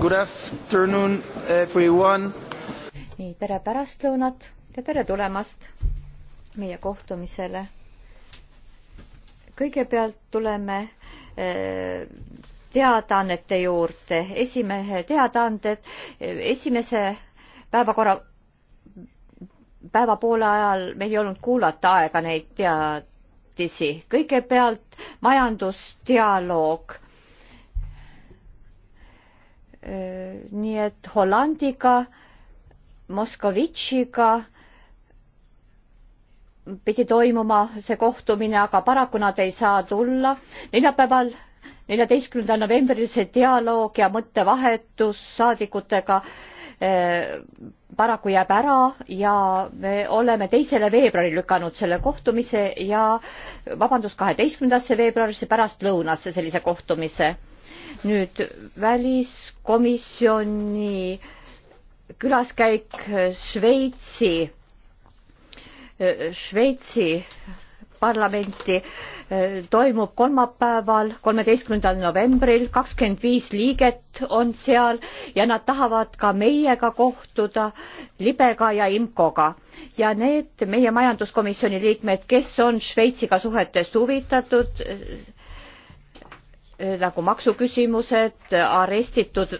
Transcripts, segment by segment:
Good afternoon everyone. nii, tere pärastlõunat ja tere tulemast meie kohtumisele. kõigepealt tuleme eh, teadaannete juurde, esimehe teadaanded, eh, esimese päevakorra päevapoole ajal meil ei olnud kuulata aega neid teadisi. kõigepealt majandusdialoog Äh, nii et Hollandiga, Moskovitšiga pidi toimuma see kohtumine, aga paraku nad ei saa tulla. neljapäeval, neljateistkümnendal novembril see dialoog ja mõttevahetus saadikutega äh, paraku jääb ära ja me oleme teisele veebruari lükanud selle kohtumise ja vabandust, kaheteistkümnendasse veebruarisse pärastlõunasse sellise kohtumise nüüd väliskomisjoni külaskäik Šveitsi, Šveitsi parlamenti eh, toimub kolmapäeval, kolmeteistkümnendal novembril, kakskümmend viis liiget on seal ja nad tahavad ka meiega kohtuda, libega ja imkoga. ja need meie majanduskomisjoni liikmed, kes on Šveitsiga suhetest huvitatud, Äh, nagu maksuküsimused, arestitud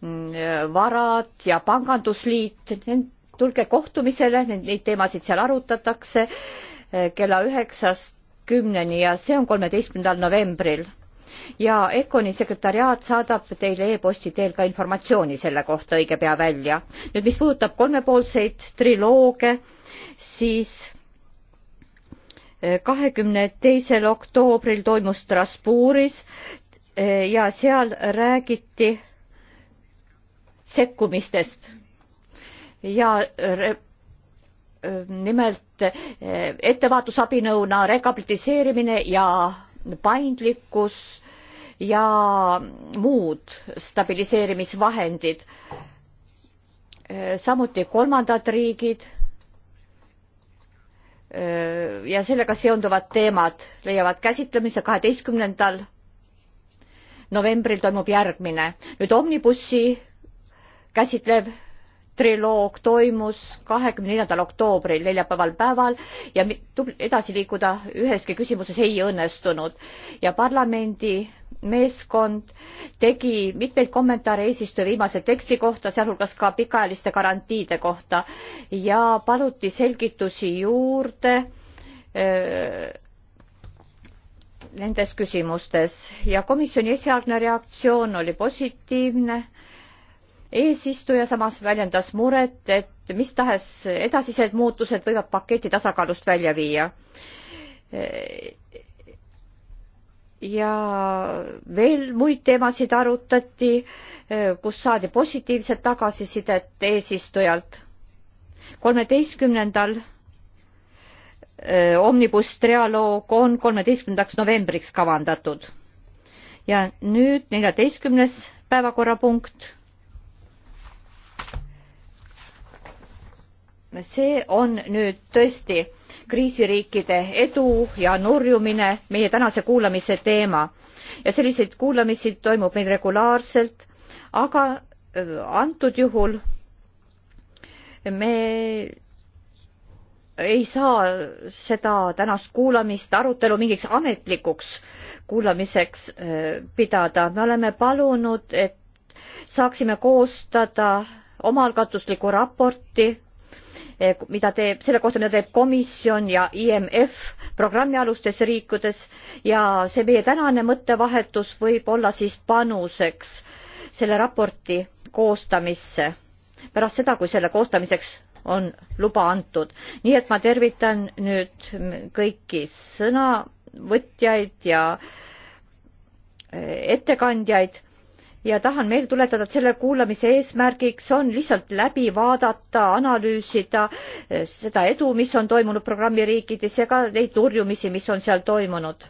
mm, äh, varad ja pangandusliit, tulge kohtumisele, neid teemasid seal arutatakse äh, kella üheksast kümneni ja see on kolmeteistkümnendal novembril. ja EKONi sekretariaat saadab teile e-posti teel ka informatsiooni selle kohta õige pea välja. nüüd, mis puudutab kolmepoolseid trilooge, siis kahekümne teisel oktoobril toimus Strasbourgis eh, ja seal räägiti sekkumistest ja eh, nimelt eh, ettevaatusabinõuna rekapitaliseerimine ja paindlikkus ja muud stabiliseerimisvahendid samuti kolmandad riigid ja sellega seonduvad teemad leiavad käsitlemise kaheteistkümnendal novembril toimub järgmine. nüüd Omnibussi käsitlev triloog toimus kahekümne neljandal oktoobril neljapäeval päeval ja edasi liikuda üheski küsimuses ei õnnestunud ja parlamendi meeskond tegi mitmeid kommentaare eesistuja viimase teksti kohta, sealhulgas ka pikaajaliste garantiide kohta ja paluti selgitusi juurde öö, nendes küsimustes ja komisjoni esialgne reaktsioon oli positiivne. eesistuja samas väljendas muret, et mis tahes edasised muutused võivad paketi tasakaalust välja viia ja veel muid teemasid arutati, eh, kus saadi positiivset tagasisidet eesistujalt. kolmeteistkümnendal eh, omnibus trialoog on kolmeteistkümnendaks novembriks kavandatud. ja nüüd neljateistkümnes päevakorrapunkt. see on nüüd tõesti kriisiriikide edu ja nurjumine meie tänase kuulamise teema ja selliseid kuulamisi toimub meil regulaarselt aga äh, antud juhul me ei saa seda tänast kuulamist arutelu mingiks ametlikuks kuulamiseks äh, pidada me oleme palunud et saaksime koostada omaalgatusliku raporti Eh, mida teeb, selle kohta, mida teeb komisjon ja IMF programmialustes riikides ja see meie tänane mõttevahetus võib olla siis panuseks selle raporti koostamisse pärast seda, kui selle koostamiseks on luba antud. nii et ma tervitan nüüd kõiki sõnavõtjaid ja eh, ettekandjaid ja tahan meelde tuletada, et selle kuulamise eesmärgiks on lihtsalt läbi vaadata, analüüsida eh, seda edu, mis on toimunud programmi riikides ja ka neid turjumisi, mis on seal toimunud.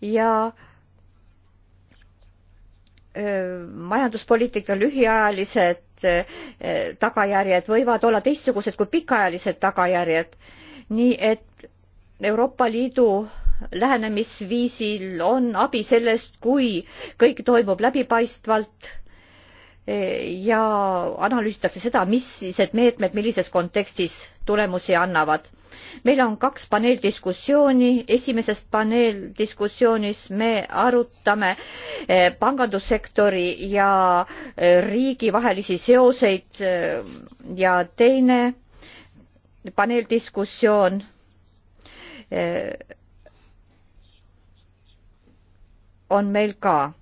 ja eh, majanduspoliitika lühiajalised eh, tagajärjed võivad olla teistsugused kui pikaajalised tagajärjed, nii et Euroopa Liidu lähenemisviisil on abi sellest, kui kõik toimub läbipaistvalt eh, ja analüüsitakse seda, millised meetmed millises kontekstis tulemusi annavad. meil on kaks paneeldiskussiooni, esimeses paneeldiskussioonis me arutame eh, pangandussektori ja eh, riigi vahelisi seoseid ja teine paneeldiskussioon on meil ka.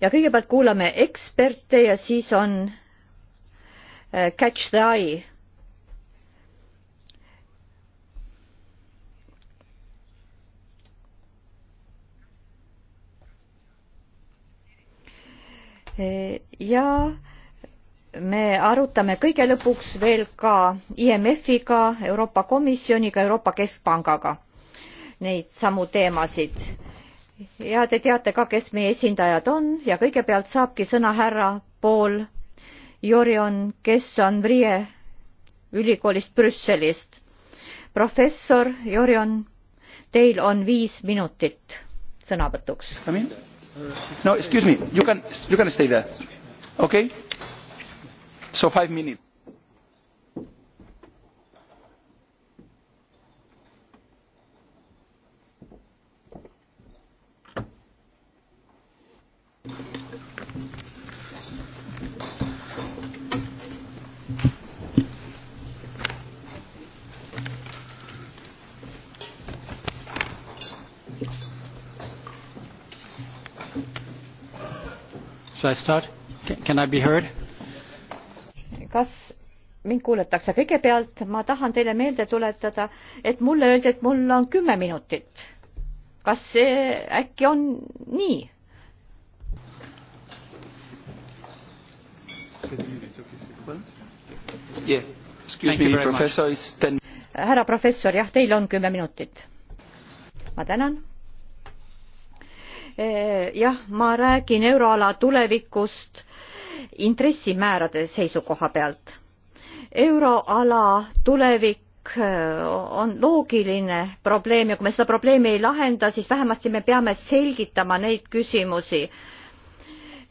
ja kõigepealt kuulame eksperte ja siis on äh, catch the eye. Äh, ja me arutame kõige lõpuks veel ka IMF-iga, Euroopa Komisjoniga, Euroopa Keskpangaga neid samu teemasid ja te teate ka, kes meie esindajad on ja kõigepealt saabki sõna härra Paul Jorion, kes on Vrie ülikoolist Brüsselist. professor Jorion, teil on viis minutit sõnavõtuks. no excuse me, you can, you can stay there, okei okay?? So five minutes Should I start? Can I be heard? kas mind kuulatakse? kõigepealt ma tahan teile meelde tuletada, et mulle öeldi, et mul on kümme minutit. kas see äkki on nii? härra professor, jah, teil on kümme minutit. ma tänan Eh, jah, ma räägin euroala tulevikust intressimäärade seisukoha pealt. euroala tulevik eh, on loogiline probleem ja kui me seda probleemi ei lahenda, siis vähemasti me peame selgitama neid küsimusi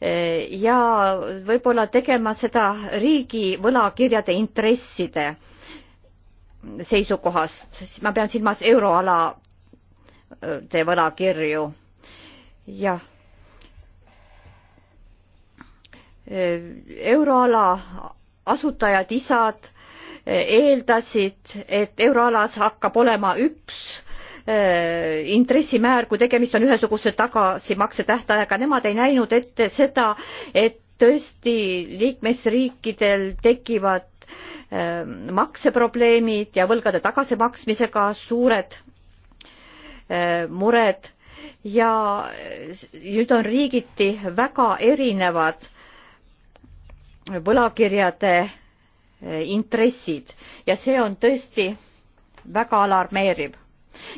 eh, ja võib-olla tegema seda riigi võlakirjade intresside seisukohast, ma pean silmas euroala võlakirju jah. euroala asutajad, isad eeldasid, et euroalas hakkab olema üks äh, intressimäär, kui tegemist on ühesuguse tagasimakse tähtajaga, nemad ei näinud ette seda, et tõesti liikmesriikidel tekivad ähm, makseprobleemid ja võlgade tagasimaksmisega suured äh, mured ja nüüd on riigiti väga erinevad võlakirjade eh, intressid ja see on tõesti väga alarmeeriv.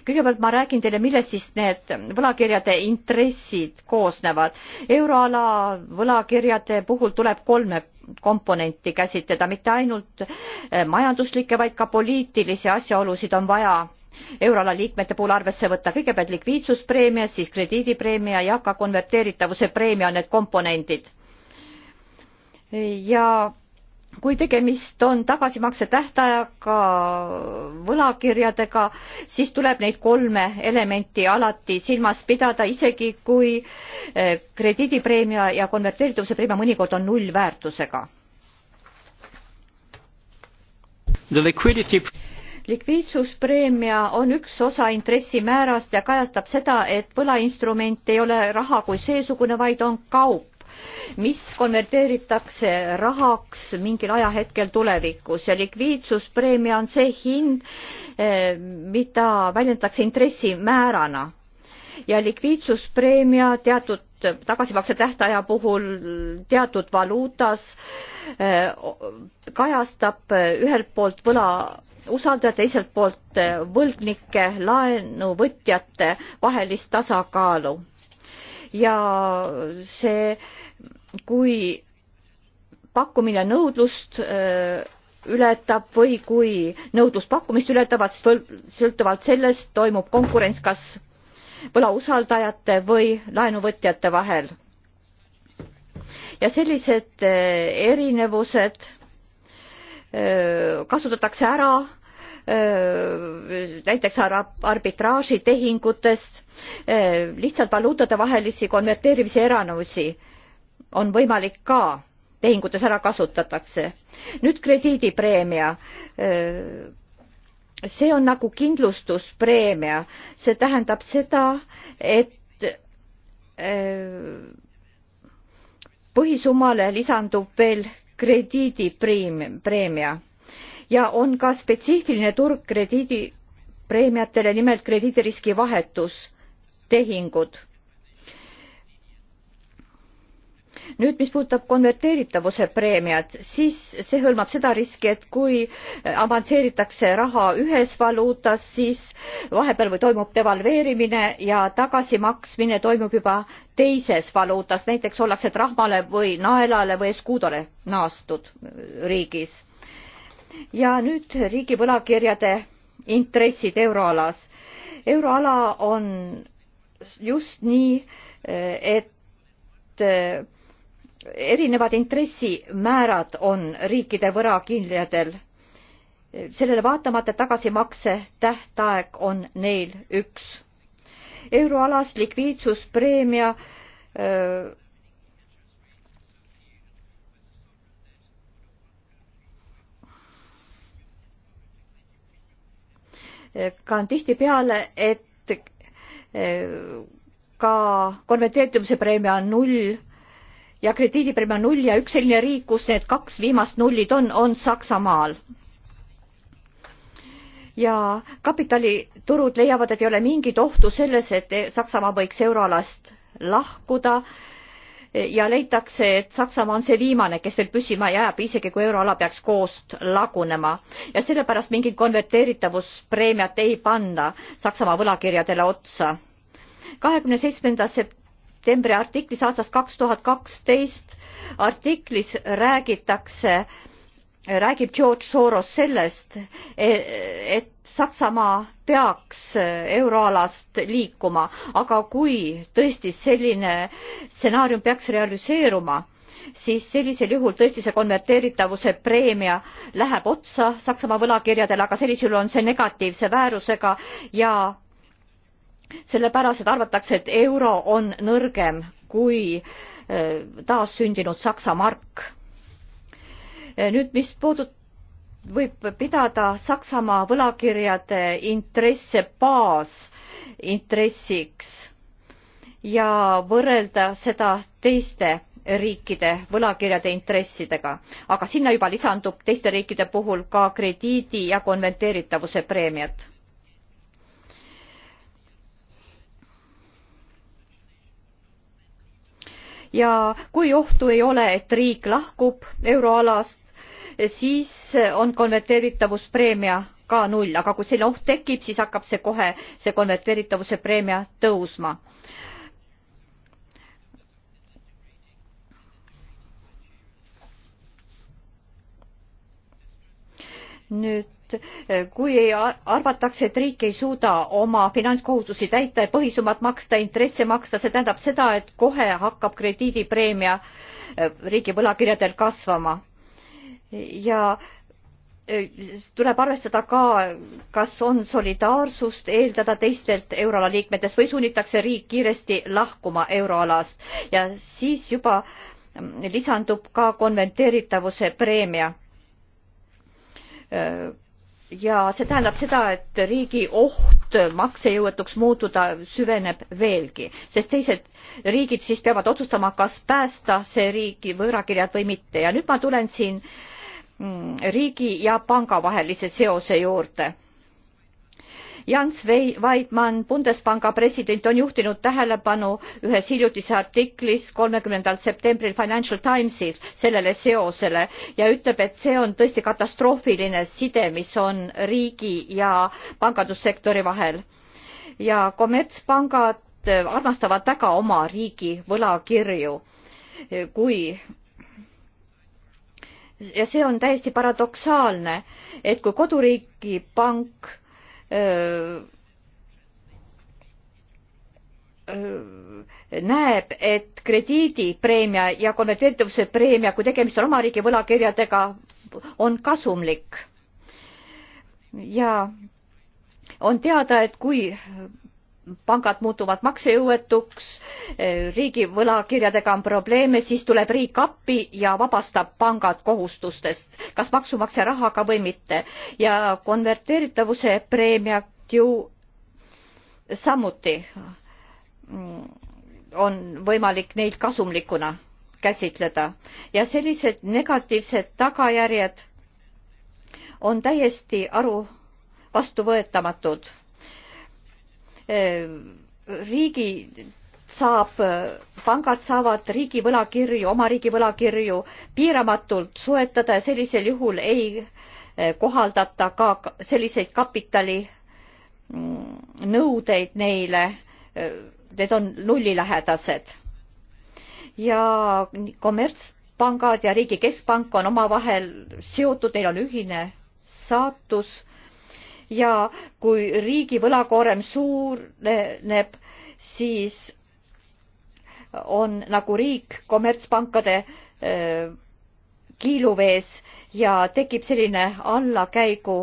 kõigepealt ma räägin teile, millest siis need võlakirjade intressid koosnevad. euroala võlakirjade puhul tuleb kolme komponenti käsitleda, mitte ainult eh, majanduslikke, vaid ka poliitilisi asjaolusid on vaja euroala liikmete puhul arvesse võtta. kõigepealt likviidsuspreemia, siis krediidipreemia ja ka konverteeritavuse preemia on need komponendid. ja kui tegemist on tagasimakse tähtajaga võlakirjadega, siis tuleb neid kolme elementi alati silmas pidada, isegi kui eh, krediidipreemia ja konverteeritavuse preemia mõnikord on nullväärtusega likviidsuspreemia on üks osa intressimäärast ja kajastab seda, et võlainstrument ei ole raha kui seesugune, vaid on kaup mis konverteeritakse rahaks mingil ajahetkel tulevikus ja likviidsuspreemia on see hind, eh, mida väljendatakse intressimäärana ja likviidsuspreemia teatud tagasimakse tähtaja puhul teatud valuutas eh, kajastab eh, ühelt poolt võla usaldajate, teiselt poolt eh, võlgnike, laenuvõtjate vahelist tasakaalu. ja see, kui pakkumine nõudlust eh, ületab või kui nõudlust pakkumist ületavad, siis sõltuvalt sellest toimub konkurents kas võlausaldajate või laenuvõtjate vahel. ja sellised eh, erinevused kasutatakse ära näiteks arbitraažitehingutest lihtsalt valuutade vahelisi konverteerimise eranõusi on võimalik ka tehingutes ära kasutatakse. nüüd krediidipreemia. see on nagu kindlustuspreemia, see tähendab seda, et põhisummale lisandub veel krediidipreemia ja on ka spetsiifiline turg krediidipreemiatele nimelt krediidiriski vahetustehingud nüüd, mis puudutab konverteeritavuse preemiat, siis see hõlmab seda riski, et kui äh, avansseeritakse raha ühes valuutas, siis vahepeal või toimub devalveerimine ja tagasimaksmine toimub juba teises valuutas, näiteks ollakse trahmale või naelale või eskuudole naastud äh, riigis. ja nüüd riigi võlakirjade intressid euroalas. euroala on just nii, äh, et erinevad intressimäärad on riikide võrakirjadel. sellele vaatamata tagasimakse tähtaeg on neil üks. euroalas likviidsuspreemia öö, äh, ka on tihtipeale, et äh, ka konverteerimise preemia on null ja krediidipreemia null ja üks selline riik, kus need kaks viimast nullid on, on Saksamaal. ja kapitaliturud leiavad, et ei ole mingit ohtu selles, et Saksamaa võiks euroalast lahkuda ja leitakse, et Saksamaa on see viimane, kes veel püsima jääb, isegi kui euroala peaks koost lagunema ja sellepärast mingit konverteeritavuspreemiat ei panda Saksamaa võlakirjadele otsa. kahekümne seitsmenda sept-, septembri artiklis aastast kaks tuhat kaksteist artiklis räägitakse, räägib George Soros sellest, e-, et Saksamaa peaks euroalast liikuma, aga kui tõesti selline stsenaarium peaks realiseeruma, siis sellisel juhul tõesti see konverteeritavuse preemia läheb otsa Saksamaa võlakirjadele, aga sellisel juhul on see negatiivse väärusega ja sellepärast, et arvatakse, et euro on nõrgem kui eh, taassündinud Saksa mark. Eh, nüüd, mis puudutab võib pidada Saksamaa võlakirjade intresse baasintressiks ja võrrelda seda teiste riikide võlakirjade intressidega, aga sinna juba lisandub teiste riikide puhul ka krediidi ja konverteeritavuse preemiad ja kui ohtu ei ole, et riik lahkub euroalast, siis on konverteeritavuspreemia ka null, aga kui selline oht tekib, siis hakkab see kohe, see konverteeritavuse preemia tõusma. nüüd et eh, kui ei arvatakse, et riik ei suuda oma finantskohustusi täita ja põhisummat maksta, intresse maksta, see tähendab seda, et kohe hakkab krediidipreemia eh, riigi võlakirjadel kasvama. ja eh, tuleb arvestada ka, kas on solidaarsust eeldada teistelt euroala liikmetest või sunnitakse riik kiiresti lahkuma euroalast ja siis juba mm, lisandub ka konventeeritavuse preemia ja see tähendab seda, et riigi oht maksejõuetuks muutuda süveneb veelgi, sest teised riigid siis peavad otsustama, kas päästa see riigi võõrakirjad või mitte ja nüüd ma tulen siin mm, riigi ja panga vahelise seose juurde Jans Weidmann, Bundespanga president, on juhtinud tähelepanu ühes hiljutise artiklis kolmekümnendal septembril Financial Timesil sellele seosele ja ütleb, et see on tõesti katastroofiline side, mis on riigi ja pangandussektori vahel. ja kommertspangad armastavad väga oma riigi võlakirju, kui ja see on täiesti paradoksaalne, et kui koduriigi pank näeb, et krediidipreemia ja konverteeritavuse preemia, kui tegemist on oma riigi võlakirjadega, on kasumlik. ja on teada, et kui pangad muutuvad maksejõuetuks, riigi võlakirjadega on probleeme, siis tuleb riik appi ja vabastab pangad kohustustest, kas maksumaksja rahaga või mitte. ja konverteeritavuse preemiat ju samuti mm, on võimalik neid kasumlikuna käsitleda ja sellised negatiivsed tagajärjed on täiesti aru vastuvõetamatud Äh, riigi saab, äh, pangad saavad riigi võlakirju, oma riigi võlakirju piiramatult soetada ja sellisel juhul ei äh, kohaldata ka selliseid kapitalinõudeid mm, neile. Need on nullilähedased. ja kommertspangad ja riigi keskpank on omavahel seotud, neil on ühine saatus ja kui riigi võlakoorem suureneb, siis on nagu riik kommertspankade äh, kiiluvees ja tekib selline allakäigu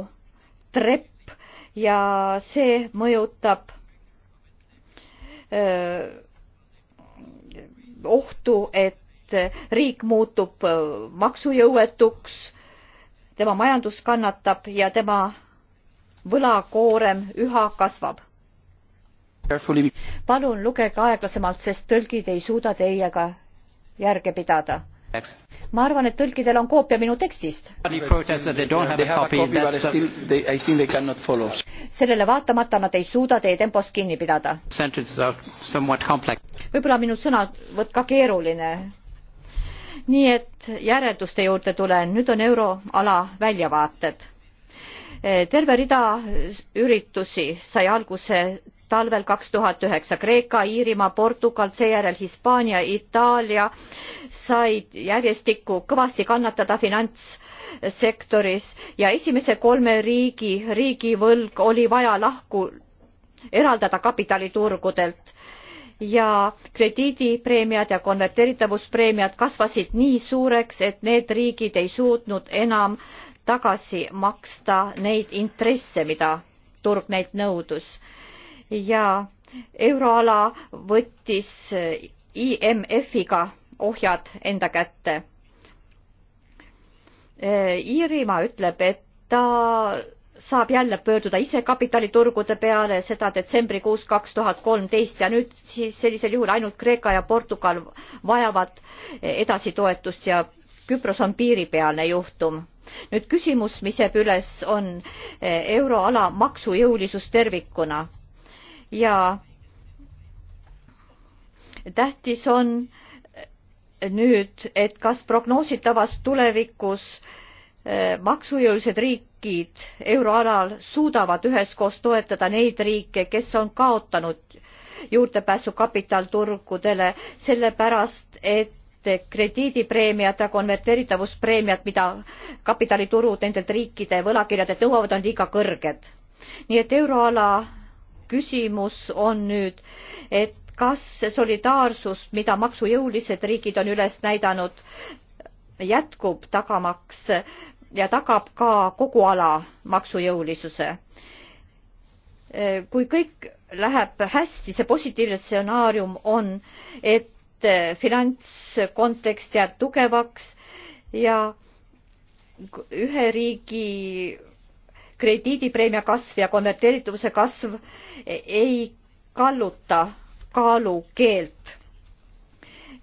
trepp ja see mõjutab öö, äh, ohtu, et riik muutub äh, maksujõuetuks, tema majandus kannatab ja tema võlakoorem üha kasvab. palun lugege aeglasemalt, sest tõlgid ei suuda teiega järge pidada. ma arvan, et tõlkidel on koopia minu tekstist. sellele vaatamata nad ei suuda teie tempost kinni pidada. võib-olla minu sõnavõtt ka keeruline nii et järelduste juurde tulen nüüd on euroala väljavaated terve rida üritusi sai alguse talvel kaks tuhat üheksa kreeka iirimaa portugal seejärel hispaania itaalia said järjestikku kõvasti kannatada finantssektoris ja esimese kolme riigi riigivõlg oli vaja lahku eraldada kapitaliturgudelt ja krediidipreemiad ja konverteeritavuspreemiad kasvasid nii suureks et need riigid ei suutnud enam tagasi maksta neid intresse, mida turg neilt nõudus. ja euroala võttis IMF-iga ohjad enda kätte. Iirimaa ütleb, et ta saab jälle pöörduda ise kapitaliturgude peale, seda detsembrikuus kaks tuhat kolmteist ja nüüd siis sellisel juhul ainult Kreeka ja Portugal vajavad edasitoetust ja Küpros on piiripealne juhtum. nüüd küsimus, mis jääb üles, on eh, euroala maksujõulisus tervikuna ja tähtis on eh, nüüd, et kas prognoositavas tulevikus eh, maksujõulised riigid euroalal suudavad üheskoos toetada neid riike, kes on kaotanud juurdepääsu kapitalturgudele sellepärast, et krediidipreemiad ja konverteeritavuspreemiad mida kapitaliturud nendelt riikide võlakirjadelt nõuavad on liiga kõrged nii et euroala küsimus on nüüd et kas solidaarsus mida maksujõulised riigid on üles näidanud jätkub tagamaks ja tagab ka kogu ala maksujõulisuse kui kõik läheb hästi see positiivne stsenaarium on et et eh, finantskontekst jääb tugevaks ja ühe riigi krediidipreemia kasv ja konverteerituvuse kasv ei kalluta kaalukeelt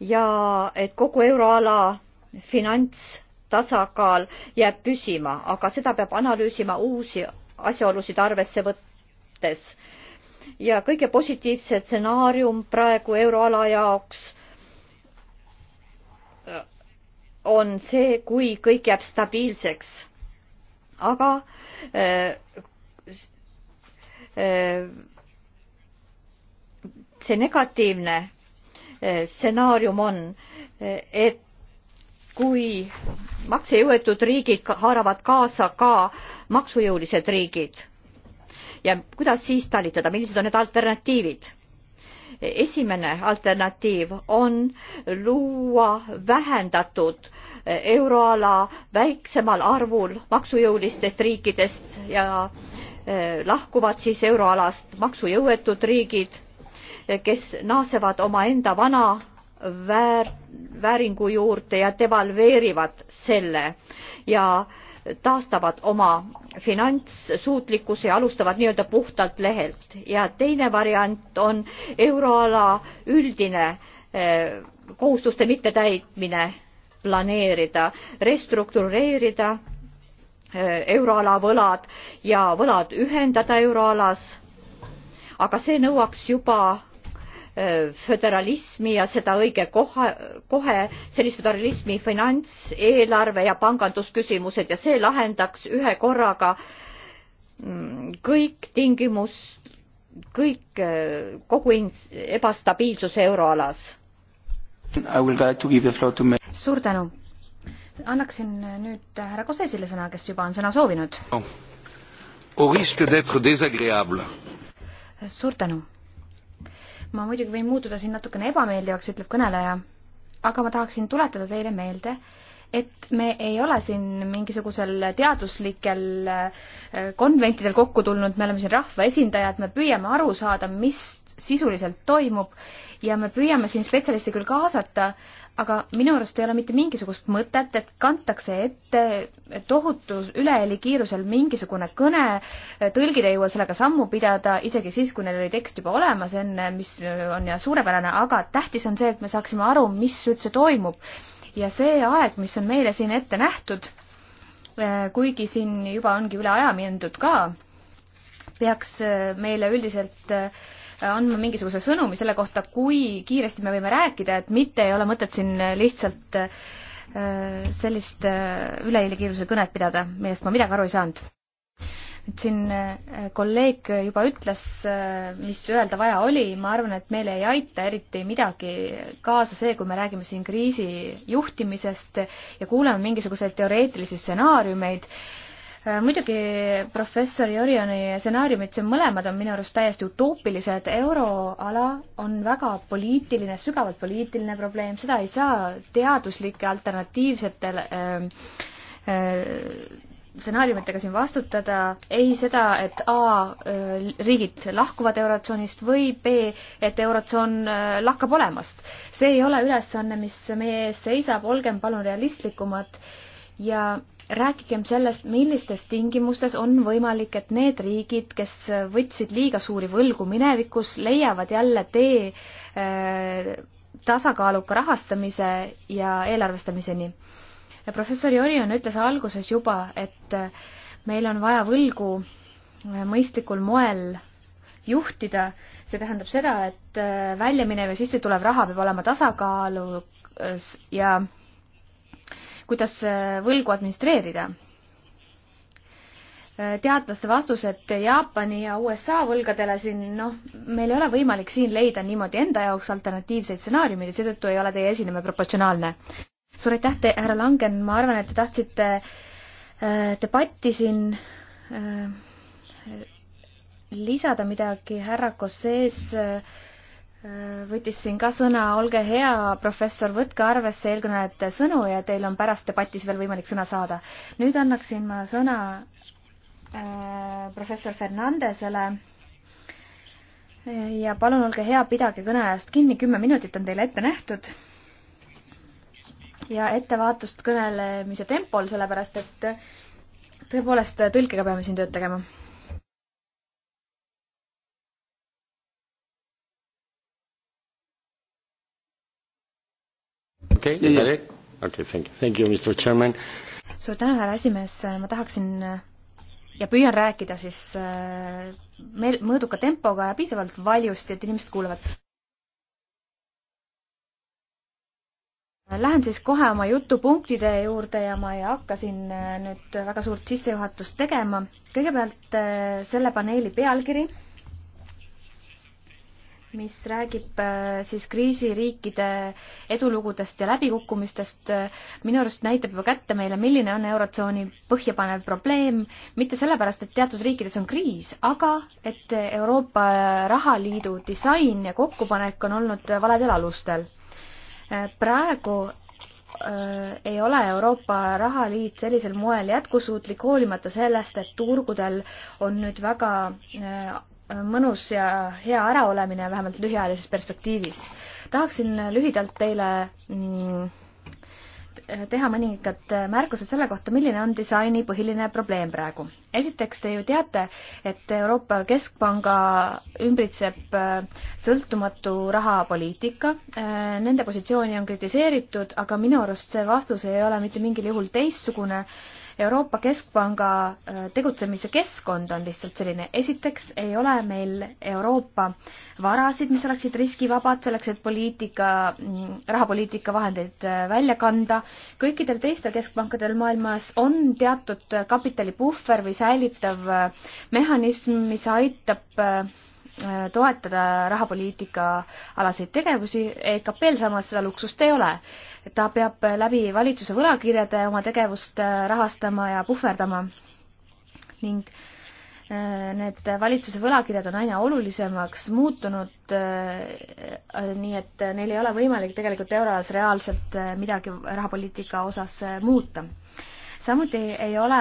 ja et kogu euroala finantstasakaal jääb püsima, aga seda peab analüüsima uusi asjaolusid arvesse võttes. ja kõige positiivsem stsenaarium praegu euroala jaoks on see, kui kõik jääb stabiilseks. aga äh, äh, see negatiivne äh, stsenaarium on, et kui maksejõuetud riigid haaravad kaasa ka maksujõulised riigid ja kuidas siis talitada, millised on need alternatiivid? esimene alternatiiv on luua vähendatud eh, euroala väiksemal arvul maksujõulistest riikidest ja eh, lahkuvad siis euroalast maksujõuetud riigid, eh, kes naasevad omaenda vana väär, vääringu juurde ja devalveerivad selle ja äh, taastavad oma finantssuutlikkuse ja alustavad nii-öelda puhtalt lehelt ja teine variant on euroala üldine eh, kohustuste mittetäitmine planeerida, restruktureerida eh, euroala võlad ja võlad ühendada euroalas. aga see nõuaks juba Äh, föderalismi ja seda õige koha, kohe, sellist föderalismi finants, eelarve ja pangandusküsimused ja see lahendaks ühe korraga mm, kõik tingimus, kõik, äh, kogu ebastabiilsus euroalas. suur tänu. annaksin nüüd härra Kosesile sõna, kes juba on sõna soovinud oh.. suur tänu ma muidugi võin muutuda siin natukene ebameeldivaks, ütleb kõneleja, aga ma tahaksin tuletada teile meelde, et me ei ole siin mingisugusel teaduslikel äh, konventidel kokku tulnud, me oleme siin rahvaesindajad, me püüame aru saada, mis sisuliselt toimub ja me püüame siin spetsialiste küll kaasata äh, aga minu arust ei ole mitte mingisugust mõtet, et kantakse ette tohutu üleheli kiirusel mingisugune kõne, tõlgid ei jõua sellega sammu pidada, isegi siis, kui neil oli tekst juba olemas enne, mis on ja suurepärane, aga tähtis on see, et me saaksime aru, mis üldse toimub. ja see aeg, mis on meile siin ette nähtud, eh, kuigi siin juba ongi üle aja mindud ka, peaks eh, meile üldiselt äh, andma mingisuguse sõnumi selle kohta, kui kiiresti me võime rääkida, et mitte ei ole mõtet siin lihtsalt äh, sellist äh, ülehelikiiruse kõnet pidada, millest ma midagi aru ei saanud. nüüd siin äh, kolleeg juba ütles, mis öelda vaja oli, ma arvan, et meile ei aita eriti midagi kaasa see, kui me räägime siin kriisi juhtimisest ja kuuleme mingisuguseid teoreetilisi stsenaariumeid Äh, muidugi professor Jorioni stsenaariumid siin mõlemad on minu arust täiesti utoopilised, euroala on väga poliitiline, sügavalt poliitiline probleem, seda ei saa teaduslike alternatiivsete ähm, äh, stsenaariumitega siin vastutada, ei seda, et A äh, riigid lahkuvad Eurotsoonist või B, et Eurotsoon lakkab olemast. see ei ole ülesanne, mis meie ees seisab, olgem palun realistlikumad ja rääkigem sellest, millistes tingimustes on võimalik, et need riigid, kes võtsid liiga suuri võlgu minevikus, leiavad jälle tee äh, tasakaaluka rahastamise ja eelarvestamiseni. professor Jorion ütles alguses juba, et äh, meil on vaja võlgu äh, mõistlikul moel juhtida, see tähendab seda, et äh, väljaminev ja sisse tulev raha peab olema tasakaalus ja äh, kuidas äh, võlgu administreerida. Äh, teadlaste vastused Jaapani ja USA võlgadele siin, noh, meil ei ole võimalik siin leida niimoodi enda jaoks alternatiivseid stsenaariumeid ja seetõttu ei ole teie esinemine proportsionaalne. suur aitäh, härra Langen, ma arvan, et te tahtsite äh, debatti siin äh, lisada midagi härra Kossees äh, võttis siin ka sõna, olge hea, professor, võtke arvesse eelkõnelejate sõnu ja teil on pärast debatis veel võimalik sõna saada. nüüd annaksin ma sõna äh, professor Fernandesele ja palun olge hea, pidage kõneajast kinni, kümme minutit on teile ette nähtud. ja ettevaatust kõnelemise tempol, sellepärast et tõepoolest tõlkega peame siin tööd tegema okei okay,, Derek? okei okay,, thank you, thank you, Mr Chairman. suur tänu, härra esimees, ma tahaksin äh, ja püüan rääkida siis äh, meil mõõduka tempoga ja piisavalt valjusti, et inimesed kuulavad. Lähen siis kohe oma jutupunktide juurde ja ma ei hakka siin äh, nüüd väga suurt sissejuhatust tegema. kõigepealt selle paneeli pealkiri mis räägib äh, siis kriisiriikide edulugudest ja läbikukkumistest, äh, minu arust näitab juba kätte meile, milline on Eurotsooni põhjapanev probleem, mitte sellepärast, et teatud riikides on kriis, aga et Euroopa Rahaliidu disain ja kokkupanek on olnud valedel alustel. Äh, praegu ei ole Euroopa Rahaliit sellisel moel jätkusuutlik, hoolimata sellest, et turgudel on nüüd väga mõnus ja hea äraolemine, vähemalt lühiajalises perspektiivis. tahaksin lühidalt teile mm, teha mõningad märkused selle kohta, milline on disaini põhiline probleem praegu. esiteks te ju teate, et Euroopa Keskpanga ümbritseb äh, sõltumatu rahapoliitika. Äh, nende positsiooni on kritiseeritud, aga minu arust see vastus ei ole mitte mingil juhul teistsugune Euroopa Keskpanga äh, tegutsemise keskkond on lihtsalt selline. esiteks ei ole meil Euroopa varasid, mis oleksid riskivabad selleks, et poliitika, mm, rahapoliitika vahendeid äh, välja kanda. kõikidel teistel keskpankadel maailmas on teatud kapitalipuhver või säilitav äh, mehhanism, mis aitab Äh, toetada rahapoliitika alaseid tegevusi, EKP-l samas seda luksust ei ole. ta peab läbi valitsuse võlakirjade oma tegevust äh, rahastama ja puhverdama ning äh, need valitsuse võlakirjad on aina olulisemaks muutunud, nii et neil ei ole võimalik tegelikult euroalas reaalselt midagi rahapoliitika osas muuta. samuti ei ole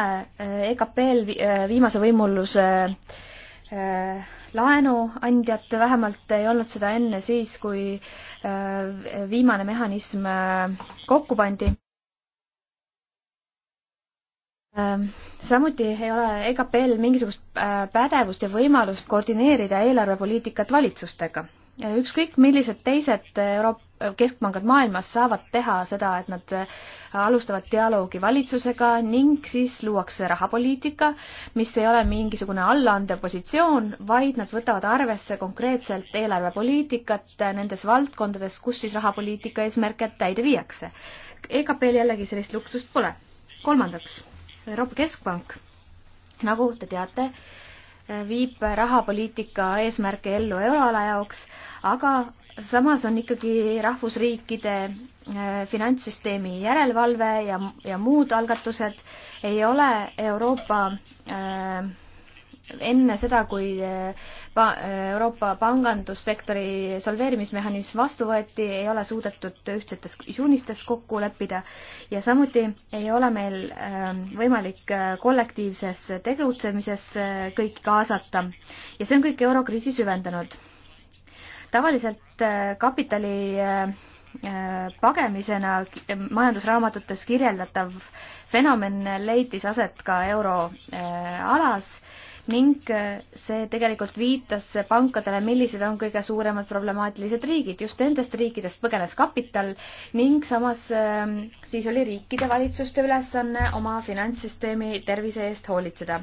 EKP-l viimase võimuluse laenuandjat, vähemalt ei olnud seda enne siis, kui äh, viimane mehhanism äh, kokku pandi. Ähm, samuti ei ole EKP-l mingisugust äh, pädevust ja võimalust koordineerida eelarvepoliitikat valitsustega ükskõik millised teised Euroopa keskpangad maailmas saavad teha seda, et nad alustavad dialoogi valitsusega ning siis luuakse rahapoliitika, mis ei ole mingisugune allaandev positsioon, vaid nad võtavad arvesse konkreetselt eelarvepoliitikat nendes valdkondades, kus siis rahapoliitika eesmärke täide viiakse. EKP-l jällegi sellist luksust pole. kolmandaks, Euroopa Keskpank, nagu te teate, viib rahapoliitika eesmärke ellu euroala jaoks, aga samas on ikkagi rahvusriikide äh, finantssüsteemi järelevalve ja, ja muud algatused ei ole Euroopa äh, enne seda, kui äh, pa-, äh, Euroopa pangandussektori solveerimismehhanism vastu võeti, ei ole suudetud ühtsetes suunistes kokku leppida ja samuti ei ole meil võimalik kollektiivses tegutsemises kõiki kaasata. ja see on kõik eurokriisi süvendanud tavaliselt äh, kapitali äh, äh, pagemisena majandusraamatutes kirjeldatav fenomen leidis aset ka euroalas ning see tegelikult viitas pankadele, millised on kõige suuremad problemaatilised riigid. just nendest riikidest põgenes kapital ning samas ähm, siis oli riikide valitsuste ülesanne oma finantssüsteemi tervise eest hoolitseda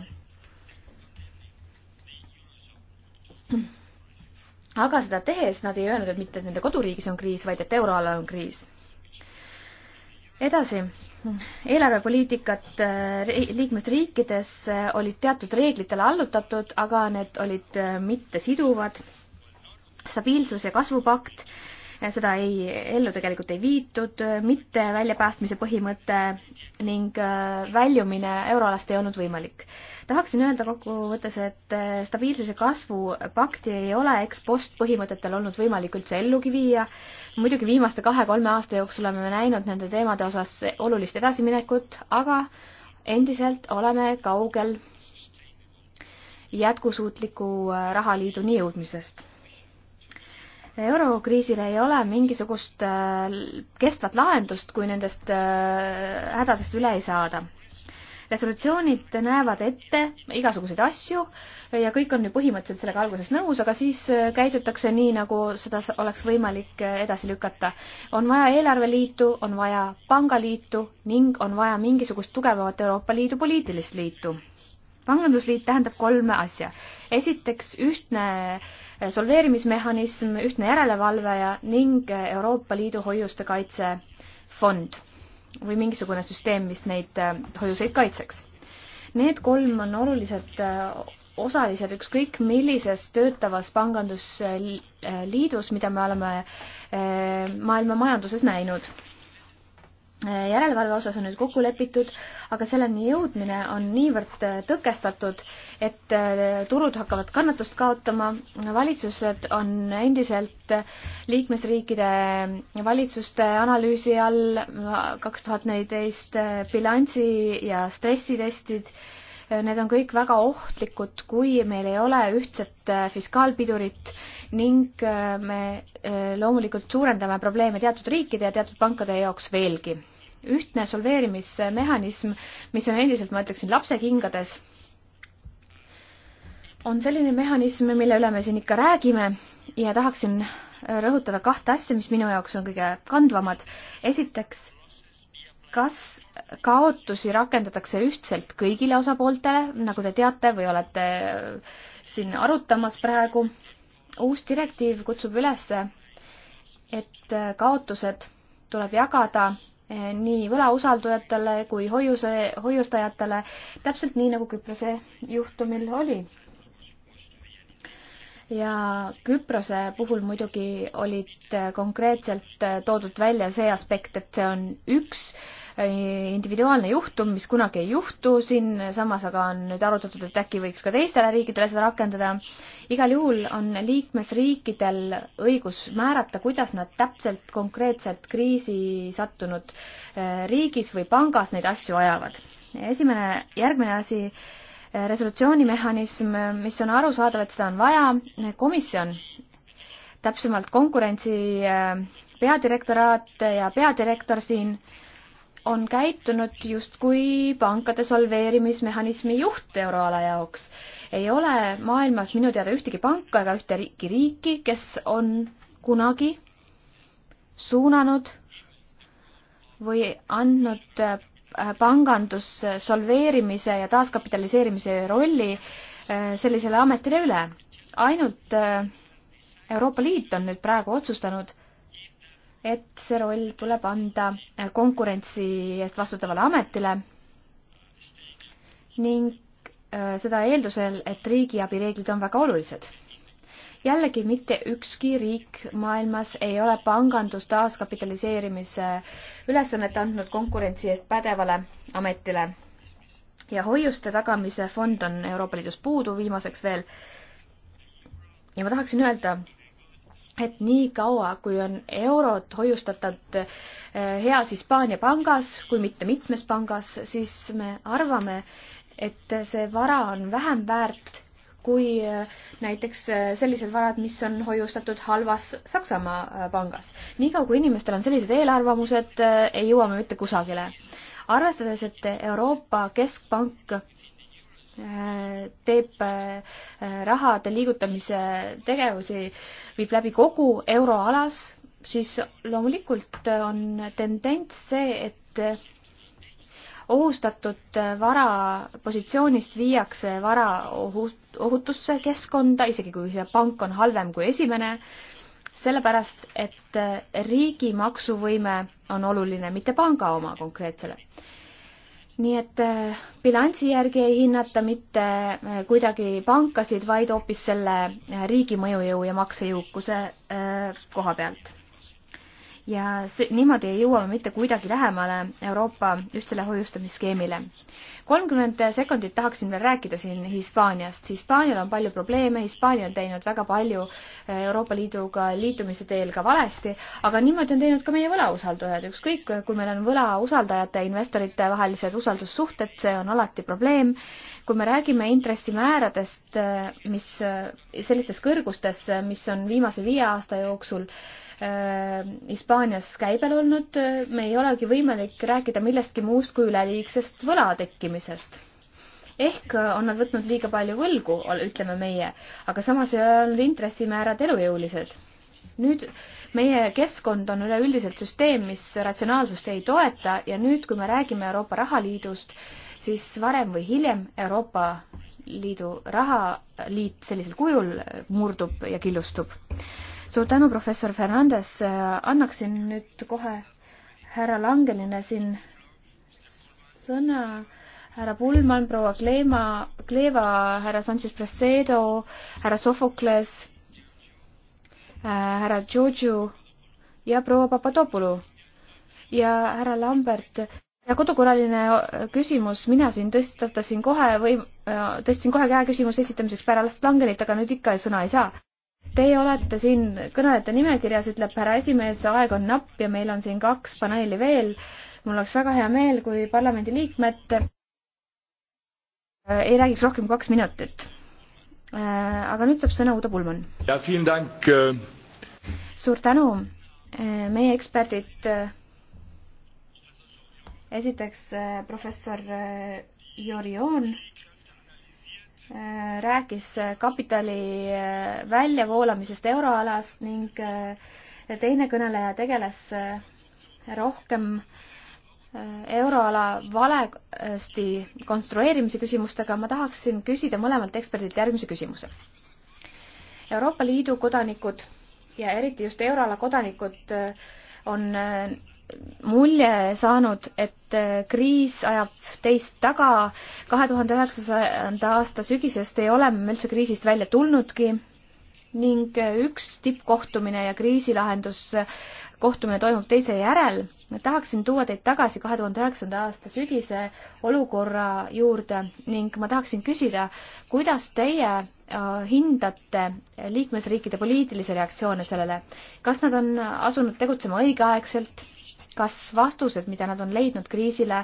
aga seda tehes nad ei öelnud, et mitte et nende koduriigis on kriis, vaid et euroalal on kriis. edasi, eelarvepoliitikat äh, liikmesriikides äh, olid teatud reeglitele allutatud, aga need olid äh, mittesiduvad. stabiilsus- ja kasvupakt seda ei, ellu tegelikult ei viitud, mitte väljapäästmise põhimõte ning äh, väljumine euroalast ei olnud võimalik. tahaksin öelda kokkuvõttes, et äh, stabiilsuse kasvu pakti ei ole ekspost põhimõtetel olnud võimalik üldse ellugi viia. muidugi viimaste kahe-kolme aasta jooksul oleme näinud nende teemade osas olulist edasiminekut, aga endiselt oleme kaugel jätkusuutliku äh, rahaliiduni jõudmisest eurokriisil ei ole mingisugust äh, kestvat lahendust, kui nendest äh, hädadest üle ei saada. resolutsioonid näevad ette igasuguseid asju ja kõik on ju põhimõtteliselt sellega alguses nõus, aga siis äh, käidutakse nii, nagu seda oleks võimalik edasi lükata. on vaja eelarveliitu, on vaja pangaliitu ning on vaja mingisugust tugevamat Euroopa Liidu poliitilist liitu pangandusliit tähendab kolme asja. esiteks ühtne solveerimismehhanism, ühtne järelevalveja ning Euroopa Liidu hoiuste kaitsefond või mingisugune süsteem, mis neid äh, hoiuseid kaitseks. Need kolm on olulised äh, osalised ükskõik millises töötavas pangandusliidus, mida me oleme äh, maailma majanduses näinud Äh, järelevalve osas on nüüd kokku lepitud, aga selleni jõudmine on niivõrd äh, tõkestatud, et äh, turud hakkavad kannatust kaotama, valitsused on endiselt liikmesriikide valitsuste analüüsi all, kaks tuhat neliteist bilansi ja stressitestid, need on kõik väga ohtlikud, kui meil ei ole ühtset fiskaalpidurit ning äh, me äh, loomulikult suurendame probleeme teatud riikide ja teatud pankade jaoks veelgi. ühtne solveerimismehhanism, mis on endiselt, ma ütleksin, lapsekingades, on selline mehhanism, mille üle me siin ikka räägime ja tahaksin äh, rõhutada kahte asja, mis minu jaoks on kõige kandvamad. esiteks, kas kaotusi rakendatakse ühtselt kõigile osapooltele, nagu te teate või olete siin arutamas praegu uus direktiiv kutsub üles, et kaotused tuleb jagada eh, nii võlausaldujatele kui hoiuse, hoiustajatele, täpselt nii, nagu Küprose juhtumil oli. ja Küprose puhul muidugi olid konkreetselt toodud välja see aspekt, et see on üks äh, individuaalne juhtum, mis kunagi ei juhtu, siinsamas aga on nüüd arutatud, et äkki võiks ka teistele riikidele seda rakendada. igal juhul on liikmesriikidel õigus määrata, kuidas nad täpselt konkreetselt kriisi sattunud eh, riigis või pangas neid asju ajavad. esimene, järgmine asi, eh, resolutsioonimehhanism, mis on arusaadav, et seda on vaja, komisjon, täpsemalt konkurentsi eh, peadirektoraat ja peadirektor siin äh, on käitunud justkui pankade solveerimismehhanismi juht euroala jaoks. ei ole maailmas minu teada ühtegi panka ega ühte riiki riiki, kes on kunagi suunanud või andnud äh, pangandus solveerimise ja taaskapitaliseerimise rolli äh, sellisele ametile üle. ainult äh, Euroopa Liit on nüüd praegu otsustanud et see roll tuleb anda konkurentsi eest vastutavale ametile ning äh, seda eeldusel, et riigiabi reeglid on väga olulised. jällegi mitte ükski riik maailmas ei ole pangandus taaskapitaliseerimise ülesannet andnud konkurentsi eest pädevale ametile. ja hoiuste tagamise fond on Euroopa Liidus puudu viimaseks veel. ja ma tahaksin öelda, et nii kaua, kui on eurod hoiustatud eh, heas Hispaania pangas, kui mitte mitmes pangas, siis me arvame, et see vara on vähem väärt kui eh, näiteks eh, sellised varad, mis on hoiustatud halvas Saksamaa pangas. niikaua, kui inimestel on sellised eelarvamused, ei jõua me mitte kusagile. arvestades, et Euroopa Keskpank teeb äh, rahade liigutamise tegevusi, viib läbi kogu euroalas, siis loomulikult on tendents see, et ohustatud vara positsioonist viiakse vara ohutusse keskkonda, isegi kui see pank on halvem kui esimene, sellepärast et riigi maksuvõime on oluline, mitte panga oma konkreetsele nii et äh, bilansi järgi ei hinnata mitte äh, kuidagi pankasid, vaid hoopis selle äh, riigi mõjujõu ja maksejõukuse koha pealt. ja see, niimoodi ei jõua me mitte kuidagi lähemale Euroopa ühtsele hoiustamisskeemile kolmkümmend sekundit tahaksin veel rääkida siin Hispaaniast. Hispaanial on palju probleeme, Hispaania on teinud väga palju eh, Euroopa Liiduga liitumise teel ka valesti, aga niimoodi on teinud ka meie võlausaldajad. ükskõik, kui meil on võlausaldajate ja investorite vahelised usaldussuhted, see on alati probleem. kui me räägime intressimääradest, eh, mis eh, sellistes kõrgustes, mis on viimase viie aasta jooksul äh, Äh, Hispaanias käibel olnud, äh, me ei olegi võimalik rääkida millestki muust kui üleliigsest võla tekkimisest ehk äh, on nad võtnud liiga palju võlgu, ütleme meie, aga samas ei ole olnud intressimäärad elujõulised. nüüd meie keskkond on üleüldiselt süsteem, mis ratsionaalsust ei toeta ja nüüd, kui me räägime Euroopa rahaliidust, siis varem või hiljem Euroopa Liidu rahaliit sellisel kujul murdub ja killustub suur tänu, professor Fernandes, annaksin nüüd kohe härra Langenile siin sõna, härra Pullmann, proua Kleema, Kleeva, härra Sanchez Presedo, härra Sofokles, äh, härra Giorgio ja proua Papadopoulou ja härra Lambert ja kodukorraline küsimus, mina siin tõstatasin kohe või äh, tõstsin kohe käe küsimuse esitamiseks pärast Langenit, aga nüüd ikka sõna ei saa. Teie olete siin kõnelejate nimekirjas, ütleb härra esimees, aeg on napp ja meil on siin kaks paneeli veel. mul oleks väga hea meel, kui parlamendiliikmed äh, ei räägiks rohkem kui kaks minutit. Äh, aga nüüd saab sõna Uudo Pulman. Äh, suur tänu, meie eksperdid. esiteks professor Jorion Äh, rääkis äh, kapitali äh, väljavoolamisest euroalast ning teine kõneleja tegeles rohkem euroala valesti konstrueerimise küsimustega, ma tahaksin küsida mõlemalt eksperdilt järgmise küsimuse. Euroopa Liidu kodanikud ja eriti just euroala kodanikud on mulje saanud, et äh, kriis ajab teist taga. kahe tuhande üheksasanda aasta sügisest ei ole me üldse kriisist välja tulnudki ning äh, üks tippkohtumine ja kriisilahendus äh, kohtumine toimub teise järel. tahaksin tuua teid tagasi kahe tuhande üheksanda aasta sügise olukorra juurde ning ma tahaksin küsida, kuidas teie hindate liikmesriikide poliitilisi reaktsioone sellele, kas nad on asunud tegutsema õigeaegselt kas vastused, mida nad on leidnud kriisile,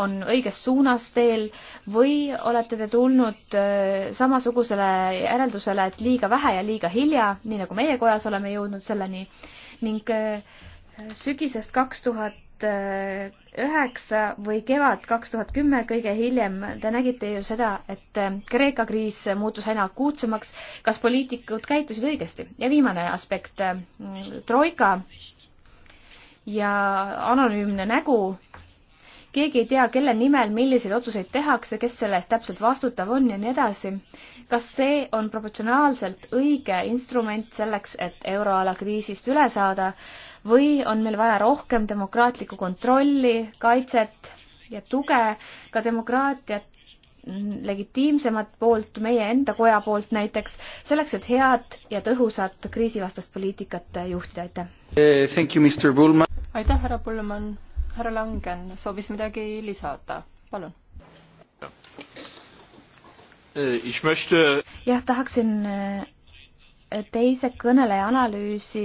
on õiges suunas teel või olete te tulnud äh, samasugusele järeldusele, et liiga vähe ja liiga hilja, nii nagu meie kojas oleme jõudnud selleni ning äh, sügisest kaks tuhat äh, üheksa või kevad kaks tuhat kümme kõige hiljem, te nägite ju seda, et Kreeka kriis muutus aina akuutsemaks. kas poliitikud käitusid õigesti? ja viimane aspekt, troika ja anonüümne nägu. keegi ei tea, kelle nimel milliseid otsuseid tehakse, kes selle eest täpselt vastutav on ja nii edasi. kas see on proportsionaalselt õige instrument selleks, et euroala kriisist üle saada või on meil vaja rohkem demokraatlikku kontrolli, kaitset ja tuge, ka demokraatiat mm, legitiimsemat poolt, meie enda koja poolt näiteks, selleks, et head ja tõhusat kriisivastast poliitikat juhtida, aitäh! Eh, aitäh, härra Põllumann. härra Langen soovis midagi lisada, palun. Eh, jah, tahaksin eh, teise kõneleja analüüsi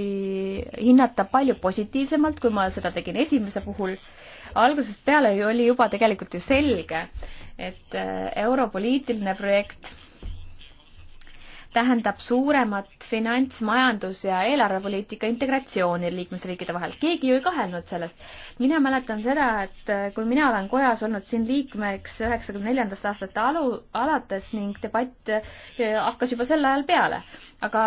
hinnata palju positiivsemalt, kui ma seda tegin esimese puhul. algusest peale oli juba tegelikult ju selge, et eh, europoliitiline projekt tähendab suuremat finants, majandus ja eelarvepoliitika integratsiooni liikmesriikide vahel. keegi ju ei kahelnud sellest. mina mäletan seda, et äh, kui mina olen kojas olnud siin liikmeks üheksakümne neljandast aastate alu, alates ning debatt äh, hakkas juba sel ajal peale, aga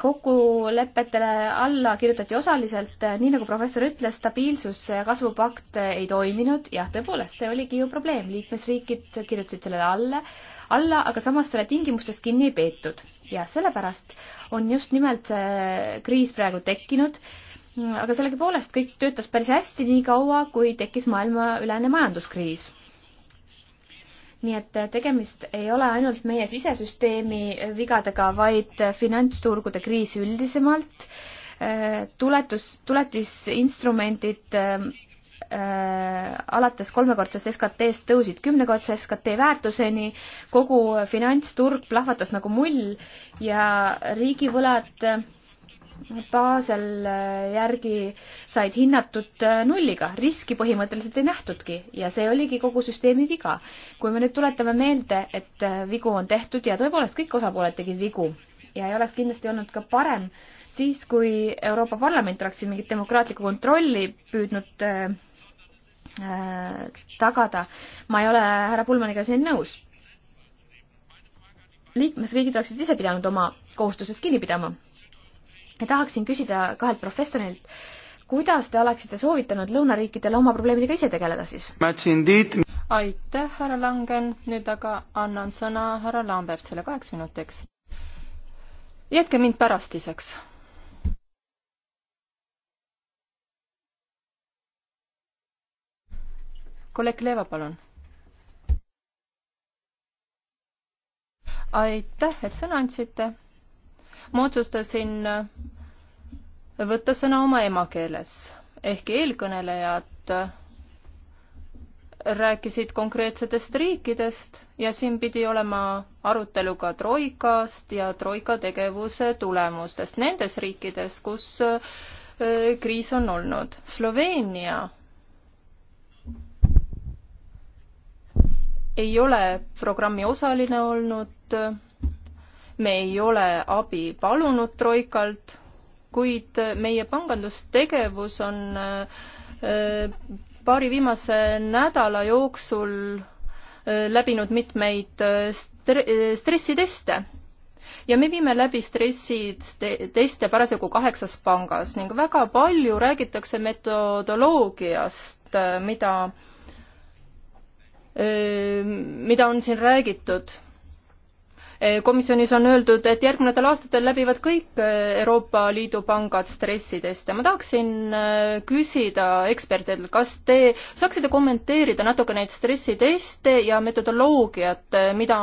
kokkulepetele alla kirjutati osaliselt, äh, nii nagu professor ütles, stabiilsus ja kasvupakt ei toiminud, jah, tõepoolest, see oligi ju probleem, liikmesriigid kirjutasid sellele alla alla, aga samas selle tingimustest kinni ei peetud. ja sellepärast on just nimelt see kriis praegu tekkinud, aga sellegipoolest kõik töötas päris hästi nii kaua, kui tekkis maailmaülene majanduskriis nii et tegemist ei ole ainult meie sisesüsteemi vigadega, vaid finantsturgude kriis üldisemalt tuletus, tuletisinstrumendid Äh, alates kolmekordsest SKT-st tõusid kümnekordse SKT väärtuseni, kogu finantsturg plahvatas nagu mull ja riigivõlad baasel järgi said hinnatud nulliga, riski põhimõtteliselt ei nähtudki ja see oligi kogu süsteemi viga. kui me nüüd tuletame meelde, et vigu on tehtud ja tõepoolest kõik osapooled tegid vigu ja ei oleks kindlasti olnud ka parem äh, siis, kui Euroopa Parlament oleks siin mingit demokraatlikku kontrolli püüdnud äh, äh tagada. ma ei ole härra Pulmaniga siin nõus. liikmesriigid oleksid ise pidanud oma kohustusest kinni pidama. ja tahaksin küsida kahelt professorilt, kuidas te oleksite soovitanud lõunariikidele oma probleemidega ise tegeleda siis? aitäh, härra Langen, nüüd aga annan sõna härra Lambertsile kaheks minutiks. jätke mind pärastiseks kolleeg Leva, palun. aitäh, et sõna andsite. ma otsustasin äh, võtta sõna oma emakeeles, ehkki eelkõnelejad äh, rääkisid konkreetsetest riikidest ja siin pidi olema arutelu ka Troikast ja Troika tegevuse tulemustest nendes riikides, kus äh, kriis on olnud. Sloveenia ei ole programmi osaline olnud, me ei ole abi palunud Troikalt, kuid meie pangandustegevus on äh, paari viimase nädala jooksul äh, läbinud mitmeid äh, stressiteste ja me viime läbi stressiteste parasjagu kaheksas pangas ning väga palju räägitakse metodoloogiast, mida mida on siin räägitud Eh, komisjonis on öeldud, et järgnevatel aastatel läbivad kõik eh, Euroopa Liidu pangad stressiteste. ma tahaksin eh, küsida ekspertidelt, kas te saaksite kommenteerida natuke neid stressiteste ja metodoloogiat, mida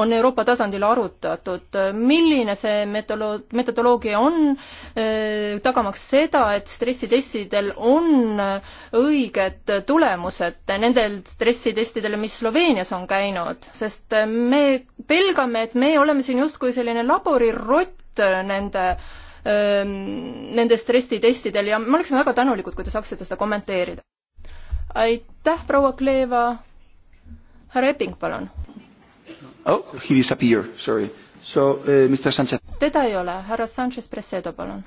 on Euroopa tasandil arutatud. milline see metolo-, metodoloogia on, tagamaks seda, et stressitestidel on õiged tulemused nendel stressitestidel, mis Sloveenias on käinud, sest me pelgame, et et me oleme siin justkui selline laborirott nende öö, ähm, nende stressitestidel ja me oleksime väga tänulikud, kui te saaksite seda kommenteerida. aitäh, proua Kleeva. härra Epping, palun. Oh, he disappeared, sorry. So uh, Mr Sanchez. teda ei ole, härra Sanchez Presedo, palun.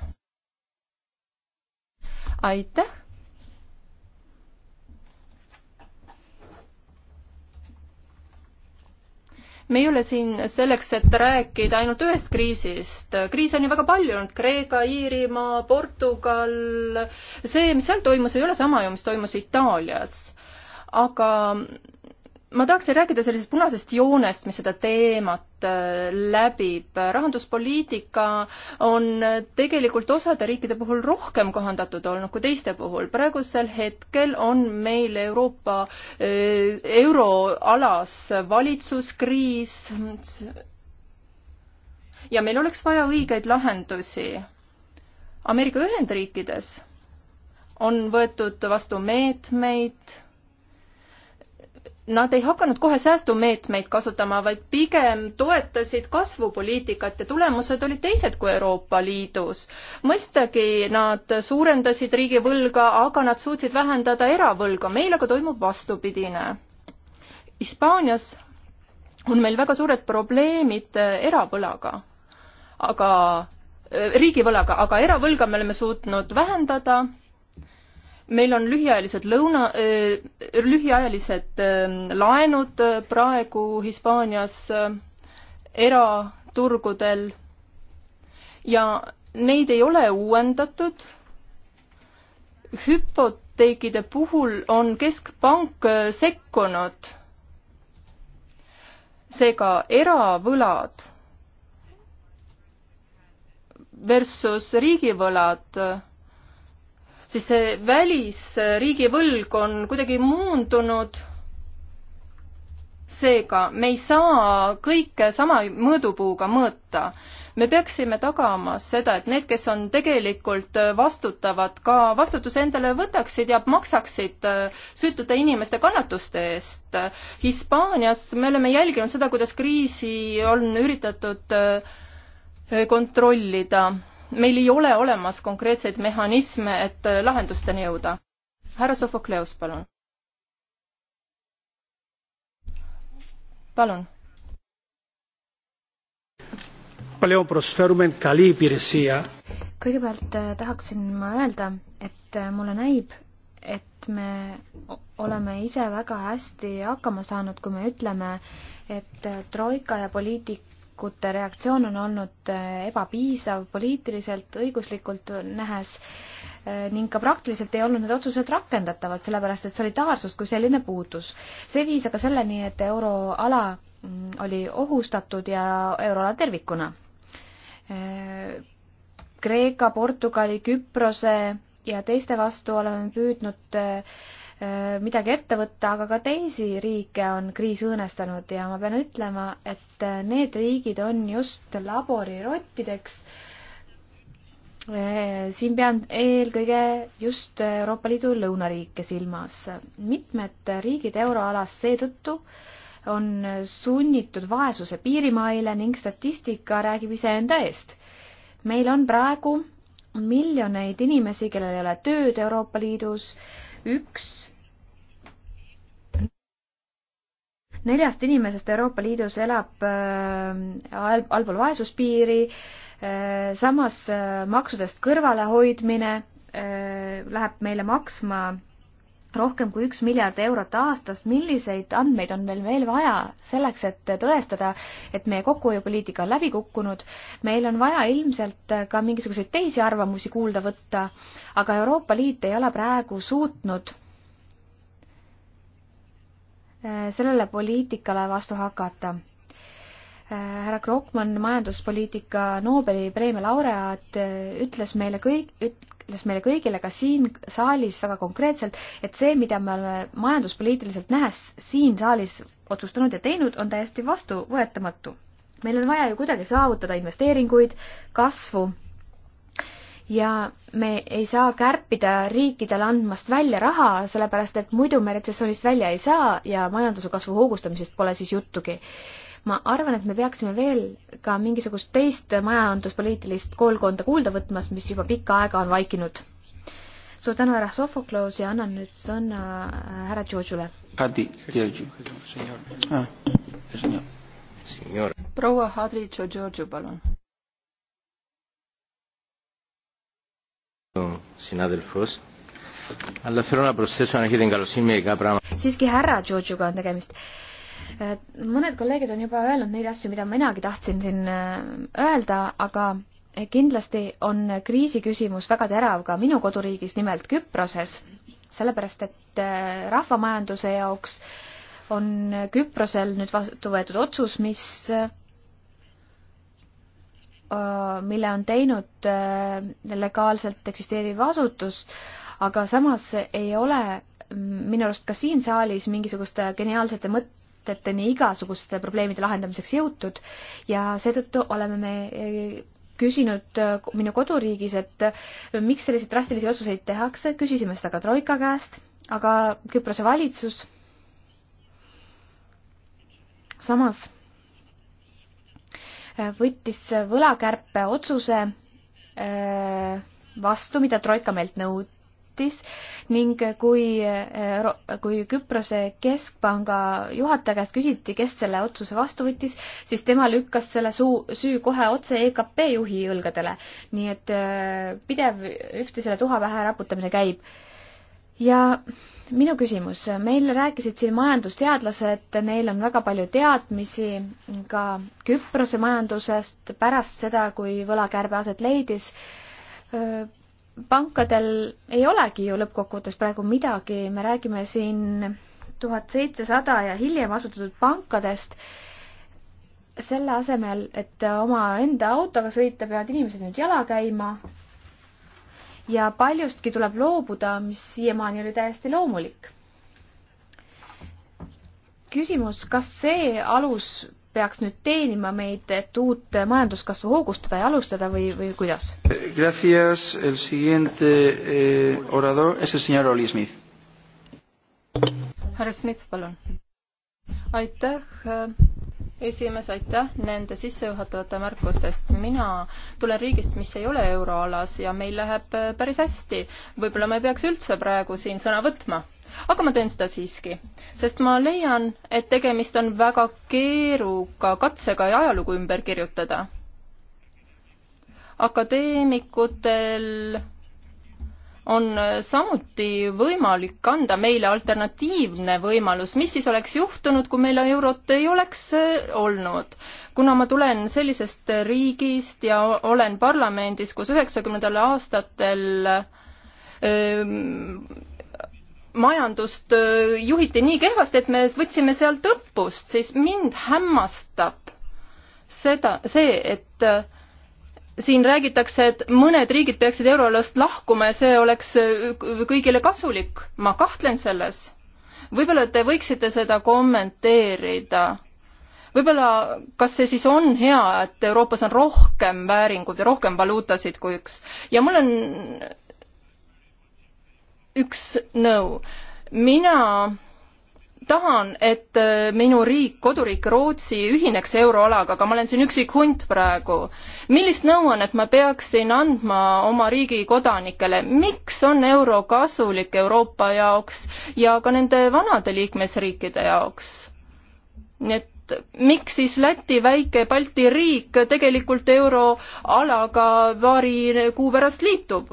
aitäh me ei ole siin selleks, et rääkida ainult ühest kriisist. kriise on ju väga palju olnud, Kreeka, Iirimaa, Portugal, see, mis seal toimus, ei ole sama ju, mis toimus Itaalias. aga ma tahaksin rääkida sellisest punasest joonest, mis seda teemat äh, läbib. rahanduspoliitika on tegelikult osade riikide puhul rohkem kohandatud olnud kui teiste puhul. praegusel hetkel on meil Euroopa äh, euroalas valitsuskriis ja meil oleks vaja õigeid lahendusi. Ameerika Ühendriikides on võetud vastu meetmeid nad ei hakanud kohe säästumeetmeid kasutama, vaid pigem toetasid kasvupoliitikat ja tulemused olid teised kui Euroopa Liidus. mõistagi nad suurendasid riigivõlga, aga nad suutsid vähendada eravõlga, meil aga toimub vastupidine. Hispaanias on meil väga suured probleemid äh, eravõlaga, aga, äh, riigivõlaga, aga eravõlga me oleme suutnud vähendada meil on lühiajalised lõuna, äh, lühiajalised ähm, laenud äh, praegu Hispaanias äh, eraturgudel ja neid ei ole uuendatud. hüpoteekide puhul on keskpank sekkunud. seega eravõlad versus riigivõlad siis see välisriigivõlg on kuidagi muundunud. seega me ei saa kõike sama mõõdupuuga mõõta. me peaksime tagama seda, et need, kes on tegelikult vastutavad, ka vastutuse endale võtaksid ja maksaksid äh, süütute inimeste kannatuste eest. Hispaanias me oleme jälginud seda, kuidas kriisi on üritatud äh, kontrollida meil ei ole olemas konkreetseid mehhanisme, et äh, lahendusteni jõuda. härra Sofokleos, palun. palun. kõigepealt äh, tahaksin ma öelda, et äh, mulle näib, et me oleme ise väga hästi hakkama saanud, kui me ütleme, et troika ja poliitik saadikute reaktsioon on olnud eh, ebapiisav poliitiliselt, õiguslikult nähes eh, ning ka praktiliselt ei olnud need otsused rakendatavad, sellepärast et solidaarsust kui selline puudus. see viis aga selleni, et euroala mm, oli ohustatud ja euroala tervikuna. Eh, Kreeka, Portugali, Küprose ja teiste vastu oleme püüdnud Äh, midagi ette võtta, aga ka teisi riike on kriis õõnestanud ja ma pean ütlema, et äh, need riigid on just laborirottideks. Äh, siin pean eelkõige just Euroopa Liidu lõunariike silmas. mitmed riigid euroalas seetõttu on sunnitud vaesuse piirimaile ning statistika räägib iseenda eest. meil on praegu miljoneid inimesi, kellel ei ole tööd Euroopa Liidus, üks neljast inimesest Euroopa Liidus elab äh, allpool vaesuspiiri, äh, samas äh, maksudest kõrvalehoidmine läheb meile maksma rohkem kui üks miljard eurot aastas, milliseid andmeid on meil veel vaja selleks, et tõestada, et meie kokkuhoiupoliitika on läbi kukkunud. meil on vaja ilmselt ka mingisuguseid teisi arvamusi kuulda võtta, aga Euroopa Liit ei ole praegu suutnud Äh, sellele poliitikale vastu hakata. Äh, härra Krokman, majanduspoliitika Nobeli preemia laureaat, äh, ütles meile kõik, ütles meile kõigile ka siin saalis väga konkreetselt, et see, mida me oleme majanduspoliitiliselt nähes siin saalis otsustanud ja teinud, on täiesti vastuvõetamatu. meil on vaja ju kuidagi saavutada investeeringuid, kasvu ja me ei saa kärpida riikidele andmast välja raha, sellepärast et muidu me retsessioonist välja ei saa ja majanduse kasvu hoogustamisest pole siis juttugi. ma arvan, et me peaksime veel ka mingisugust teist majanduspoliitilist koolkonda kuulda võtmas, mis juba pikka aega on vaikinud. suur tänu, härra Sofoklaus ja annan nüüd sõna äh, härra Georgiule. Ah, proua Hadri Georgiou, palun συνάδελφος. Αλλά θέλω να προσθέσω αν έχετε εγκαλοσύνη μερικά πράγματα. Siiski härra Giorgioga on tegemist. Äh, mõned kolleegid on juba öelnud neid asju, mida minagi tahtsin siin äh, öelda, aga äh, kindlasti on kriisiküsimus väga terav ka minu koduriigis, nimelt Küproses. Sellepärast, et rahvamajanduse jaoks on Küprosel nüüd vastu võetud otsus, mis Äh, mille on teinud äh, legaalselt eksisteeriv asutus, aga samas ei ole minu arust ka siin saalis mingisuguste geniaalsete mõteteni igasuguste probleemide lahendamiseks jõutud ja seetõttu oleme me äh, küsinud minu koduriigis, et miks selliseid drastilisi otsuseid tehakse, küsisime seda ka Troika käest, aga Küprose valitsus samas võttis võlakärpe otsuse äh, vastu, mida Troika meilt nõutis ning kui, äh, kui Küprose keskpanga juhataja käest küsiti, kes selle otsuse vastu võttis, siis tema lükkas selle suu, süü kohe otse EKP juhi õlgadele. nii et äh, pidev üksteisele tuha pähe raputamine käib ja minu küsimus, meil rääkisid siin majandusteadlased, neil on väga palju teadmisi ka Küprose majandusest pärast seda, kui võlakärbe aset leidis. pankadel ei olegi ju lõppkokkuvõttes praegu midagi, me räägime siin tuhat seitsesada ja hiljem asutatud pankadest, selle asemel, et omaenda autoga sõita, peavad inimesed nüüd jala käima ja paljustki tuleb loobuda, mis siiamaani oli täiesti loomulik. küsimus, kas see alus peaks nüüd teenima meid, et uut majanduskasvu hoogustada ja alustada või, või kuidas? Gracias, el siguiente eh, orador es el señor Oli Smith. härra Smith, palun. aitäh esimees, aitäh nende sissejuhatavate märkustest. mina tulen riigist, mis ei ole euroalas ja meil läheb äh, päris hästi. võib-olla ma ei peaks üldse praegu siin sõna võtma, aga ma teen seda siiski, sest ma leian, et tegemist on väga keeruka katsega ja ajalugu ümber kirjutada. akadeemikutel on samuti võimalik anda meile alternatiivne võimalus, mis siis oleks juhtunud, kui meil eurot ei oleks äh, olnud. kuna ma tulen sellisest riigist ja olen parlamendis, kus üheksakümnendatel aastatel öö, ähm, majandust äh, juhiti nii kehvasti, et me võtsime sealt õppust, siis mind hämmastab seda, see, et äh, siin räägitakse, et mõned riigid peaksid euroalast lahkuma ja see oleks äh, kõigile kasulik. ma kahtlen selles. võib-olla te võiksite seda kommenteerida. võib-olla, kas see siis on hea, et Euroopas on rohkem vääringuid ja rohkem valuutasid kui üks ja mul on üks nõu no.. mina tahan, et äh, minu riik, koduriik Rootsi ühineks euroalaga, aga ma olen siin üksik hunt praegu. millist nõuannet ma peaksin andma oma riigi kodanikele, miks on euro kasulik Euroopa jaoks ja ka nende vanade liikmesriikide jaoks? nii et miks siis Läti, väike Balti riik tegelikult euroalaga paari kuu pärast liitub?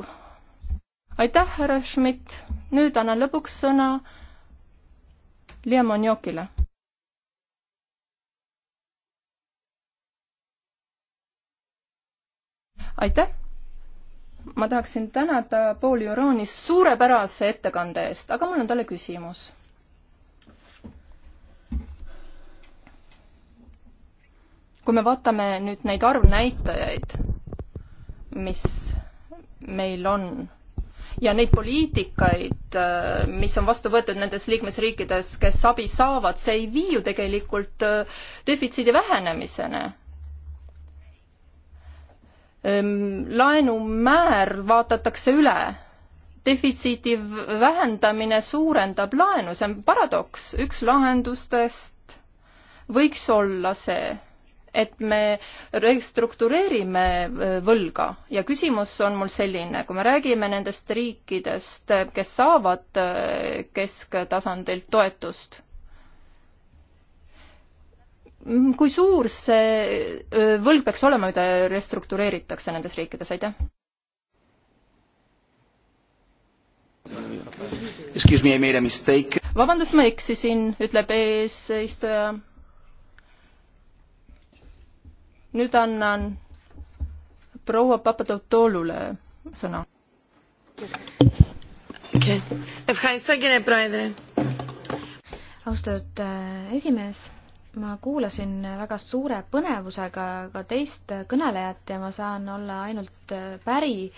aitäh, härra Schmidt, nüüd annan lõpuks sõna Liam Oniokile. aitäh! ma tahaksin tänada Paul Juroni suurepärase ettekande eest, aga mul on talle küsimus. kui me vaatame nüüd neid arvnäitajaid, mis meil on ja neid poliitikaid, äh, mis on vastu võetud nendes liikmesriikides, kes abi saavad, see ei vii ju tegelikult äh, defitsiidi vähenemiseni. Ehm, laenumäär vaadatakse üle defitsiidi vähendamine suurendab laenu, see on paradoks, üks lahendustest võiks olla see, et me restruktureerime äh, võlga ja küsimus on mul selline, kui me räägime nendest riikidest, kes saavad äh, kesktasandilt toetust, kui suur see äh, võlg peaks olema, mida restruktureeritakse nendes riikides, aitäh? vabandust, ma eksisin, ütleb eesistuja nüüd annan proua Papadopoulule sõna. austatud äh, esimees, ma kuulasin väga suure põnevusega ka teist kõnelejat ja ma saan olla ainult äh, päri.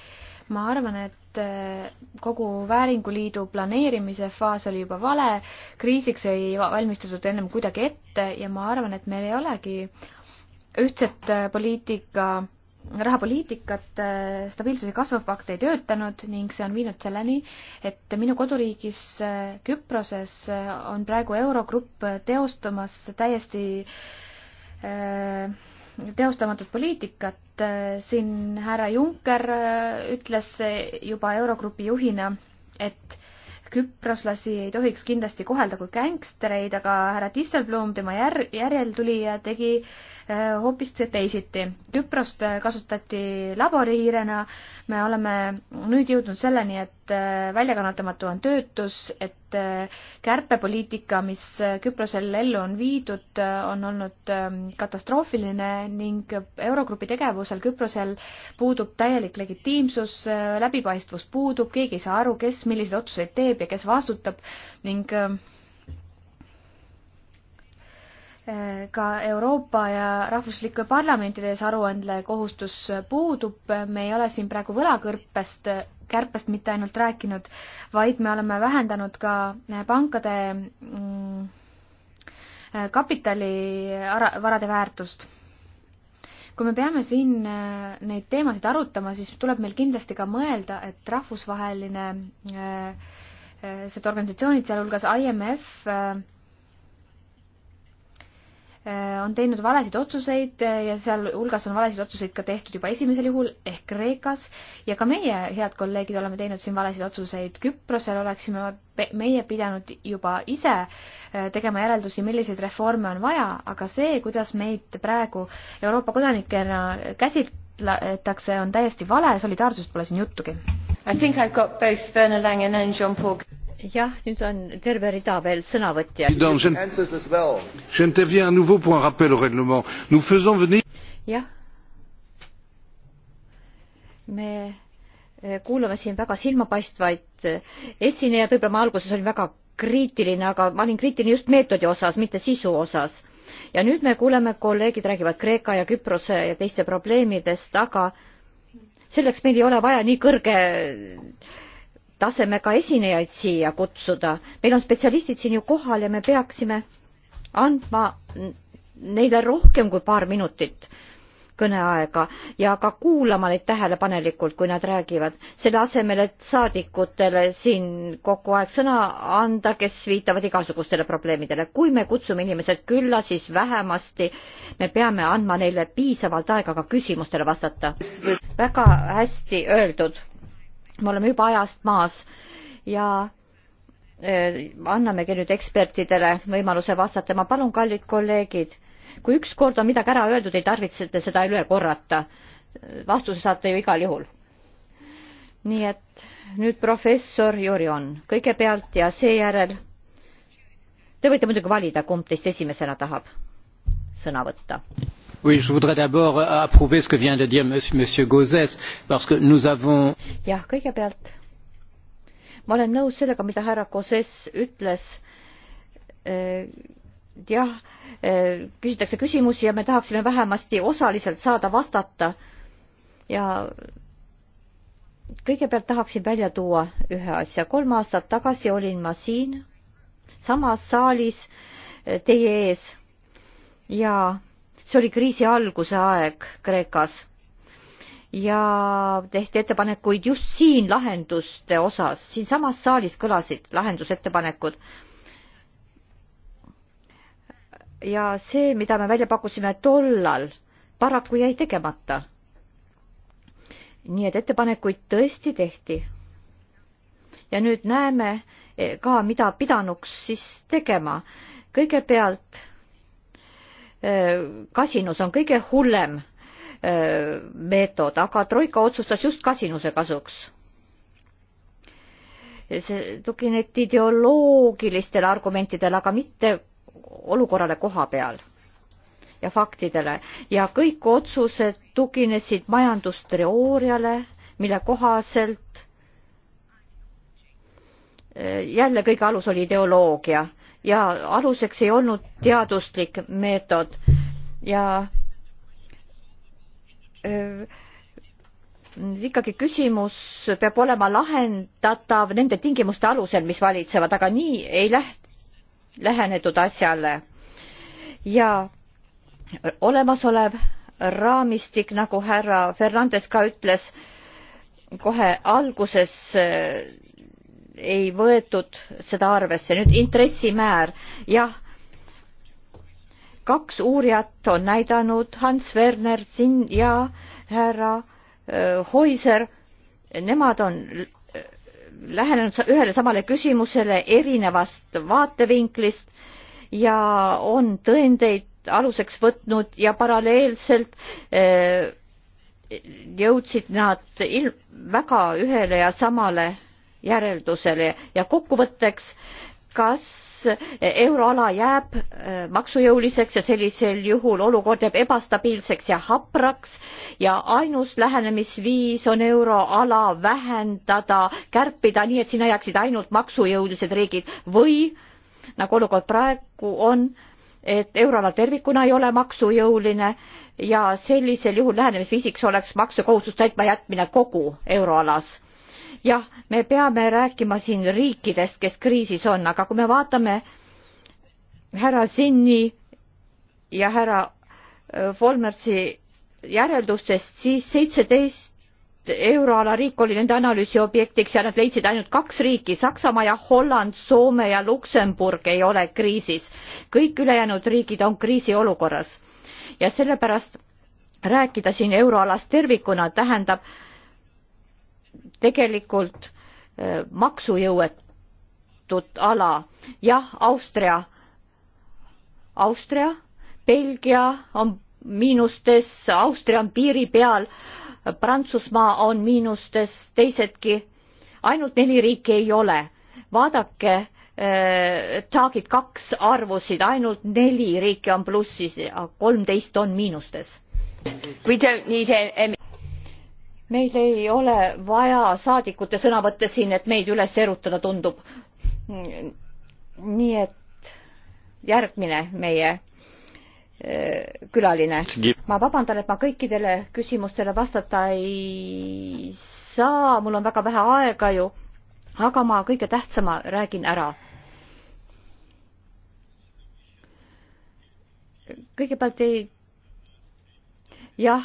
ma arvan, et äh, kogu Vääringuliidu planeerimise faas oli juba vale, kriisiks ei valmistatud ennem kuidagi ette ja ma arvan, et meil ei olegi ühtset äh, poliitika, rahapoliitikat, äh, stabiilsuse kasvupakt ei töötanud ning see on viinud selleni, et minu koduriigis äh, Küproses on praegu Eurogrupp teostamas täiesti teostamatut poliitikat. siin härra Juncker ütles juba Eurogrupi juhina, et küproslasi ei tohiks kindlasti kohelda kui gängstereid, aga härra Disselblom, tema jär-, järeltulija, tegi äh, Eh, hoopis teisiti. Küprost eh, kasutati laborihiirena, me oleme nüüd jõudnud selleni, et eh, väljakannatamatu on töötus, et kärpepoliitika, mis Küprosel ellu on viidud, on olnud katastroofiline ning Eurogrupi tegevusel Küprosel puudub täielik legitiimsus, läbipaistvus puudub, keegi ei saa aru, kes milliseid otsuseid teeb ja kes vastutab ning ka Euroopa ja rahvuslike parlamentide ees aruandekohustus puudub, me ei ole siin praegu võlakõrpest, kärpest mitte ainult rääkinud, vaid me oleme vähendanud ka pankade mm, kapitali varade väärtust kui me peame siin äh, neid teemasid arutama, siis tuleb meil kindlasti ka mõelda, et rahvusvaheline, need äh, äh, organisatsioonid, sealhulgas IMF, Äh, on teinud valesid otsuseid äh, ja sealhulgas on valesid otsuseid ka tehtud juba esimesel juhul ehk Kreekas ja ka meie, head kolleegid, oleme teinud siin valesid otsuseid. Küprosel oleksime meie pidanud juba ise äh, tegema järeldusi, milliseid reforme on vaja, aga see, kuidas meid praegu Euroopa kodanikena käsitletakse, on täiesti vale, solidaarsusest pole siin juttugi. I think I have got both Werner Langen and Jean-Paul jah, nüüd on terve rida veel sõnavõtjaid. jah. me eh, kuulame siin väga silmapaistvaid eh, esinejaid, võib-olla ma alguses olin väga kriitiline, aga ma olin kriitiline just meetodi osas, mitte sisu osas. ja nüüd me kuuleme, kolleegid räägivad Kreeka ja Küprose ja teiste probleemidest, aga selleks meil ei ole vaja nii kõrge tasemega esinejaid siia kutsuda. meil on spetsialistid siin ju kohal ja me peaksime andma neile rohkem kui paar minutit kõneaega ja ka kuulama neid tähelepanelikult, kui nad räägivad, selle asemel, et saadikutele siin kogu aeg sõna anda, kes viitavad igasugustele probleemidele. kui me kutsume inimesed külla, siis vähemasti me peame andma neile piisavalt aega ka küsimustele vastata. väga hästi öeldud me oleme juba ajast maas ja e, annamegi nüüd ekspertidele võimaluse vastata. ma palun, kallid kolleegid, kui üks kord on midagi ära öeldud, ei tarvitse te seda üle korrata. vastuse saate ju igal juhul. nii et nüüd professor Jurion kõigepealt ja seejärel. Te võite muidugi valida, kumb teist esimesena tahab sõna võtta. Oui, je voudrais d'abord euh, approuver ce que vient de dire monsieur Gauzès, parce que nous avons. jah, kõigepealt ma olen nõus sellega, mida härra Gauzès ütles. Äh, jah, äh, küsitakse küsimusi ja me tahaksime vähemasti osaliselt saada vastata. ja kõigepealt tahaksin välja tuua ühe asja. kolm aastat tagasi olin ma siin samas saalis äh, teie ees ja see oli kriisi alguse aeg Kreekas ja tehti ettepanekuid just siin lahenduste osas, siinsamas saalis kõlasid lahendusettepanekud. ja see, mida me välja pakkusime tollal, paraku jäi tegemata. nii et ettepanekuid tõesti tehti. ja nüüd näeme ka, mida pidanuks siis tegema. kõigepealt Äh, kasinus on kõige hullem äh, meetod, aga Troika otsustas just kasinuse kasuks. see tugineti ideoloogilistele argumentidele, aga mitte olukorrale koha peal ja faktidele ja kõik otsused tuginesid majandusteooriale, mille kohaselt äh, jälle kõige alus oli ideoloogia ja aluseks ei olnud teaduslik meetod ja öö, ikkagi küsimus peab olema lahendatav nende tingimuste alusel, mis valitsevad, aga nii ei läht-, lähenetud asjale. ja olemasolev raamistik, nagu härra Fernandes ka ütles, kohe alguses ei võetud seda arvesse. nüüd intressimäär, jah, kaks uurijat on näidanud, Hans Werner Zinn ja härra äh, Hoiser, nemad on äh, lähenenud ühele samale küsimusele erinevast vaatevinklist ja on tõendeid aluseks võtnud ja paralleelselt äh, jõudsid nad ilm, väga ühele ja samale järeldusele ja kokkuvõtteks, kas euroala jääb äh, maksujõuliseks ja sellisel juhul olukord jääb ebastabiilseks ja hapraks ja ainus lähenemisviis on euroala vähendada, kärpida, nii et sinna jääksid ainult maksujõulised riigid või nagu olukord praegu on, et euroala tervikuna ei ole maksujõuline ja sellisel juhul lähenemisviisiks oleks maksukohustuste täitma jätmine kogu euroalas jah, me peame rääkima siin riikidest, kes kriisis on, aga kui me vaatame härra Sinni ja härra äh, Volmertsi järeldustest, siis seitseteist euroala riik oli nende analüüsi objektiks ja nad leidsid ainult kaks riiki, Saksamaa ja Holland, Soome ja Luksemburg ei ole kriisis. kõik ülejäänud riigid on kriisiolukorras ja sellepärast rääkida siin euroalast tervikuna tähendab äh, tegelikult äh, maksujõuetut ala. jah, Austria, Austria, Belgia on miinustes, Austria on piiri peal, Prantsusmaa on miinustes, teisedki. ainult neli riiki ei ole. vaadake äh, Taagid kaks arvusid, ainult neli riiki on plussis ja kolmteist on miinustes meil ei ole vaja saadikute sõnavõtte siin, et meid üles erutada, tundub. nii et järgmine meie eh, külaline. ma vabandan, et ma kõikidele küsimustele vastata ei saa, mul on väga vähe aega ju, aga ma kõige tähtsama räägin ära kõigepealt ei jah,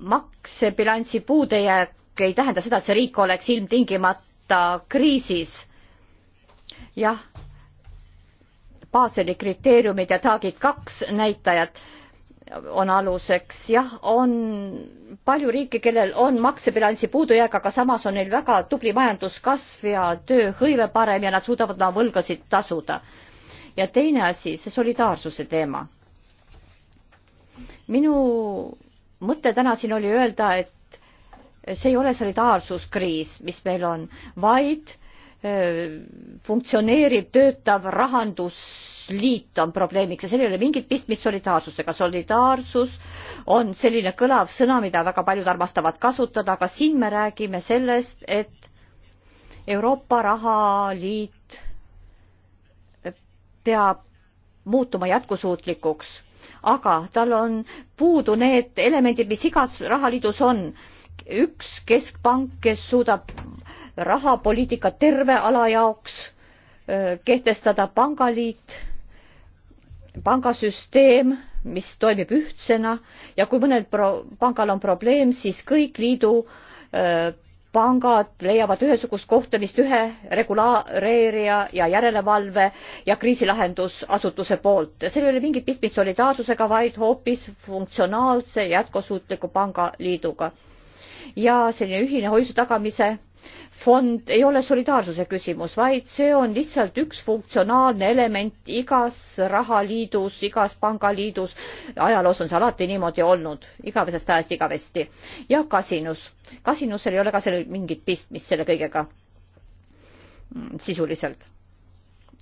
maksebilansi puudejääk ei tähenda seda, et see riik oleks ilmtingimata kriisis. jah, Baseli kriteeriumid ja Taagid kaks näitajat on aluseks, jah, on palju riike, kellel on maksebilansi puudujääk, aga samas on neil väga tubli majanduskasv ja tööhõive parem ja nad suudavad oma võlgasid tasuda. ja teine asi, see solidaarsuse teema. minu mõte täna siin oli öelda, et see ei ole solidaarsuskriis, mis meil on, vaid funktsioneeriv, töötav rahandusliit on probleemiks ja sellel ei ole mingit pistmist solidaarsusega. solidaarsus on selline kõlav sõna, mida väga paljud armastavad kasutada, aga siin me räägime sellest, et Euroopa Rahaliit peab muutuma jätkusuutlikuks aga tal on puudu need elemendid, mis igas rahaliidus on. üks keskpank, kes suudab rahapoliitika terve ala jaoks kehtestada pangaliit, pangasüsteem, mis toimib ühtsena ja kui mõnel pro-, pangal on probleem, siis kõik liidu öö, pangad leiavad ühesugust kohtlemist ühe regulaareerija ja järelevalve ja kriisilahendusasutuse poolt. seal ei ole mingit pistmist solidaarsusega, vaid hoopis funktsionaalse jätkusuutliku pangaliiduga. ja selline ühine hoiuste tagamise fond ei ole solidaarsuse küsimus, vaid see on lihtsalt üks funktsionaalne element igas rahaliidus, igas pangaliidus. ajaloos on see alati niimoodi olnud, igavesest ajast igavesti. ja kasinus. kasinusel ei ole ka sellel mingit pistmist selle kõigega mm, sisuliselt.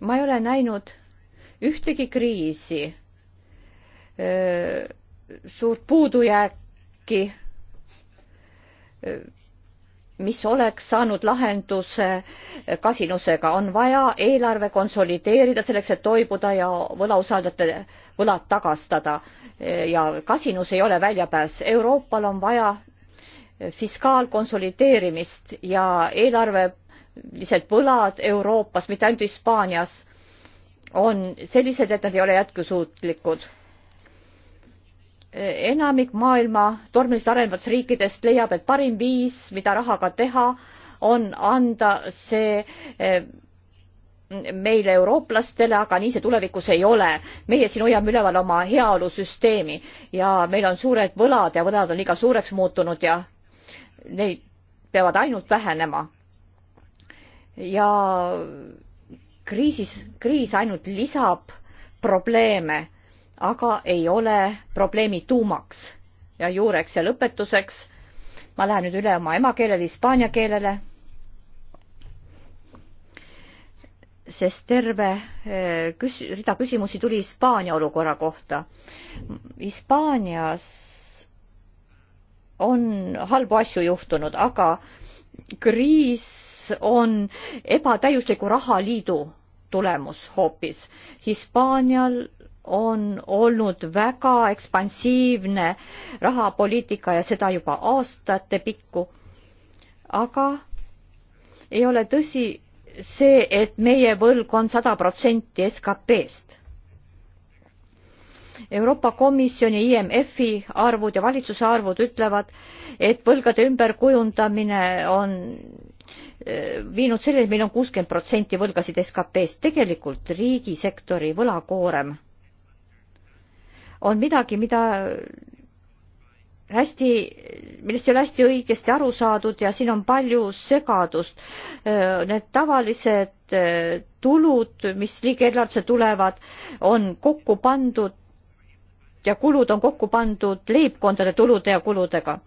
ma ei ole näinud ühtegi kriisi, suurt puudujääki öö, mis oleks saanud lahenduse kasinusega, on vaja eelarve konsolideerida selleks, et toibuda ja võlausaldajate võlad tagastada. ja kasinus ei ole väljapääs. Euroopal on vaja fiskaalkonsolideerimist ja eelarvelised võlad Euroopas, mitte ainult Hispaanias, on sellised, et nad ei ole jätkusuutlikud enamik maailma tormiliselt arenevatest riikidest leiab, et parim viis, mida rahaga teha, on anda see eh, meile, eurooplastele, aga nii see tulevikus ei ole. meie siin hoiame üleval oma heaolusüsteemi ja meil on suured võlad ja võlad on liiga suureks muutunud ja neid peavad ainult vähenema. ja kriisis, kriis ainult lisab probleeme aga ei ole probleemi tuumaks ja juureks ja lõpetuseks. ma lähen nüüd üle oma emakeelele, hispaania keelele. sest terve eh, küs-, rida küsimusi tuli Hispaania olukorra kohta. Hispaanias on halbu asju juhtunud, aga kriis on ebatäiusliku rahaliidu tulemus hoopis. Hispaanial on olnud väga ekspansiivne rahapoliitika ja seda juba aastate pikku. aga ei ole tõsi see, et meie võlg on sada protsenti SKP-st. Euroopa Komisjoni IMF-i arvud ja valitsuse arvud ütlevad, et võlgade ümberkujundamine on eh, viinud selleni, et meil on kuuskümmend protsenti võlgasid SKP-st. tegelikult riigisektori võlakoorem on midagi, mida hästi, millest ei ole hästi õigesti aru saadud ja siin on palju segadust. Need tavalised eh, tulud, mis riigieelarvesse tulevad, on kokku pandud ja kulud on kokku pandud leibkondade tulude ja kuludega.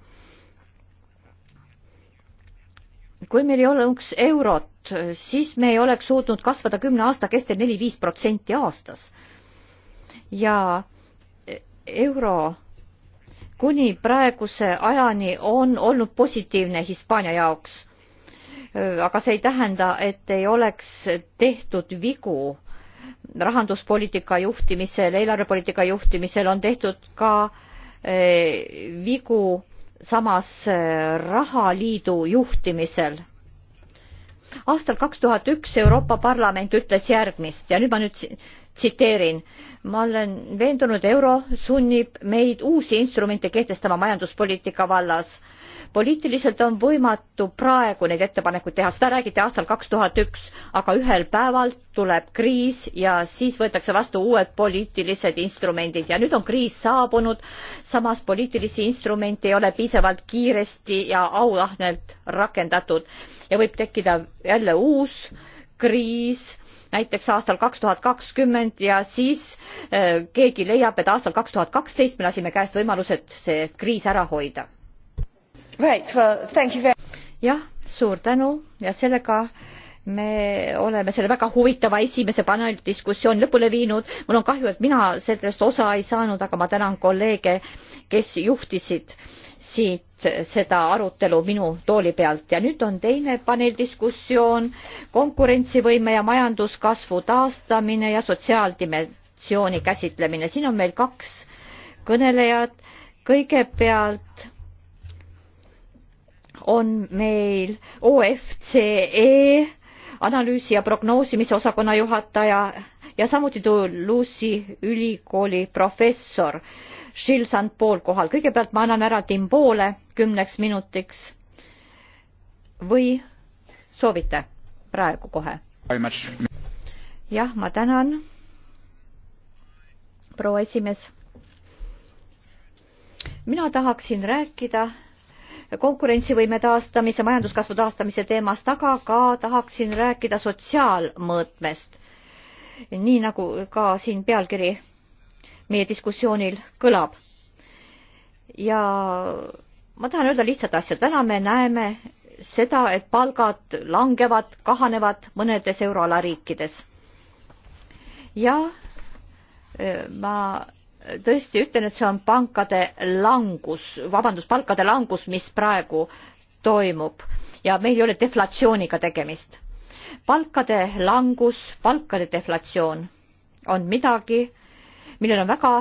kui meil ei oleks eurot, siis me ei oleks suutnud kasvada kümne aasta kestel neli-viis protsenti aastas. ja euro kuni praeguse ajani on olnud positiivne Hispaania jaoks. aga see ei tähenda, et ei oleks tehtud vigu rahanduspoliitika juhtimisel, eelarvepoliitika juhtimisel on tehtud ka eh, vigu samas eh, rahaliidu juhtimisel. aastal kaks tuhat üks Euroopa Parlament ütles järgmist ja nüüd ma nüüd tsiteerin, ma olen veendunud, euro sunnib meid uusi instrumente kehtestama majanduspoliitika vallas. poliitiliselt on võimatu praegu neid ettepanekuid teha, seda räägiti aastal kaks tuhat üks, aga ühel päeval tuleb kriis ja siis võetakse vastu uued poliitilised instrumendid ja nüüd on kriis saabunud, samas poliitilisi instrumente ei ole piisavalt kiiresti ja auahnelt rakendatud ja võib tekkida jälle uus kriis näiteks aastal kaks tuhat kakskümmend ja siis äh, keegi leiab, et aastal kaks tuhat kaksteist me lasime käest võimalused see kriis ära hoida. jah, suur tänu ja sellega me oleme selle väga huvitava esimese paneli diskussiooni lõpule viinud. mul on kahju, et mina sellest osa ei saanud, aga ma tänan kolleege, kes juhtisid siit seda arutelu minu tooli pealt ja nüüd on teine paneeldiskussioon konkurentsivõime ja majanduskasvu taastamine ja sotsiaaldimensiooni käsitlemine. siin on meil kaks kõnelejat. kõigepealt on meil OFCE analüüsi ja prognoosimise osakonna juhataja ja samuti Toulouse'i ülikooli professor Gilles St Paul kohal. kõigepealt ma annan ära Tim Poole kümneks minutiks või soovite praegu kohe? jah, ma tänan, proua esimees. mina tahaksin rääkida konkurentsivõime taastamise, majanduskasvu taastamise teemast, aga ka tahaksin rääkida sotsiaalmõõtmest. nii nagu ka siin pealkiri meie diskussioonil kõlab. ja ma tahan öelda lihtsat asja, täna me näeme seda, et palgad langevad, kahanevad mõnedes euroala riikides. ja äh, ma tõesti ütlen, et see on pankade langus, vabandust, palkade langus, mis praegu toimub ja meil ei ole deflatsiooniga tegemist. palkade langus, palkade deflatsioon on midagi, millel on väga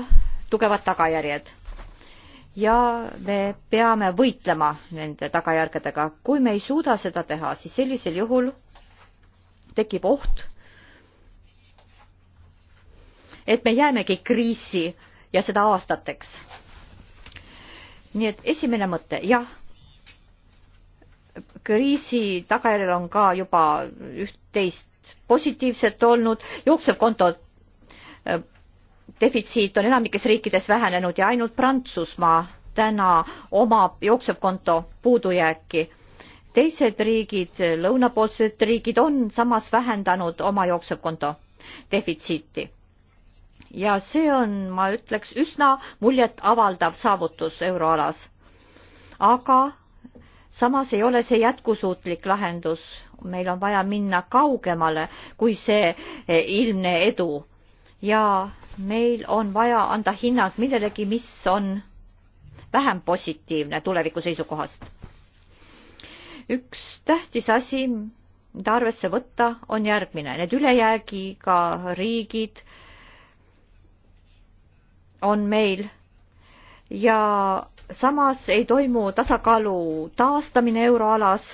tugevad tagajärjed. ja me peame võitlema nende tagajärgedega. kui me ei suuda seda teha, siis sellisel juhul tekib oht, et me jäämegi kriisi ja seda aastateks. nii et esimene mõte, jah, kriisi tagajärjel on ka juba üht-teist positiivset olnud, jooksev konto äh, defitsiit on enamikes riikides vähenenud ja ainult Prantsusmaa täna omab jooksevkonto puudujääki. teised riigid, lõunapoolsed riigid on samas vähendanud oma jooksevkonto defitsiiti ja see on, ma ütleks, üsna muljetavaldav saavutus euroalas. aga samas ei ole see jätkusuutlik lahendus, meil on vaja minna kaugemale kui see eh, ilmne edu ja meil on vaja anda hinnang millelegi, mis on vähem positiivne tuleviku seisukohast. üks tähtis asi, mida arvesse võtta, on järgmine, need ülejäägiga riigid äh, on meil ja samas ei toimu tasakaalu taastamine euroalas.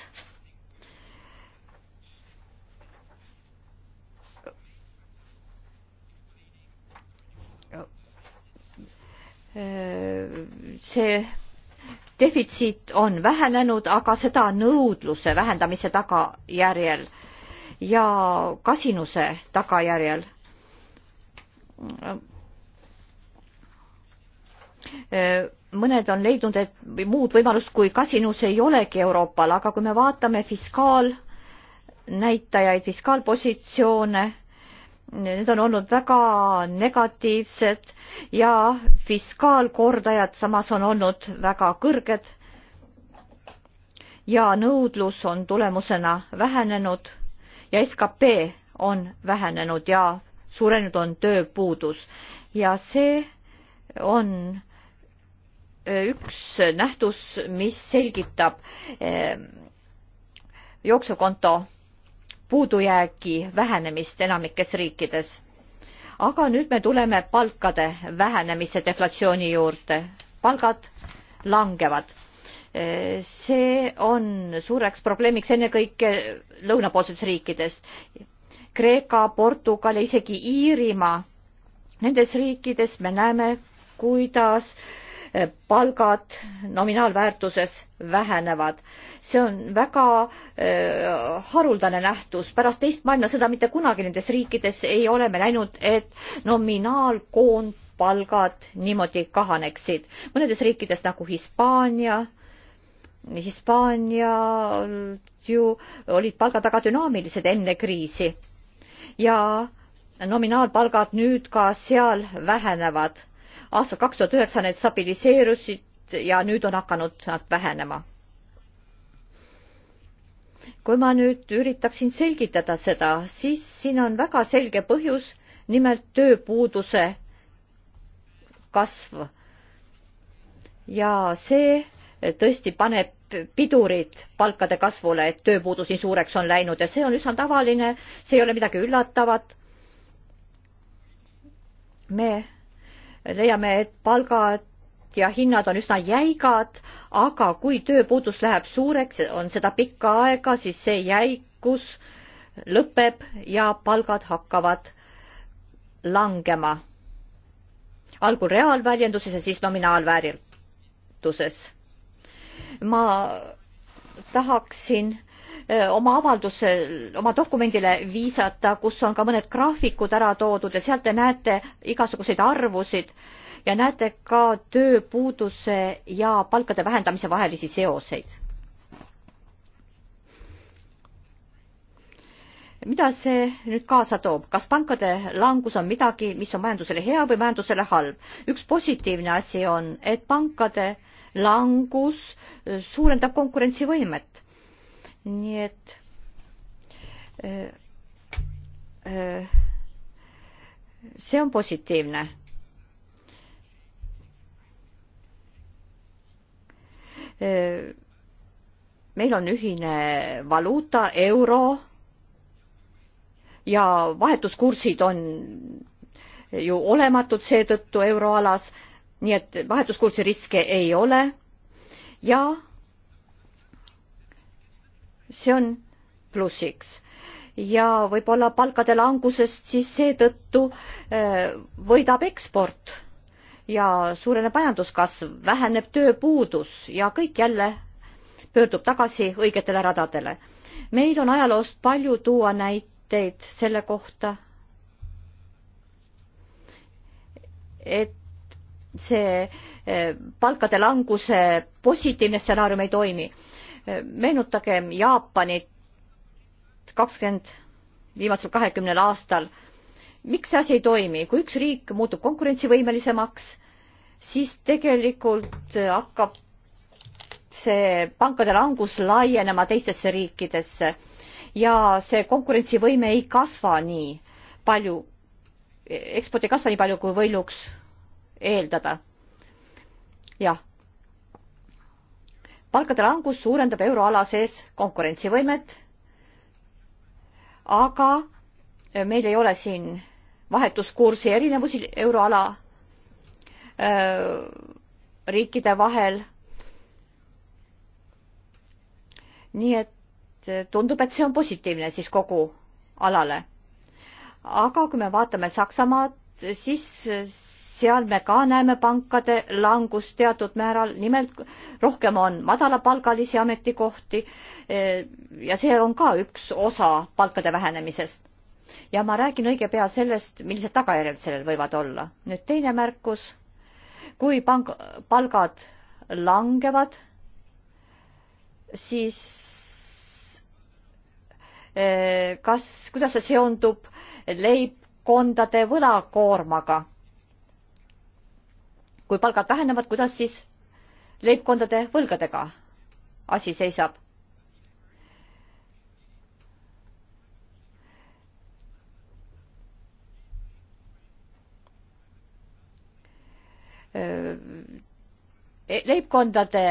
see defitsiit on vähenenud, aga seda nõudluse vähendamise tagajärjel ja kasinuse tagajärjel Äh, mõned on leidnud, et muud võimalust kui kasinus ei olegi Euroopal, aga kui me vaatame fiskaalnäitajaid, fiskaalpositsioone, need on olnud väga negatiivsed ja fiskaalkordajad samas on olnud väga kõrged ja nõudlus on tulemusena vähenenud ja skp on vähenenud ja suurenenud on tööpuudus ja see on äh, üks nähtus, mis selgitab äh, jooksevkonto puudujäägi vähenemist enamikes riikides. aga nüüd me tuleme palkade vähenemise deflatsiooni juurde. palgad langevad. Äh, see on suureks probleemiks ennekõike lõunapoolses riikides. Kreeka, Portugal ja isegi Iirimaa, nendes riikides me näeme kuidas eh, palgad nominaalväärtuses vähenevad. see on väga äh, haruldane nähtus, pärast teist maailmasõda mitte kunagi nendes riikides ei ole me näinud, et nominaalkoondpalgad niimoodi kahaneksid. mõnedes riikides nagu Hispaania, Hispaania ju olid palgad väga dünaamilised enne kriisi ja nominaalpalgad nüüd ka seal vähenevad aastal kaks tuhat üheksa need stabiliseerusid ja nüüd on hakanud nad vähenema. kui ma nüüd üritaksin selgitada seda, siis siin on väga selge põhjus, nimelt tööpuuduse kasv. ja see tõesti paneb pidurid palkade kasvule, et tööpuudus nii suureks on läinud ja see on üsna tavaline, see ei ole midagi üllatavat. me leiame, et palgad ja hinnad on üsna jäigad, aga kui tööpuudus läheb suureks, on seda pikka aega, siis see jäikus lõpeb ja palgad hakkavad langema. algul reaalväljenduses ja siis nominaalväärtuses. ma tahaksin oma avalduse, oma dokumendile viisata, kus on ka mõned graafikud ära toodud ja sealt te näete igasuguseid arvusid ja näete ka tööpuuduse ja palkade vähendamise vahelisi seoseid. mida see nüüd kaasa toob, kas pankade langus on midagi, mis on majandusele hea või majandusele halb? üks positiivne asi on, et pankade langus suurendab konkurentsivõimet nii et e, e, see on positiivne. E, meil on ühine valuuta euro ja vahetuskursid on ju olematud seetõttu euroalas, nii et vahetuskursi riske ei ole ja see on plussiks ja võib-olla palkade langusest siis seetõttu äh, võidab eksport ja suureneb majanduskasv, väheneb tööpuudus ja kõik jälle pöördub tagasi õigetele radadele. meil on ajaloost palju tuua näiteid selle kohta, et see äh, palkade languse positiivne stsenaarium ei toimi meenutagem Jaapanit kakskümmend, viimasel kahekümnel aastal. miks see asi ei toimi, kui üks riik muutub konkurentsivõimelisemaks, siis tegelikult hakkab see pankade langus laienema teistesse riikidesse ja see konkurentsivõime ei kasva nii palju, eksport ei kasva nii palju, kui võinuks eeldada. jah palkade langus suurendab euroala sees konkurentsivõimet, aga meil ei ole siin vahetuskursi erinevusi euroala riikide vahel. nii et tundub, et see on positiivne siis kogu alale. aga kui me vaatame Saksamaad, siis seal me ka näeme pankade langust teatud määral, nimelt rohkem on madalapalgalisi ametikohti eh, ja see on ka üks osa palkade vähenemisest. ja ma räägin õige pea sellest, millised tagajärjed sellel võivad olla. nüüd teine märkus, kui pank, palgad langevad, siis eh, kas, kuidas see seondub leibkondade võlakoormaga? kui palgad vähenevad, kuidas siis leibkondade võlgadega asi seisab? leibkondade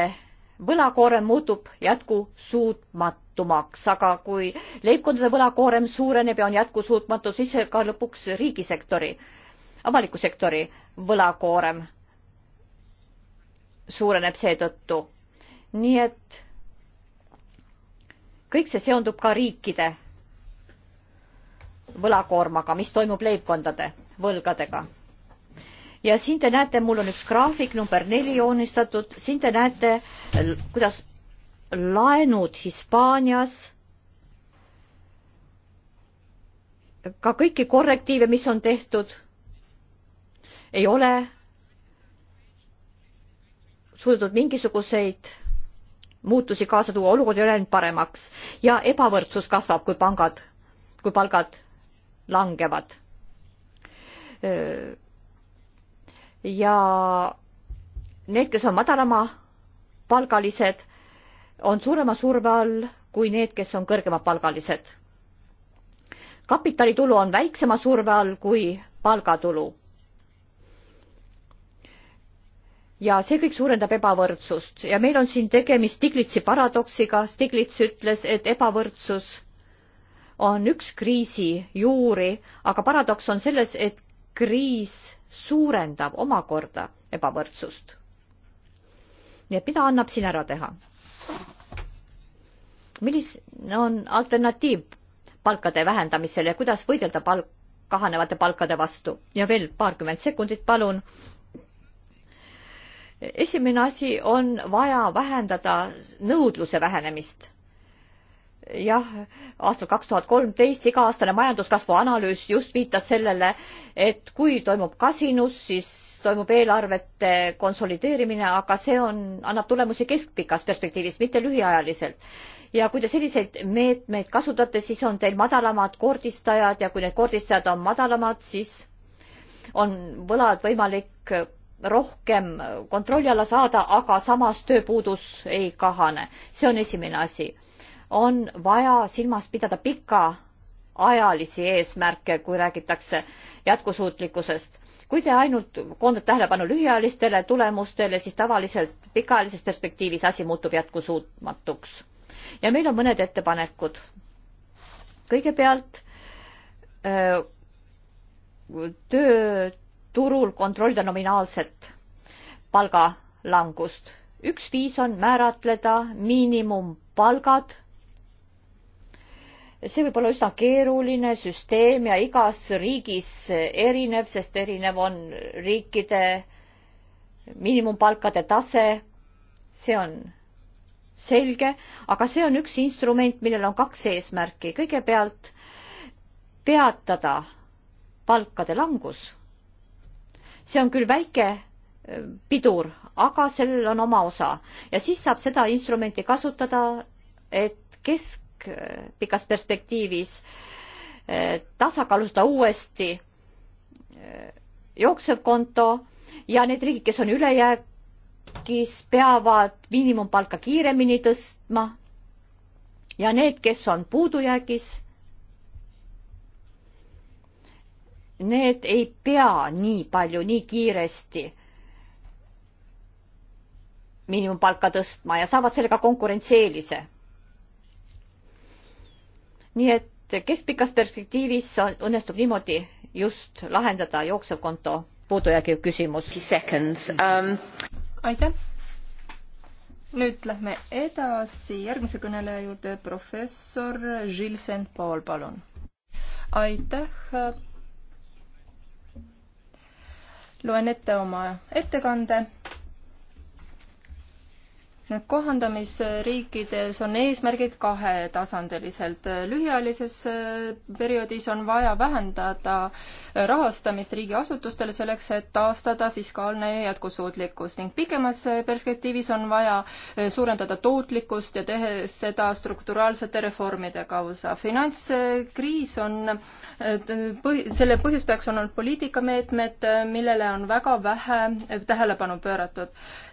võlakoorem muutub jätkusuutmatumaks, aga kui leibkondade võlakoorem suureneb ja on jätkusuutmatu, siis ka lõpuks riigisektori, avaliku sektori võlakoorem suureneb seetõttu. nii et kõik see seondub ka riikide võlakoormaga, mis toimub leibkondade võlgadega. ja siin te näete, mul on üks graafik number neli joonistatud, siin te näete, kuidas laenud Hispaanias ka kõiki korrektiive, mis on tehtud, ei ole suudetud mingisuguseid muutusi kaasa tuua, olukord ei ole läinud paremaks ja ebavõrdsus kasvab, kui pangad, kui palgad langevad. ja need, kes on madalama palgalised, on suurema surve all kui need, kes on kõrgemapalgalised. kapitalitulu on väiksema surve all kui palgatulu ja see kõik suurendab ebavõrdsust ja meil on siin tegemist Stiglitsi paradoksiga. Stiglits ütles, et ebavõrdsus on üks kriisi juuri, aga paradoks on selles, et kriis suurendab omakorda ebavõrdsust. nii et mida annab siin ära teha? milline on alternatiiv palkade vähendamisele ja kuidas võidelda palk, kahanevate palkade vastu? ja veel paarkümmend sekundit, palun esimene asi on vaja vähendada nõudluse vähenemist. jah, aastal kaks tuhat kolmteist iga-aastane majanduskasvu analüüs just viitas sellele, et kui toimub kasinus, siis toimub eelarvete konsolideerimine, aga see on, annab tulemusi keskpikas perspektiivis, mitte lühiajaliselt ja kui te selliseid meetmeid kasutate, siis on teil madalamad kordistajad ja kui need kordistajad on madalamad, siis on võlad võimalik rohkem kontrolli alla saada, aga samas tööpuudus ei kahane. see on esimene asi. on vaja silmas pidada pikaajalisi eesmärke, kui räägitakse jätkusuutlikkusest. kui te ainult koondate tähelepanu lühiajalistele tulemustele, siis tavaliselt pikaajalises perspektiivis asi muutub jätkusuutmatuks. ja meil on mõned ettepanekud. kõigepealt öö, töö turul kontrollida nominaalset palgalangust. üks viis on määratleda miinimumpalgad. see võib olla üsna keeruline süsteem ja igas riigis erinev, sest erinev on riikide miinimumpalkade tase. see on selge, aga see on üks instrument, millel on kaks eesmärki. kõigepealt peatada palkade langus see on küll väike äh, pidur, aga sellel on oma osa ja siis saab seda instrumenti kasutada, et keskpikas äh, perspektiivis äh, tasakaalustada uuesti jooksev konto ja need riigid, kes on ülejäägis, peavad miinimumpalka kiiremini tõstma. ja need, kes on puudujäägis need ei pea nii palju, nii kiiresti miinimumpalka tõstma ja saavad sellega konkurentsieelise. nii et keskpikas perspektiivis õnnestub niimoodi just lahendada jooksev konto puudujäägi küsimus. Um... aitäh. nüüd lähme edasi järgmise kõneleja juurde, professor Gilles Saint Paul, palun. aitäh loen ette oma ettekande. Need kohandamisriikides on eesmärgid kahetasandiliselt. lühiajalises eh, perioodis on vaja vähendada äh, rahastamist riigiasutustele selleks, et taastada fiskaalne jätkusuutlikkus ning pikemas eh, perspektiivis on vaja eh, suurendada tootlikkust ja tehes seda strukturaalsete reformide kausa. finantskriis on, eh, selle põhjustajaks on olnud poliitikameetmed, millele on väga vähe tähelepanu pööratud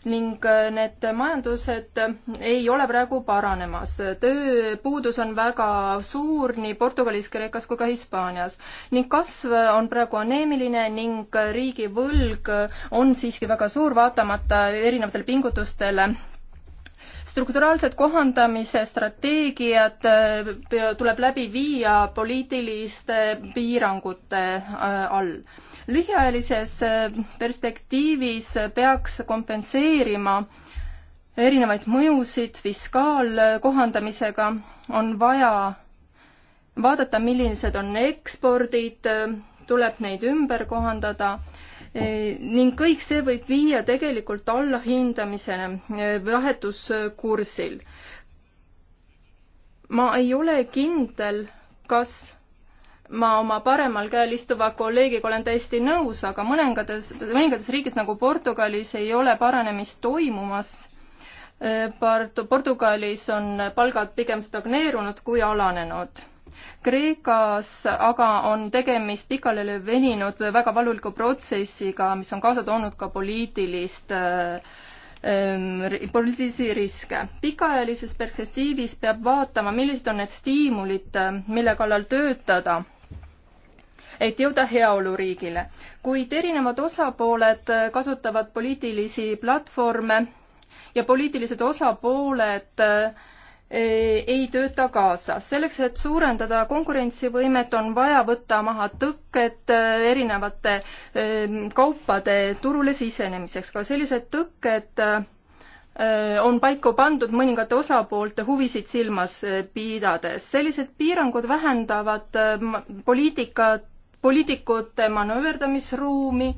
ning need majandused ei ole praegu paranemas. tööpuudus on väga suur nii Portugalis, Kreekas kui ka Hispaanias ning kasv on praegu aneemiline ning riigivõlg on siiski väga suur, vaatamata erinevatele pingutustele strukturaalsed kohandamise strateegiad äh, tuleb läbi viia poliitiliste piirangute äh, all. lühiajalises äh, perspektiivis peaks kompenseerima erinevaid mõjusid fiskaalkohandamisega, on vaja vaadata, millised on ekspordid, tuleb neid ümber kohandada e, ning kõik see võib viia tegelikult allahindamisele e, vahetuskursil. ma ei ole kindel, kas ma oma paremal käel istuva kolleegiga olen täiesti nõus, aga mõningates, mõningates riigis nagu Portugalis ei ole paranemist toimumas. E, Portugalis on palgad pigem stagneerunud kui alanenud Kreekas aga on tegemist pikale veninud väga valuliku protsessiga, mis on kaasa toonud ka poliitilist ähm, poliitilisi riske. pikaajalises perspektiivis peab vaatama, millised on need stiimulid, mille kallal töötada, et jõuda heaoluriigile. kuid erinevad osapooled kasutavad poliitilisi platvorme ja poliitilised osapooled äh, Eh, ei tööta kaasas. selleks, et suurendada konkurentsivõimet, on vaja võtta maha tõkked eh, erinevate eh, kaupade turule sisenemiseks. ka sellised tõkked on paika pandud mõningate osapoolte huvisid silmas pidades. sellised piirangud vähendavad poliitika, poliitikute manööverdamisruumi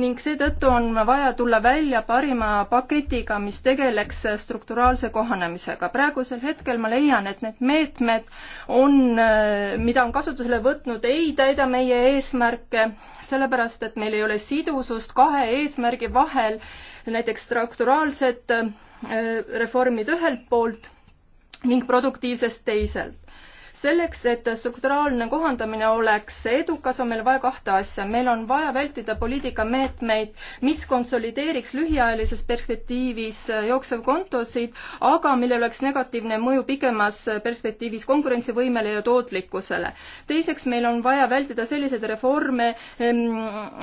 ning seetõttu on vaja tulla välja parima paketiga, mis tegeleks strukturaalse kohanemisega. praegusel hetkel ma leian, et need meetmed on, äh, mida on kasutusele võtnud, ei täida meie eesmärke, sellepärast et meil ei ole sidusust kahe eesmärgi vahel, näiteks strukturaalsed äh, reformid ühelt poolt ning produktiivsest teiselt selleks, et strukturaalne kohandamine oleks edukas, on meil vaja kahte asja. meil on vaja vältida poliitikameetmeid, mis konsolideeriks lühiajalises perspektiivis jooksevkontosid, aga millel oleks negatiivne mõju pikemas perspektiivis konkurentsivõimele ja tootlikkusele. teiseks, meil on vaja vältida selliseid reforme,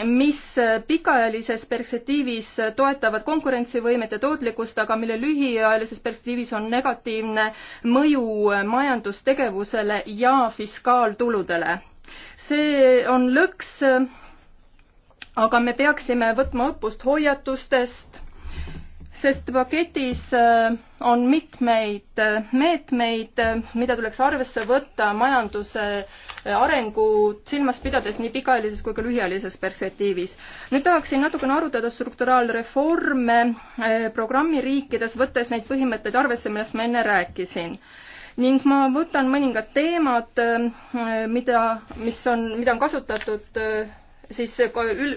mis pikaajalises perspektiivis toetavad konkurentsivõimet ja tootlikkust, aga mille lühiajalises perspektiivis on negatiivne mõju majandustegevusele kuludele ja fiskaaltuludele. see on lõks, aga me peaksime võtma õppust hoiatustest, sest paketis äh, on mitmeid äh, meetmeid, äh, mida tuleks arvesse võtta majanduse arengut silmas pidades nii pikaajalises kui ka lühiajalises perspektiivis. nüüd tahaksin natukene arutada strukturaalreforme programmiriikides, võttes neid põhimõtteid arvesse, millest ma enne rääkisin ning ma võtan mõningad teemad, äh, mida, mis on, mida on kasutatud äh, siis äh,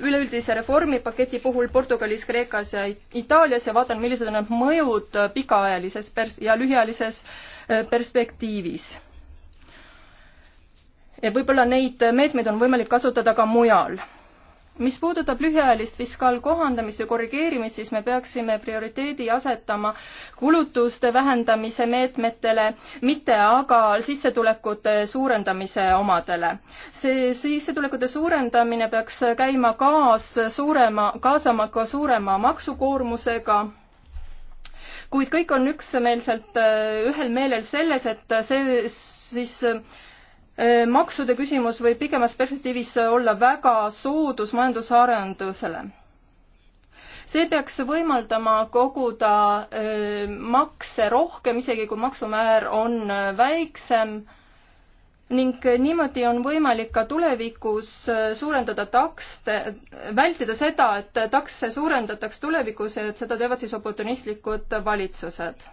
üleüldise reformipaketi puhul Portugalis, Kreekas ja Itaalias ja vaatan, millised on need mõjud pikaajalises pers- ja lühiajalises perspektiivis. võib-olla neid meetmeid on võimalik kasutada ka mujal mis puudutab lühiajalist fiskaalkohandamist ja korrigeerimist, siis me peaksime prioriteedi asetama kulutuste vähendamise meetmetele, mitte aga sissetulekute suurendamise omadele. see sissetulekute suurendamine peaks käima kaas suurema, kaasama ka suurema maksukoormusega kuid kõik on üksmeelselt ühel meelel selles, et see siis Äh, maksude küsimus võib pikemas perspektiivis olla väga soodus majandusarendusele. see peaks võimaldama koguda äh, makse rohkem, isegi kui maksumäär on äh, väiksem ning niimoodi on võimalik ka tulevikus suurendada takste, vältida seda, et takse suurendataks tulevikus ja et seda teevad siis oportunistlikud valitsused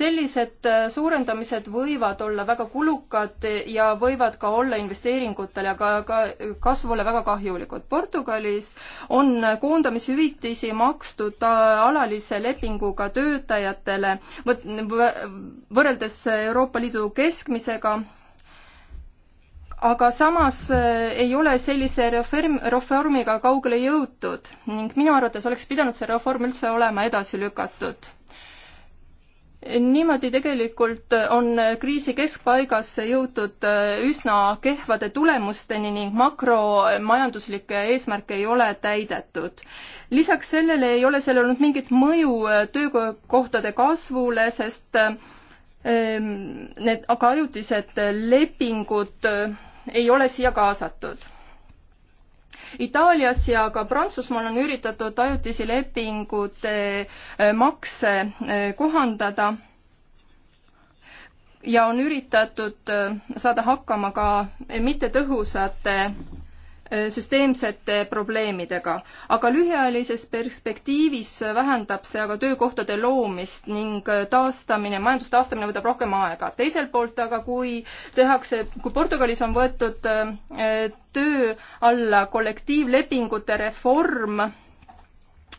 sellised äh, suurendamised võivad olla väga kulukad ja võivad ka olla investeeringutele ja ka, ka kasvule väga kahjulikud. Portugalis on koondamishüvitisi makstud äh, alalise lepinguga töötajatele võrreldes Euroopa Liidu keskmisega aga samas äh, ei ole sellise reform, reformiga kaugele jõutud ning minu arvates oleks pidanud see reform üldse olema edasi lükatud niimoodi tegelikult on kriisi keskpaigas jõutud äh, üsna kehvade tulemusteni ning makromajanduslikke eesmärke ei ole täidetud. lisaks sellele ei ole seal olnud mingit mõju äh, töökohtade kasvule, sest äh, ähm, need aga ajutised lepingud ei ole siia kaasatud Itaalias ja ka Prantsusmaal on üritatud ajutisi lepingute eh, makse eh, kohandada ja on üritatud eh, saada hakkama ka mittetõhusate Äh, süsteemsete probleemidega. aga lühiajalises perspektiivis vähendab see aga töökohtade loomist ning äh, taastamine, majanduse taastamine võtab rohkem aega. teiselt poolt aga kui tehakse, kui Portugalis on võetud äh, töö alla kollektiivlepingute reform,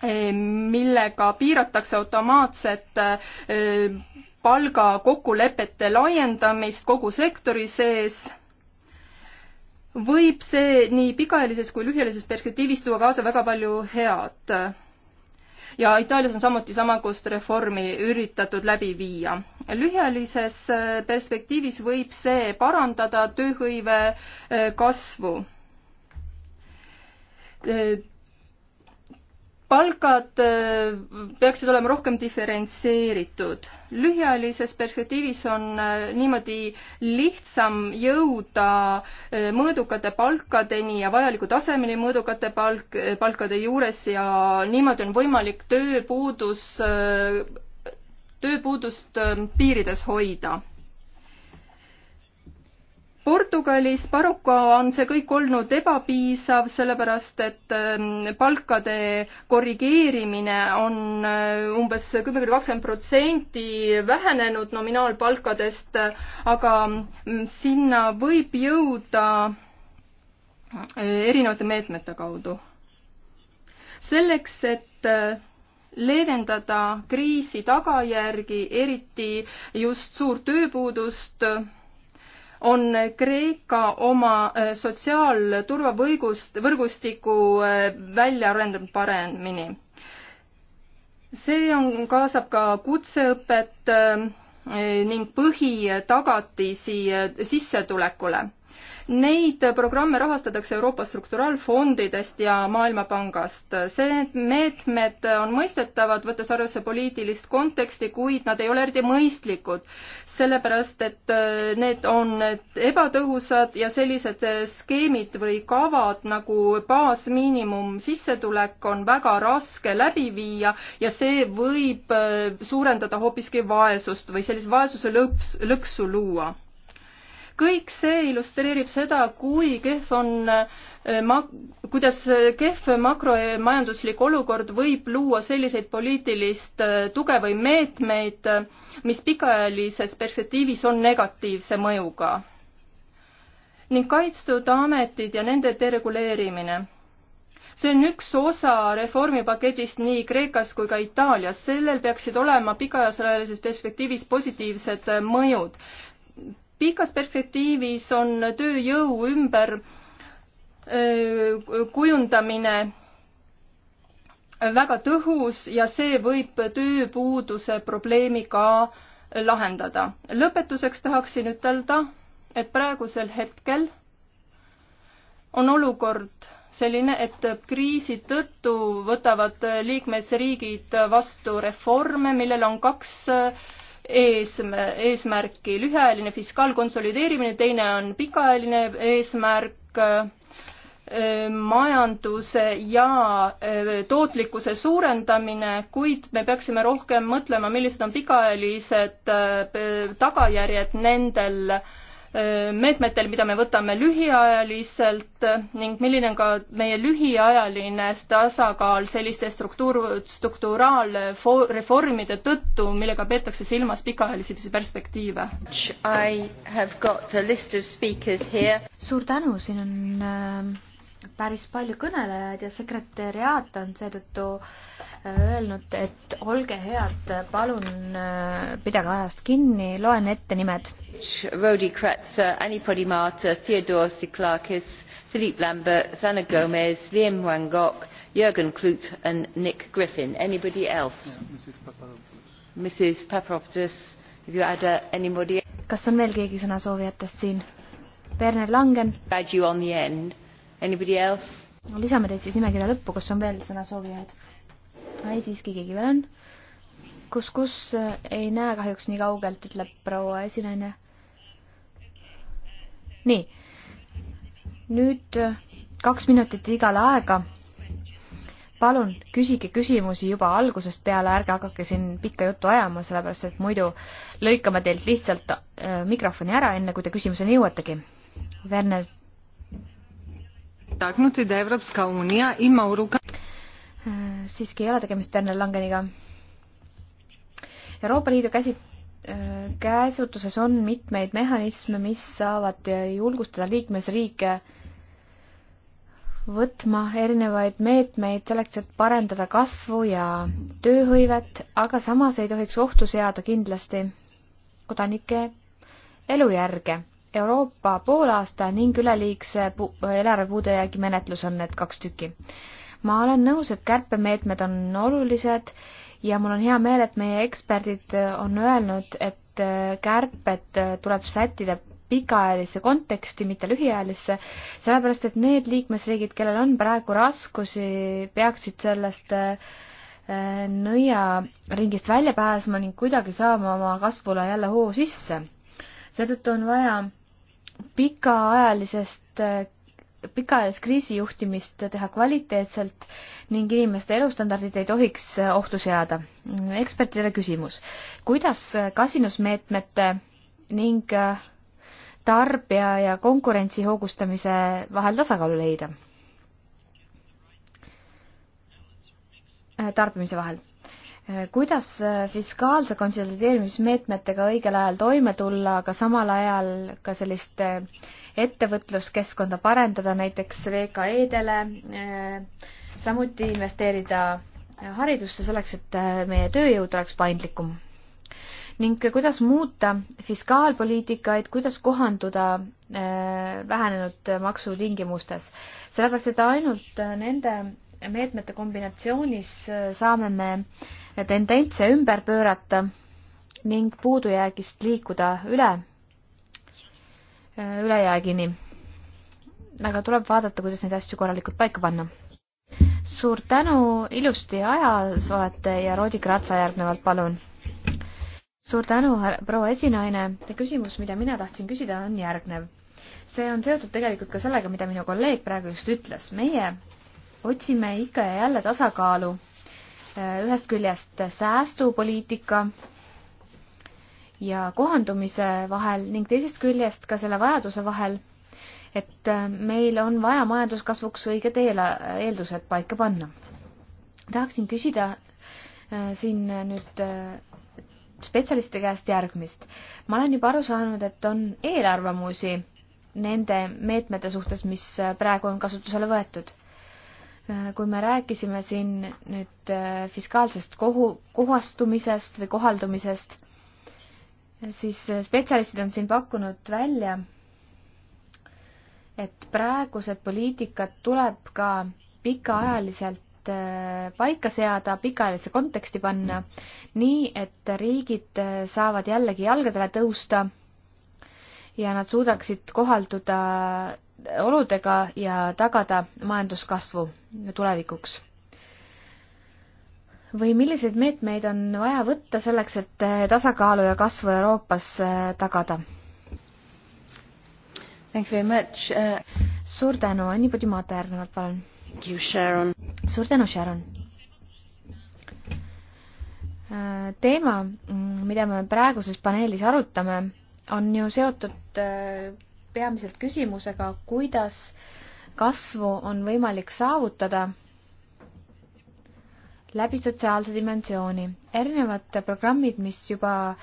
millega piiratakse automaatset palgakokkulepete laiendamist kogu sektori sees võib see nii pikaajalises kui lühiajalises perspektiivis tuua kaasa väga palju head. ja Itaalias on samuti samakust reformi üritatud läbi viia. lühiajalises äh, perspektiivis võib see parandada tööhõive äh, kasvu äh, palgad äh, peaksid olema rohkem diferentseeritud. lühiajalises perspektiivis on äh, niimoodi lihtsam jõuda äh, mõõdukate palkadeni ja vajaliku tasemeni mõõdukate palk, palkade juures ja niimoodi on võimalik tööpuudus, tööpuudust piirides hoida Portugalis paraku on see kõik olnud ebapiisav, sellepärast et ähm, palkade korrigeerimine on äh, umbes kümme kuni kakskümmend protsenti vähenenud nominaalpalkadest, aga mm, sinna võib jõuda äh, erinevate meetmete kaudu. selleks, et äh, leevendada kriisi tagajärgi, eriti just suurt tööpuudust, on Kreeka oma äh, sotsiaalturvavõigust, võrgustiku äh, välja arendanud paremini. see on, kaasab ka kutseõpet äh, ning põhitagatisi sissetulekule Neid programme rahastatakse Euroopa strukturaalfondidest ja Maailmapangast. see, need meetmed on mõistetavad, võttes arvesse poliitilist konteksti, kuid nad ei ole eriti mõistlikud, sellepärast et äh, need on ebatõhusad ja sellised äh, skeemid või kavad nagu baasmiinimum sissetulek on väga raske läbi viia ja see võib äh, suurendada hoopiski vaesust või sellise vaesuse lõks, lõksu luua kõik see illustreerib seda, kui kehv on eh, ma-, kuidas kehv makromajanduslik olukord võib luua selliseid poliitilist eh, tuge või meetmeid, eh, mis pikaajalises perspektiivis on negatiivse mõjuga. ning kaitstud ametid ja nende dereguleerimine see on üks osa reformipaketist nii Kreekas kui ka Itaalias, sellel peaksid olema pikaajalises perspektiivis positiivsed mõjud pikas perspektiivis on tööjõu ümber kujundamine väga tõhus ja see võib tööpuuduse probleemi ka lahendada. lõpetuseks tahaksin ütelda, et praegusel hetkel on olukord selline, et kriisi tõttu võtavad liikmesriigid vastu reforme, millel on kaks eesmä-, eesmärki, lühiajaline fiskaalkonsolideerimine, teine on pikaajaline eesmärk, majanduse ja tootlikkuse suurendamine, kuid me peaksime rohkem mõtlema, millised on pikaajalised tagajärjed nendel äh, meetmetel, mida me võtame lühiajaliselt ning milline on ka meie lühiajaline tasakaal selliste struktuur, strukturaalreformide tõttu, millega peetakse silmas pikaajalisi perspektiive. suur tänu, siin on äh päris palju kõnelejaid ja sekretäriaat on seetõttu äh, öelnud, et olge head, palun äh, pidage ajast kinni, loen ette nimed. Rodi Kratsa, äh, Anni Podimata, Theodor Siklakis, Philippe Lambert, Sana Gomez, Liam Wangok, Jürgen Klut and Nick Griffin. Anybody else? Mrs Papadopoulos, if you add uh, anybody. kas on veel keegi sõnasoovijatest siin? Werner Langen. Badge you on the end Anybody else? lisame teid siis nimekirja lõppu, kas on veel sõnasoovijaid? ei, siiski keegi veel on. kus, kus eh, ei näe kahjuks nii kaugelt, ütleb proua esinaine. nii, nüüd eh, kaks minutit igale aega. palun küsige küsimusi juba algusest peale, ärge hakake siin pikka juttu ajama, sellepärast et muidu lõikame teilt lihtsalt eh, mikrofoni ära, enne kui te küsimuseni jõuategi. Werner istaknuti da Evropska unija ima u ruka... Eh, siiski ei ole tegemist Werner Langeniga. Euroopa Liidu käsi, eh, käsutuses on mitmeid mehhanisme, mis saavad julgustada liikmesriike võtma erinevaid meetmeid selleks, et parendada kasvu ja tööhõivet, aga samas ei tohiks ohtu seada kindlasti kodanike elujärge Euroopa poolaasta ning üleliigse eelarve puudujäägi menetlus on need kaks tükki. ma olen nõus, et kärpemeetmed on olulised ja mul on hea meel, et meie eksperdid on öelnud, et äh, kärped äh, tuleb sättida pikaajalisse konteksti, mitte lühiajalisse, sellepärast et need liikmesriigid, kellel on praegu raskusi, peaksid sellest äh, nõiaringist välja pääsma ning kuidagi saama oma kasvule jälle hoo sisse. seetõttu on vaja pikaajalisest, pikaajalist kriisijuhtimist teha kvaliteetselt ning inimeste elustandardid ei tohiks ohtu seada. ekspertidele küsimus, kuidas kasinusmeetmete ning tarbija ja konkurentsi hoogustamise vahel tasakaalu leida? tarbimise vahel Äh, kuidas äh, fiskaalse konsolideerimismeetmetega õigel ajal toime tulla, aga samal ajal ka sellist äh, ettevõtluskeskkonda parendada näiteks VKE-dele, samuti investeerida haridusse selleks, et meie tööjõud oleks paindlikum. ning kuidas muuta fiskaalpoliitikaid, kuidas kohanduda vähenenud maksutingimustes, sellepärast et ainult nende meetmete kombinatsioonis saame me äh, tendentse ümber pöörata ning puudujäägist liikuda üle, ülejäägini. aga tuleb vaadata, kuidas neid asju korralikult paika panna. suur tänu, ilusti ajas olete ja Roodi Kratsa järgnevalt, palun. suur tänu, proua esinaine. küsimus, mida mina tahtsin küsida, on järgnev. see on seotud tegelikult ka sellega, mida minu kolleeg praegu just ütles. meie otsime ikka ja jälle tasakaalu ühest küljest säästupoliitika ja kohandumise vahel ning teisest küljest ka selle vajaduse vahel, et meil on vaja majanduskasvuks õiged eela, eeldused paika panna. tahaksin küsida äh, siin nüüd äh, spetsialistide käest järgmist. ma olen juba aru saanud, et on eelarvamusi nende meetmete suhtes, mis äh, praegu on kasutusele võetud. Äh, kui me rääkisime siin nüüd äh, fiskaalsest kohu, kohastumisest või kohaldumisest, siis äh, spetsialistid on siin pakkunud välja, et praegused poliitikad tuleb ka pikaajaliselt paika seada, pikaajalisse konteksti panna, nii et riigid saavad jällegi jalgadele tõusta ja nad suudaksid kohalduda oludega ja tagada majanduskasvu tulevikuks? või milliseid meetmeid on vaja võtta selleks, et tasakaalu ja kasvu Euroopas äh, tagada? Uh, suur tänu, Anni Podimata järgnevalt, palun. suur tänu, Sharon. Äh, teema, mm, mida me praeguses paneelis arutame, on ju seotud äh, peamiselt küsimusega, kuidas kasvu on võimalik saavutada läbi sotsiaalse dimensiooni. erinevad programmid, mis juba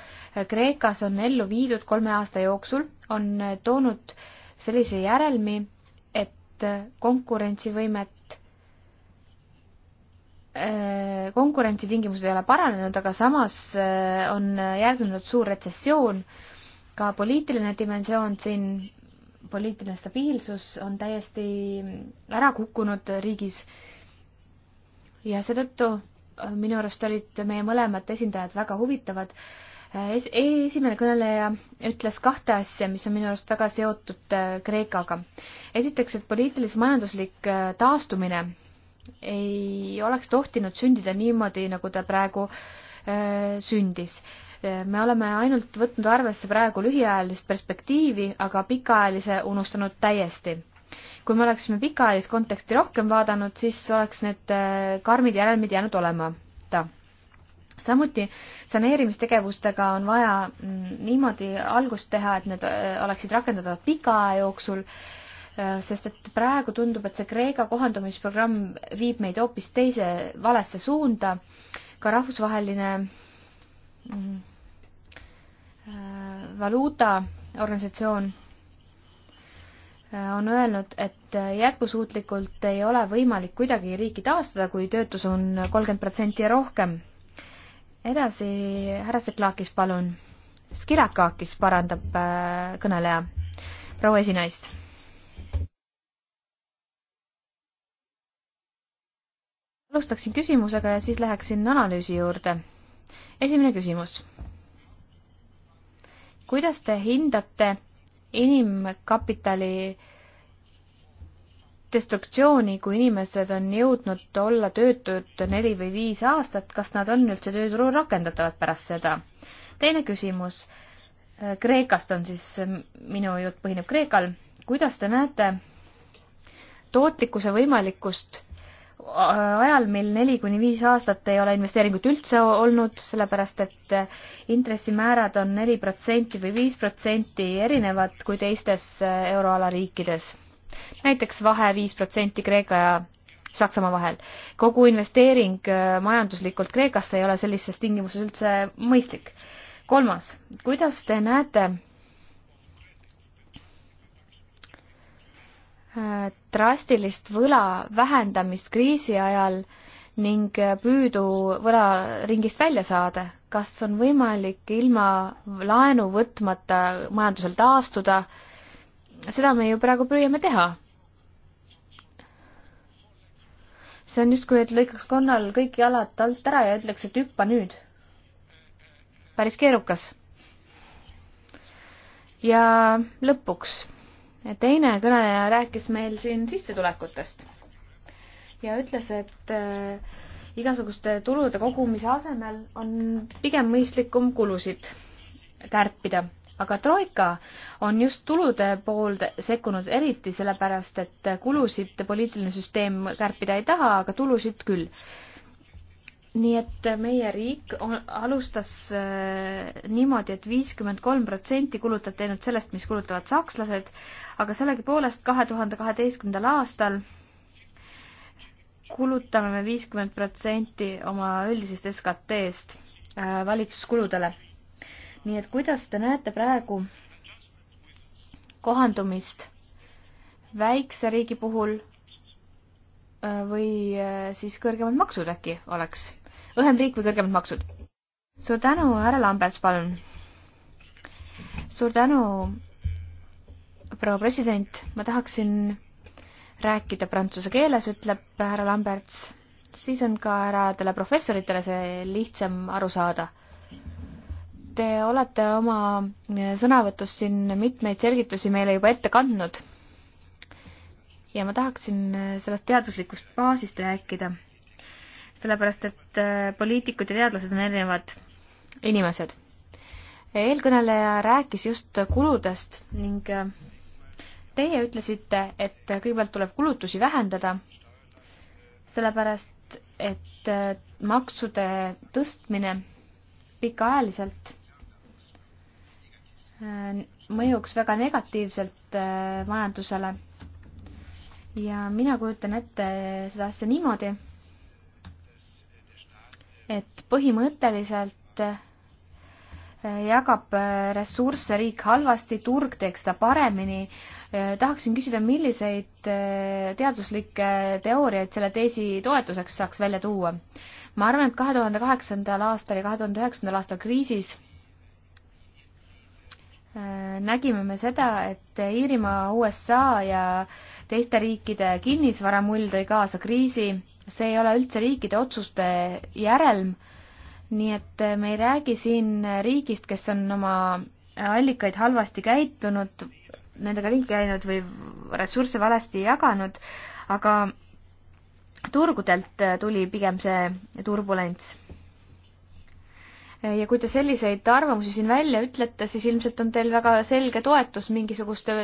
Kreekas on ellu viidud kolme aasta jooksul, on toonud sellise järelmi, et konkurentsivõimet, äh, konkurentsitingimused ei ole paranenud, aga samas äh, on järgnenud suur retsessioon, ka poliitiline dimensioon siin poliitiline stabiilsus on täiesti ära kukkunud riigis. ja seetõttu äh, minu arust olid meie mõlemad esindajad väga huvitavad. Äh, e-, esimene kõneleja ütles kahte asja, mis on minu arust väga seotud äh, Kreekaga. esiteks, et poliitilis-majanduslik taastumine ei oleks tohtinud sündida niimoodi, nagu ta praegu sündis me oleme ainult võtnud arvesse praegu lühiajalist perspektiivi, aga pikaajalise unustanud täiesti. kui me oleksime pikaajalist konteksti rohkem vaadanud, siis oleks need äh, karmid järelmid jäänud olemata. samuti saneerimistegevustega on vaja mm, niimoodi algust teha, et need äh, oleksid rakendatavad pika aja jooksul, äh, sest et praegu tundub, et see Kreeka kohandumisprogramm viib meid hoopis teise valesse suunda, ka rahvusvaheline Mm. valuutaorganisatsioon äh, on öelnud, et äh, jätkusuutlikult ei ole võimalik kuidagi riiki taastada, kui töötus on kolmkümmend protsenti ja rohkem. edasi, härra Seklakis, palun. Skilakakis parandab äh, kõneleja, proua esinaist. alustaksin küsimusega ja siis läheksin analüüsi juurde esimene küsimus. kuidas te hindate inimkapitali destruktsiooni, kui inimesed on jõudnud olla töötud neli või viis aastat, kas nad on üldse tööturul rakendatavad pärast seda? teine küsimus. Kreekast on siis, minu jutt põhineb Kreekal. kuidas te näete tootlikkuse võimalikkust ajal, mil neli kuni viis aastat ei ole investeeringut üldse olnud, sellepärast et intressimäärad on neli protsenti või viis protsenti erinevad kui teistes euroala riikides. näiteks vahe viis protsenti Kreeka ja Saksamaa vahel. kogu investeering äh, majanduslikult Kreekasse ei ole sellises tingimuses üldse mõistlik. kolmas, kuidas te näete Äh, drastilist võla vähendamist kriisi ajal ning püüdu võlaringist välja saada. kas on võimalik ilma laenu võtmata majandusel taastuda? seda me ju praegu püüame teha. see on justkui, et lõikaks konnal kõik jalad alt ära ja ütleks, et hüppa nüüd. päris keerukas. ja lõpuks teine kõneleja rääkis meil siin sissetulekutest ja ütles, et äh, igasuguste tulude kogumise asemel on pigem mõistlikum kulusid kärpida. aga Troika on just tulude poolde sekkunud eriti sellepärast, et kulusid poliitiline süsteem kärpida ei taha, aga tulusid küll nii et meie riik on, alustas äh, niimoodi et, et viiskümmend kolm protsenti kulutati ainult sellest, mis kulutavad sakslased, aga sellegipoolest kahe tuhande kaheteistkümnendal aastal kulutame me viiskümmend protsenti oma üldisest SKT-st äh, valitsuskuludele. nii et kuidas te näete praegu kohandumist väikse riigi puhul Äh, või äh, siis kõrgemad maksud äkki oleks? Ühendriik või kõrgemad maksud? suur tänu, härra Lambers, palun. suur tänu, proua president, ma tahaksin rääkida prantsuse keeles, ütleb härra Lamberts, siis on ka härradele professoritele see lihtsam aru saada te olete oma sõnavõtus siin mitmeid selgitusi meile juba ette kandnud ja ma tahaksin äh, sellest teaduslikust baasist rääkida, sellepärast et äh, poliitikud ja teadlased on erinevad inimesed. eelkõneleja rääkis just kuludest ning äh, teie ütlesite, et kõigepealt tuleb kulutusi vähendada, sellepärast et maksude tõstmine pikaajaliselt mõjuks väga negatiivselt majandusele ja mina kujutan ette seda asja niimoodi, et põhimõtteliselt äh, jagab äh, ressursse riik halvasti, turg teeks seda paremini. Äh, tahaksin küsida, milliseid teaduslikke teooriaid selle teesi toetuseks saaks välja tuua? ma arvan, et kahe tuhande kaheksandal aastal ja kahe tuhande üheksandal aastal kriisis nägime me seda, et Iirimaa, USA ja äh, teiste riikide kinnisvaramull tõi kaasa kriisi, see ei ole üldse riikide otsuste järelm, nii et me ei räägi siin riigist, kes on oma allikaid halvasti käitunud, nendega ringi käinud või ressursse valesti jaganud, aga turgudelt tuli pigem see turbulents ja kui te selliseid arvamusi siin välja ütlete, siis ilmselt on teil väga selge toetus mingisuguste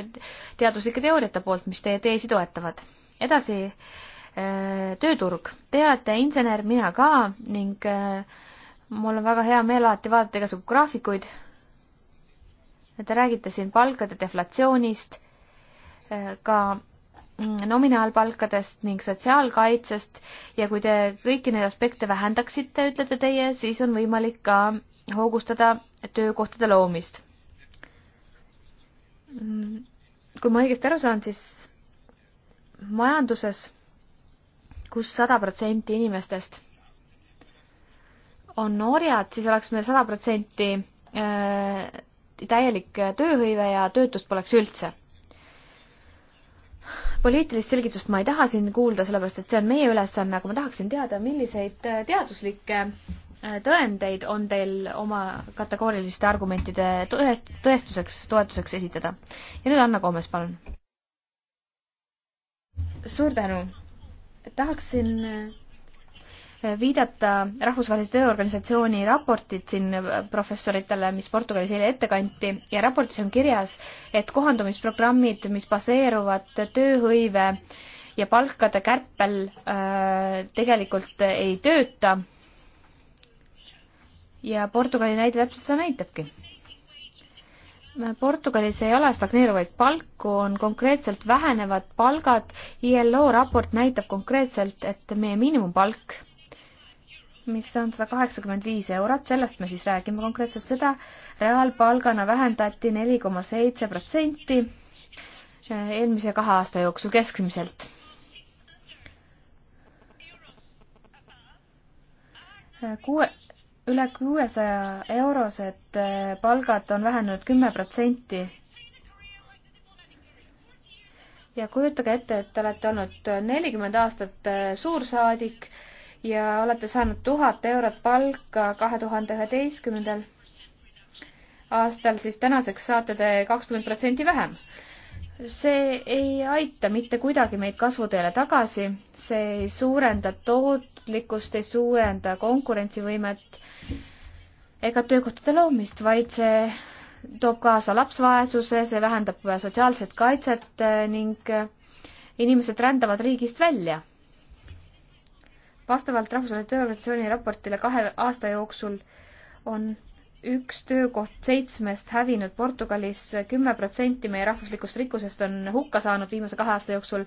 teaduslike teooriate poolt, mis teie teesi toetavad. edasi, äh, tööturg. Te olete insener, mina ka ning äh, mul on väga hea meel alati vaadata igasugu graafikuid. Te räägite siin palkade deflatsioonist, äh, ka nominaalpalkadest ning sotsiaalkaitsest ja kui te kõiki neid aspekte vähendaksite, ütlete teie, siis on võimalik ka hoogustada töökohtade loomist. kui ma õigesti aru saan, siis majanduses kus sada protsenti inimestest on orjad, siis oleks meil sada protsenti äh, täielik tööhõive ja töötust poleks üldse poliitilist selgitust ma ei taha siin kuulda, sellepärast et see on meie ülesanne, aga ma tahaksin teada, milliseid äh, teaduslikke äh, tõendeid on teil oma kategooriliste argumentide tõestuseks, toetuseks esitada. ja nüüd Anna Koomes, palun. suur tänu. tahaksin äh, viidata Rahvusvahelise Tööorganisatsiooni raportit siin professoritele, mis Portugalis eile ette kanti ja raportis on kirjas, et kohandumisprogrammid, mis baseeruvad tööhõive ja palkade kärpel äh, tegelikult ei tööta. ja Portugali näide täpselt seda näitabki. Portugalis ei ole stagneeruvaid palku, on konkreetselt vähenevad palgad. ILO raport näitab konkreetselt, et meie miinimumpalk mis on sada kaheksakümmend viis eurot, sellest me siis räägime konkreetselt, seda reaalpalgana vähendati neli koma seitse protsenti eelmise kahe aasta jooksul keskmiselt. kuue, üle kuuesaja eurosed eh, palgad on vähenenud kümme protsenti. ja kujutage ette, et te olete olnud nelikümmend aastat eh, suursaadik ja olete saanud tuhat eurot palka kahe tuhande üheteistkümnendal aastal, siis tänaseks saate te kakskümmend protsenti vähem. see ei aita mitte kuidagi meid kasvuteele tagasi, see ei suurenda tootlikkust, ei suurenda konkurentsivõimet ega töökohtade loomist, vaid see toob kaasa lapsvaesuse, see vähendab sotsiaalset kaitset ning inimesed rändavad riigist välja vastavalt Rahvusvahelise Tööorganisatsiooni raportile kahe aasta jooksul on üks töökoht seitsmest hävinud Portugalis, kümme protsenti meie rahvuslikust rikkusest on hukka saanud viimase kahe aasta jooksul,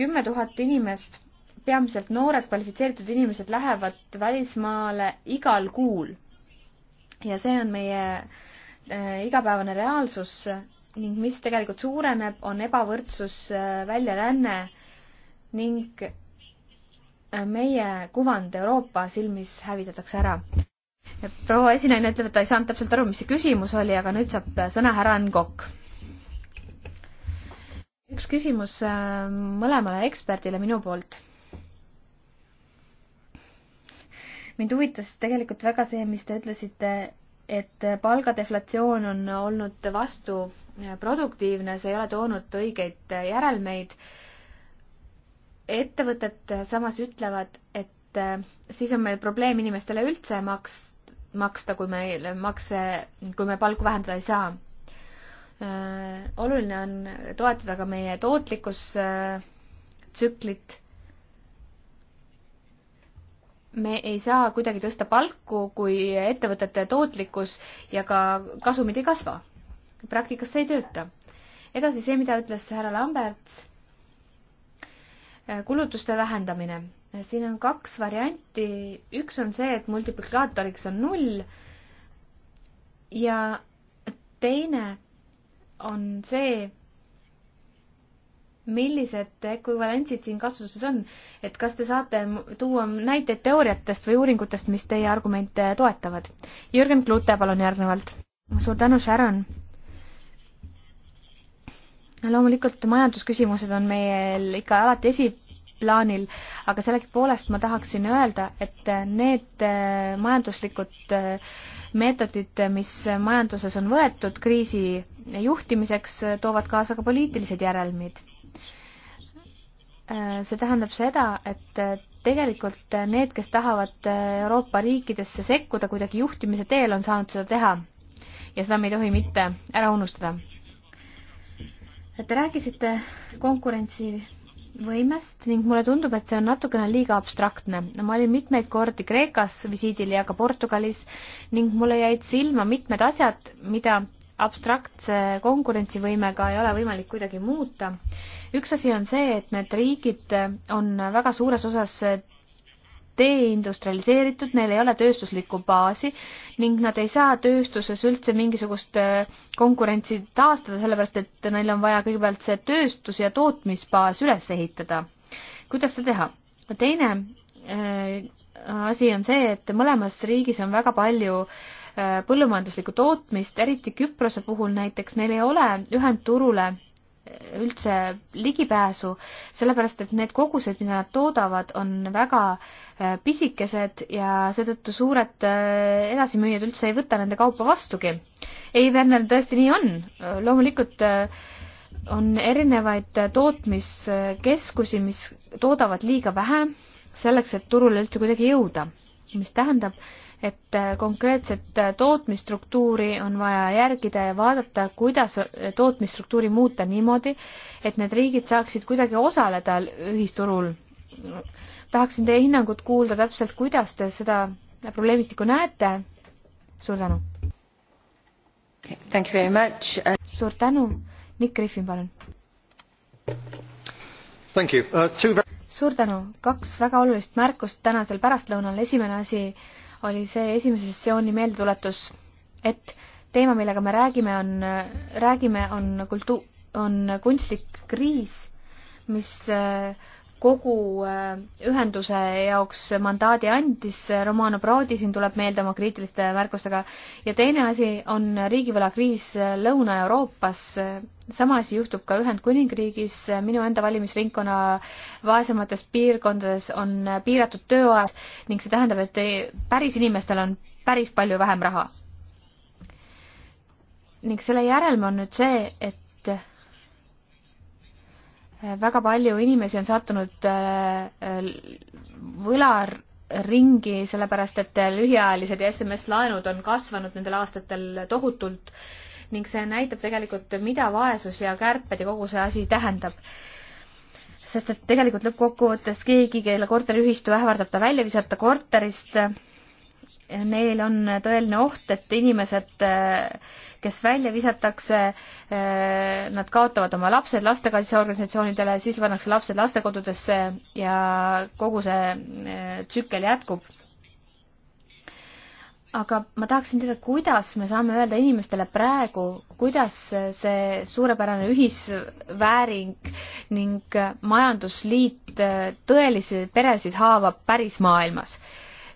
kümme tuhat inimest, peamiselt noored kvalifitseeritud inimesed, lähevad välismaale igal kuul. ja see on meie äh, igapäevane reaalsus ning mis tegelikult suureneb, on ebavõrdsus äh,, väljaränne ning meie kuvand Euroopa silmis hävitatakse ära. proua esinaine ütleb, et ta ei saanud täpselt aru, mis see küsimus oli, aga nüüd saab sõna härra Ann Kokk. üks küsimus äh, mõlemale eksperdile minu poolt. mind huvitas tegelikult väga see, mis te ütlesite, et palgadeflatsioon on olnud vastuproduktiivne, äh, see ei ole toonud õigeid äh, järelmeid ettevõtted samas ütlevad, et äh, siis on meil probleem inimestele üldse maks-, maksta, kui meil makse, kui me palku vähendada ei saa. Äh, oluline on toetada ka meie tootlikkustsüklit. Äh, me ei saa kuidagi tõsta palku, kui ettevõtete tootlikkus ja ka kasumid ei kasva. praktikas see ei tööta. edasi see, mida ütles härra Lamberts Äh, kulutuste vähendamine. Äh, siin on kaks varianti, üks on see, et multiplikaatoriks on null ja teine on see, millised ekvivalentsid siin kasutuses on, et kas te saate tuua näiteid teooriatest või uuringutest, mis teie argumente toetavad? Jürgen Klute, palun järgnevalt. suur tänu, Sharon loomulikult majandusküsimused on meil ikka alati esiplaanil, aga sellegipoolest ma tahaksin öelda, et need äh, majanduslikud äh, meetodid, mis majanduses on võetud kriisi juhtimiseks, äh, toovad kaasa ka poliitilised järelmid. see tähendab seda, et tegelikult need, kes tahavad Euroopa riikidesse sekkuda kuidagi juhtimise teel, on saanud seda teha. ja seda me ei tohi mitte ära unustada Te rääkisite konkurentsivõimest ning mulle tundub, et see on natukene liiga abstraktne. ma olin mitmeid kordi Kreekas visiidil ja ka Portugalis ning mulle jäid silma mitmed asjad, mida abstraktse konkurentsivõimega ei ole võimalik kuidagi muuta. üks asi on see, et need riigid on väga suures osas deindustrialiseeritud, neil ei ole tööstuslikku baasi ning nad ei saa tööstuses üldse mingisugust äh, konkurentsi taastada, sellepärast et neil on vaja kõigepealt see tööstus ja tootmisbaas üles ehitada. kuidas seda teha? teine äh, asi on see, et mõlemas riigis on väga palju äh, põllumajanduslikku tootmist, eriti Küprose puhul näiteks, neil ei ole ühendturule üldse ligipääsu, sellepärast et need kogused, mida nad toodavad, on väga äh, pisikesed ja seetõttu suured äh, edasimüüjad üldse ei võta nende kaupa vastugi. ei, Werner, tõesti nii on. loomulikult äh, on erinevaid tootmiskeskusi, mis toodavad liiga vähe selleks, et turule üldse kuidagi jõuda, mis tähendab, et äh, konkreetset äh, tootmisstruktuuri on vaja järgida ja vaadata, kuidas äh, tootmisstruktuuri muuta niimoodi, et need riigid saaksid kuidagi osaleda ühisturul. tahaksin teie hinnangut kuulda täpselt, kuidas te seda probleemistikku näete. suur tänu. Thank you very much. suur tänu. Nick Griffin, palun. Thank you uh,. Two... suur tänu. kaks väga olulist märkust tänasel pärastlõunal. esimene asi uh, oli see esimese sessiooni meeldetuletus, et teema, millega me räägime, on, räägime, on kultu-, on kunstlik kriis, mis kogu äh, ühenduse jaoks mandaadi andis, äh, Romano Prodi siin tuleb meelde oma kriitiliste märkustega, ja teine asi on riigivõlakriis äh, Lõuna-Euroopas, sama asi juhtub ka Ühendkuningriigis, minu enda valimisringkonna vaesemates piirkondades on piiratud tööajad ning see tähendab, et päris inimestel on päris palju vähem raha. ning selle järelm on nüüd see, et väga palju inimesi on sattunud äh, võlaringi, sellepärast et lühiajalised ja SMS-laenud on kasvanud nendel aastatel tohutult ning see näitab tegelikult, mida vaesus ja kärped ja kogu see asi tähendab. sest et tegelikult lõppkokkuvõttes keegi, kelle korteriühistu ähvardab ta välja visata korterist, neil on tõeline oht, et inimesed äh, kes välja visatakse, eh, nad kaotavad oma lapsed lastekaitseorganisatsioonidele, siis pannakse lapsed lastekodudesse ja kogu see eh, tsükkel jätkub. aga ma tahaksin teada, kuidas me saame öelda inimestele praegu, kuidas see suurepärane ühisvääring ning majandusliit eh, tõelisi peresid haavab päris maailmas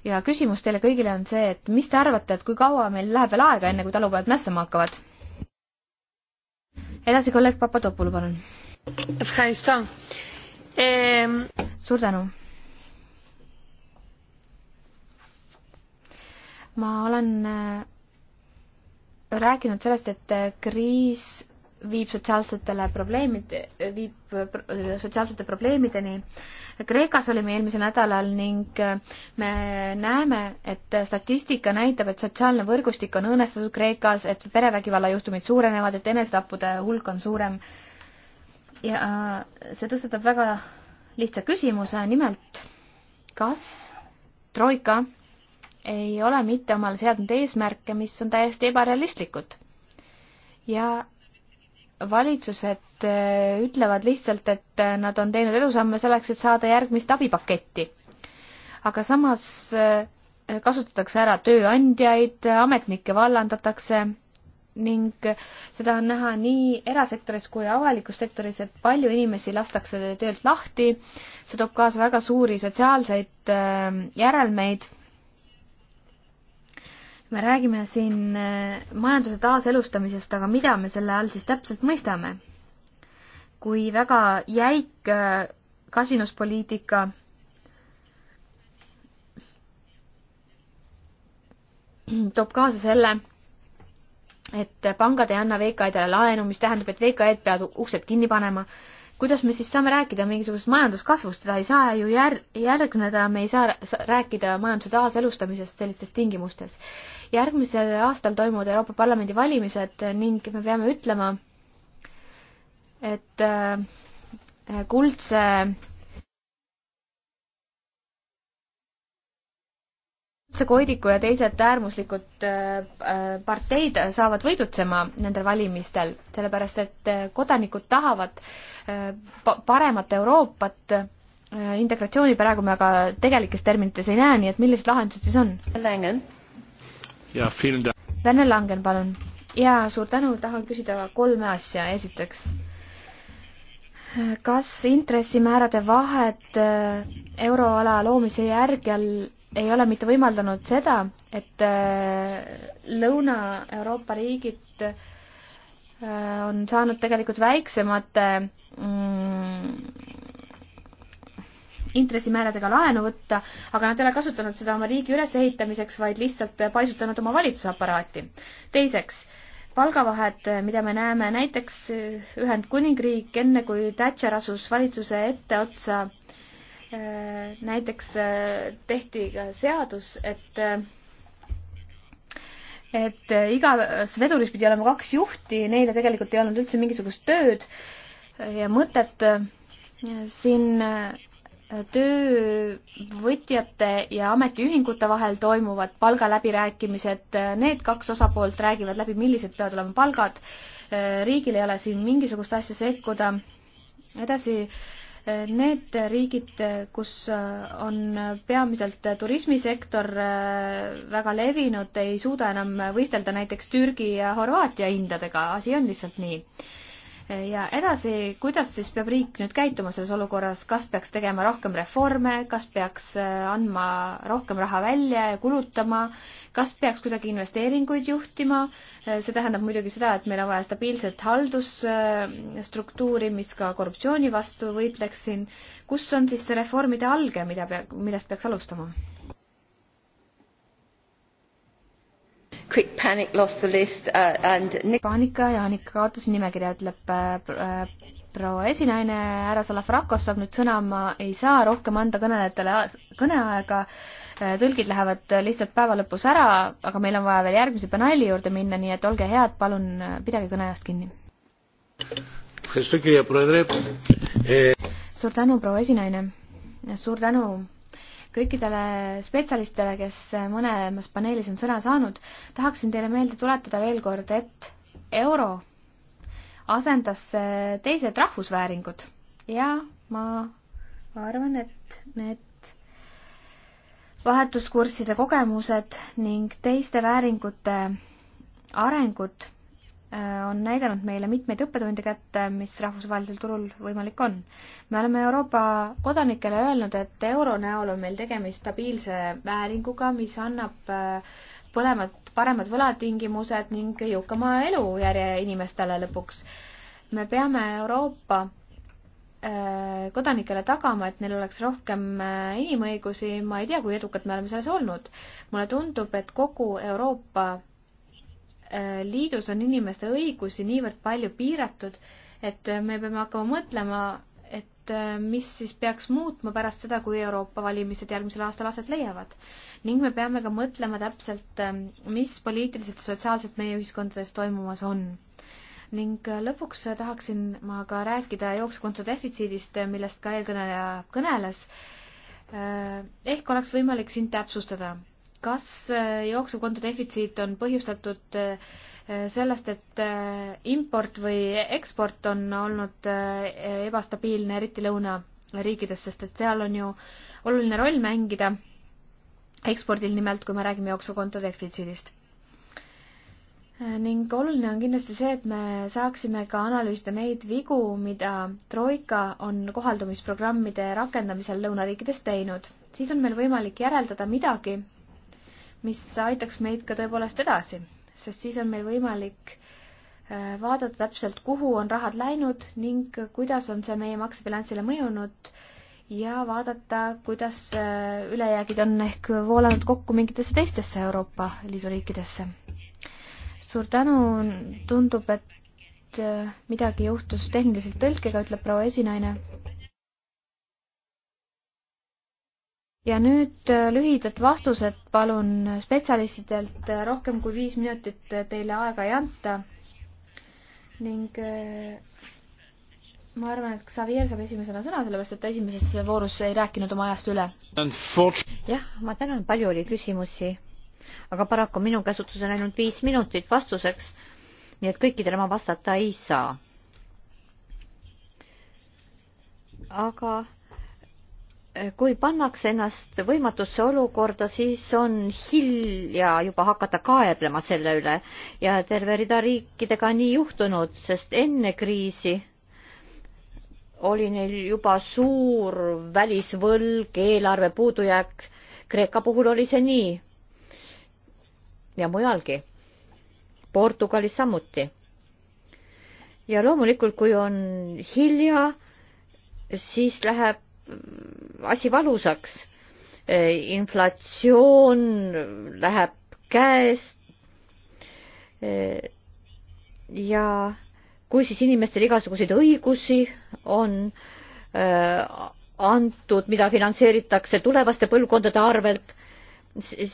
ja küsimus teile kõigile on see, et mis te arvate, et kui kaua meil läheb veel aega, enne kui talupojad mässama hakkavad? edasi kolleeg Papadopoulou, palun. Afganistan ehm.... suur tänu. ma olen äh, rääkinud sellest, et äh, kriis viib sotsiaalsetele probleemid, viib sotsiaalsete probleemideni äh, Kreekas olime eelmisel nädalal ning äh, me näeme, et statistika näitab, et sotsiaalne võrgustik on õõnestatud Kreekas, et perevägivalla juhtumid suurenevad, et enesetappude hulk on suurem. ja äh, see tõstatab väga lihtsa küsimuse, nimelt kas Troika ei ole mitte omale seadnud eesmärke, mis on täiesti ebarealistlikud ja valitsused äh, ütlevad lihtsalt, et äh, nad on teinud edusamme selleks, et saada järgmist abipaketti. aga samas äh, kasutatakse ära tööandjaid, ametnikke vallandatakse ning seda on näha nii erasektoris kui avalikus sektoris, et palju inimesi lastakse töölt lahti, see toob kaasa väga suuri sotsiaalseid järelmeid me räägime siin äh, majanduse taaselustamisest, aga mida me selle all siis täpselt mõistame? kui väga jäik äh, kasinuspoliitika toob kaasa selle, et pangad ei anna VKE-dele laenu, mis tähendab, et VKE-d peavad uksed kinni panema, kuidas me siis saame rääkida mingisugusest majanduskasvust, seda ei saa ju jär-, järgneda, me ei saa rääkida majanduse taaselustamisest sellistes tingimustes. järgmisel aastal toimuvad Euroopa Parlamendi valimised ning me peame ütlema, et äh, kuldse äh, Koidiku ja teised äärmuslikud äh, äh, parteid saavad võidutsema nendel valimistel, sellepärast et äh, kodanikud tahavad paremat Euroopat. integratsiooni praegu me aga tegelikes terminites ei näe, nii et millised lahendused siis on? Vene Langen, palun. ja suur tänu, tahan küsida kolme asja, esiteks kas intressimäärade vahed äh, euroala loomise järgel ei ole mitte võimaldanud seda, et äh, Lõuna-Euroopa riigid äh, on saanud tegelikult väiksemate mm, intressimääradega laenu võtta, aga nad ei ole kasutanud seda oma riigi ülesehitamiseks, vaid lihtsalt paisutanud oma valitsusaparaati. teiseks äh,, palgavahed, mida me näeme näiteks Ühendkuningriik, enne kui Thatcher asus valitsuse etteotsa, äh, näiteks äh, tehti ka seadus, et äh, et igas veduris pidi olema kaks juhti, neile tegelikult ei olnud üldse mingisugust tööd ja mõtet. siin töövõtjate ja ametiühingute vahel toimuvad palgaläbirääkimised, need kaks osapoolt räägivad läbi, millised peavad olema palgad, riigil ei ole siin mingisugust asja sekkuda, edasi need riigid, kus on peamiselt turismisektor väga levinud, ei suuda enam võistelda näiteks Türgi ja Horvaatia hindadega, asi on lihtsalt nii ja edasi, kuidas siis peab riik nüüd käituma selles olukorras, kas peaks tegema rohkem reforme, kas peaks äh, andma rohkem raha välja ja kulutama, kas peaks kuidagi investeeringuid juhtima, äh, see tähendab muidugi seda, et meil on vaja stabiilset haldusstruktuuri, mis ka korruptsiooni vastu võitleks siin, kus on siis see reformide alge, mida pea, millest peaks alustama? Quick panic lost the list uh, and paanika ja Annika kaotas nimekirja, ütleb äh, äh, proua esinaine, härra Salafrakos saab nüüd sõna, ma ei saa rohkem anda kõnelejatele kõneaega äh, tõlgid lähevad lihtsalt päeva lõpus ära, aga meil on vaja veel järgmise paneeli juurde minna, nii et olge head, palun äh, pidage kõneajast kinni. suur tänu, proua esinaine. suur tänu kõikidele spetsialistidele, kes mõlemas paneelis on sõna saanud, tahaksin teile meelde tuletada veel kord, et euro asendas teised rahvusvääringud ja ma arvan, et need vahetuskursside kogemused ning teiste vääringute arengud Äh, on näidanud meile mitmeid õppetunde kätte, mis rahvusvahelisel turul võimalik on. me oleme Euroopa kodanikele öelnud, et euro näol on meil tegemist stabiilse vääringuga, mis annab äh, põlemad, paremad võlatingimused ning jõukama elujärje inimestele lõpuks. me peame Euroopa äh, kodanikele tagama, et neil oleks rohkem inimõigusi, ma ei tea, kui edukad me oleme selles olnud. mulle tundub, et kogu Euroopa Äh, liidus on inimeste õigusi niivõrd palju piiratud, et äh, me peame hakkama mõtlema, et äh, mis siis peaks muutma pärast seda, kui Euroopa valimised järgmisel aastal aset leiavad. ning me peame ka mõtlema täpselt, mis poliitiliselt ja sotsiaalselt meie ühiskondades toimumas on ning lõpuks tahaksin ma ka rääkida jookskonto defitsiidist, millest ka eelkõneleja kõneles. ehk oleks võimalik siin täpsustada kas äh, jooksevkonto defitsiit on põhjustatud äh, sellest, et äh, import või eksport on olnud ebastabiilne, eriti lõunariikides, sest et seal on ju oluline roll mängida ekspordil nimelt, kui me räägime jooksevkonto defitsiidist. ning oluline on kindlasti see, et me saaksime ka analüüsida neid vigu, mida Troika on kohaldumisprogrammide rakendamisel lõunariikides teinud. siis on meil võimalik järeldada midagi, mis aitaks meid ka tõepoolest edasi, sest siis on meil võimalik äh, vaadata täpselt, kuhu on rahad läinud ning kuidas on see meie maksebilansile mõjunud ja vaadata, kuidas äh, ülejäägid on ehk voolanud kokku mingitesse teistesse Euroopa Liidu riikidesse. suur tänu, tundub, et äh, midagi juhtus tehniliselt tõlkega, ütleb proua esinaine ja nüüd äh, lühidad vastused palun spetsialistidelt, äh, rohkem kui viis minutit äh, teile aega ei anta. ning ma arvan, et Xavier saab esimesena sõna, sellepärast et ta esimeses voorus ei rääkinud oma ajast üle. jah, ma tänan, palju oli küsimusi, aga paraku minu käsutuses on ainult viis minutit vastuseks, nii et kõikidele ma vastata ei saa. aga kui pannakse ennast võimatusse olukorda, siis on hilja juba hakata kaeblema selle üle ja terve rida riikidega on nii juhtunud, sest enne kriisi oli neil juba suur välisvõlg, eelarve puudujääk. Kreeka puhul oli see nii. ja mujalgi. Portugalis samuti. ja loomulikult, kui on hilja, siis läheb asi valusaks. inflatsioon läheb käest. ja kui siis inimestel igasuguseid õigusi on antud, mida finantseeritakse tulevaste põlvkondade arvelt,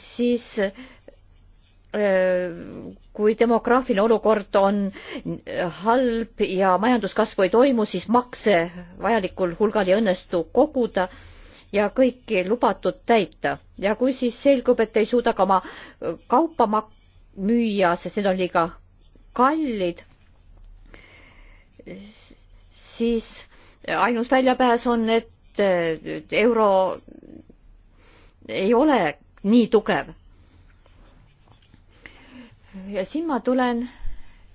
siis Äh, kui demograafiline olukord on halb ja majanduskasvu ei toimu, siis makse vajalikul hulgal ei õnnestu koguda ja kõiki lubatud täita. ja kui siis selgub, et ei suuda ka oma kaupa müüa, sest need on liiga kallid, siis ainus väljapääs on, et euro ei ole nii tugev ja siin ma tulen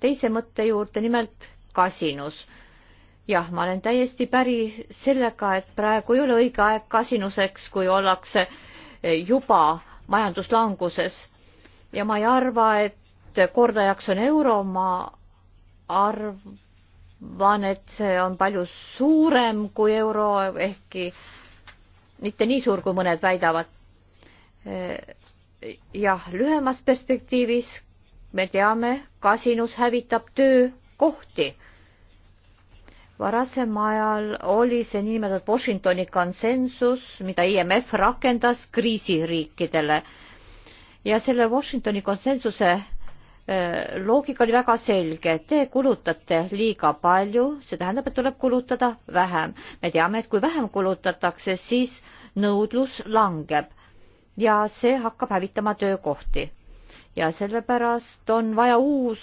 teise mõtte juurde, nimelt kasinus. jah, ma olen täiesti päri sellega, et praegu ei ole õige aeg kasinuseks, kui ollakse juba majanduslanguses ja ma ei arva, et kordajaks on euro, ma arvan, et see on palju suurem kui euro, ehkki mitte nii suur, kui mõned väidavad. jah, lühemas perspektiivis me teame, kasinus hävitab töökohti. varasemal ajal oli see niinimetatud Washingtoni konsensus, mida IMF rakendas kriisiriikidele ja selle Washingtoni konsensuse äh, loogika oli väga selge, te kulutate liiga palju, see tähendab, et tuleb kulutada vähem. me teame, et kui vähem kulutatakse, siis nõudlus langeb ja see hakkab hävitama töökohti ja sellepärast on vaja uus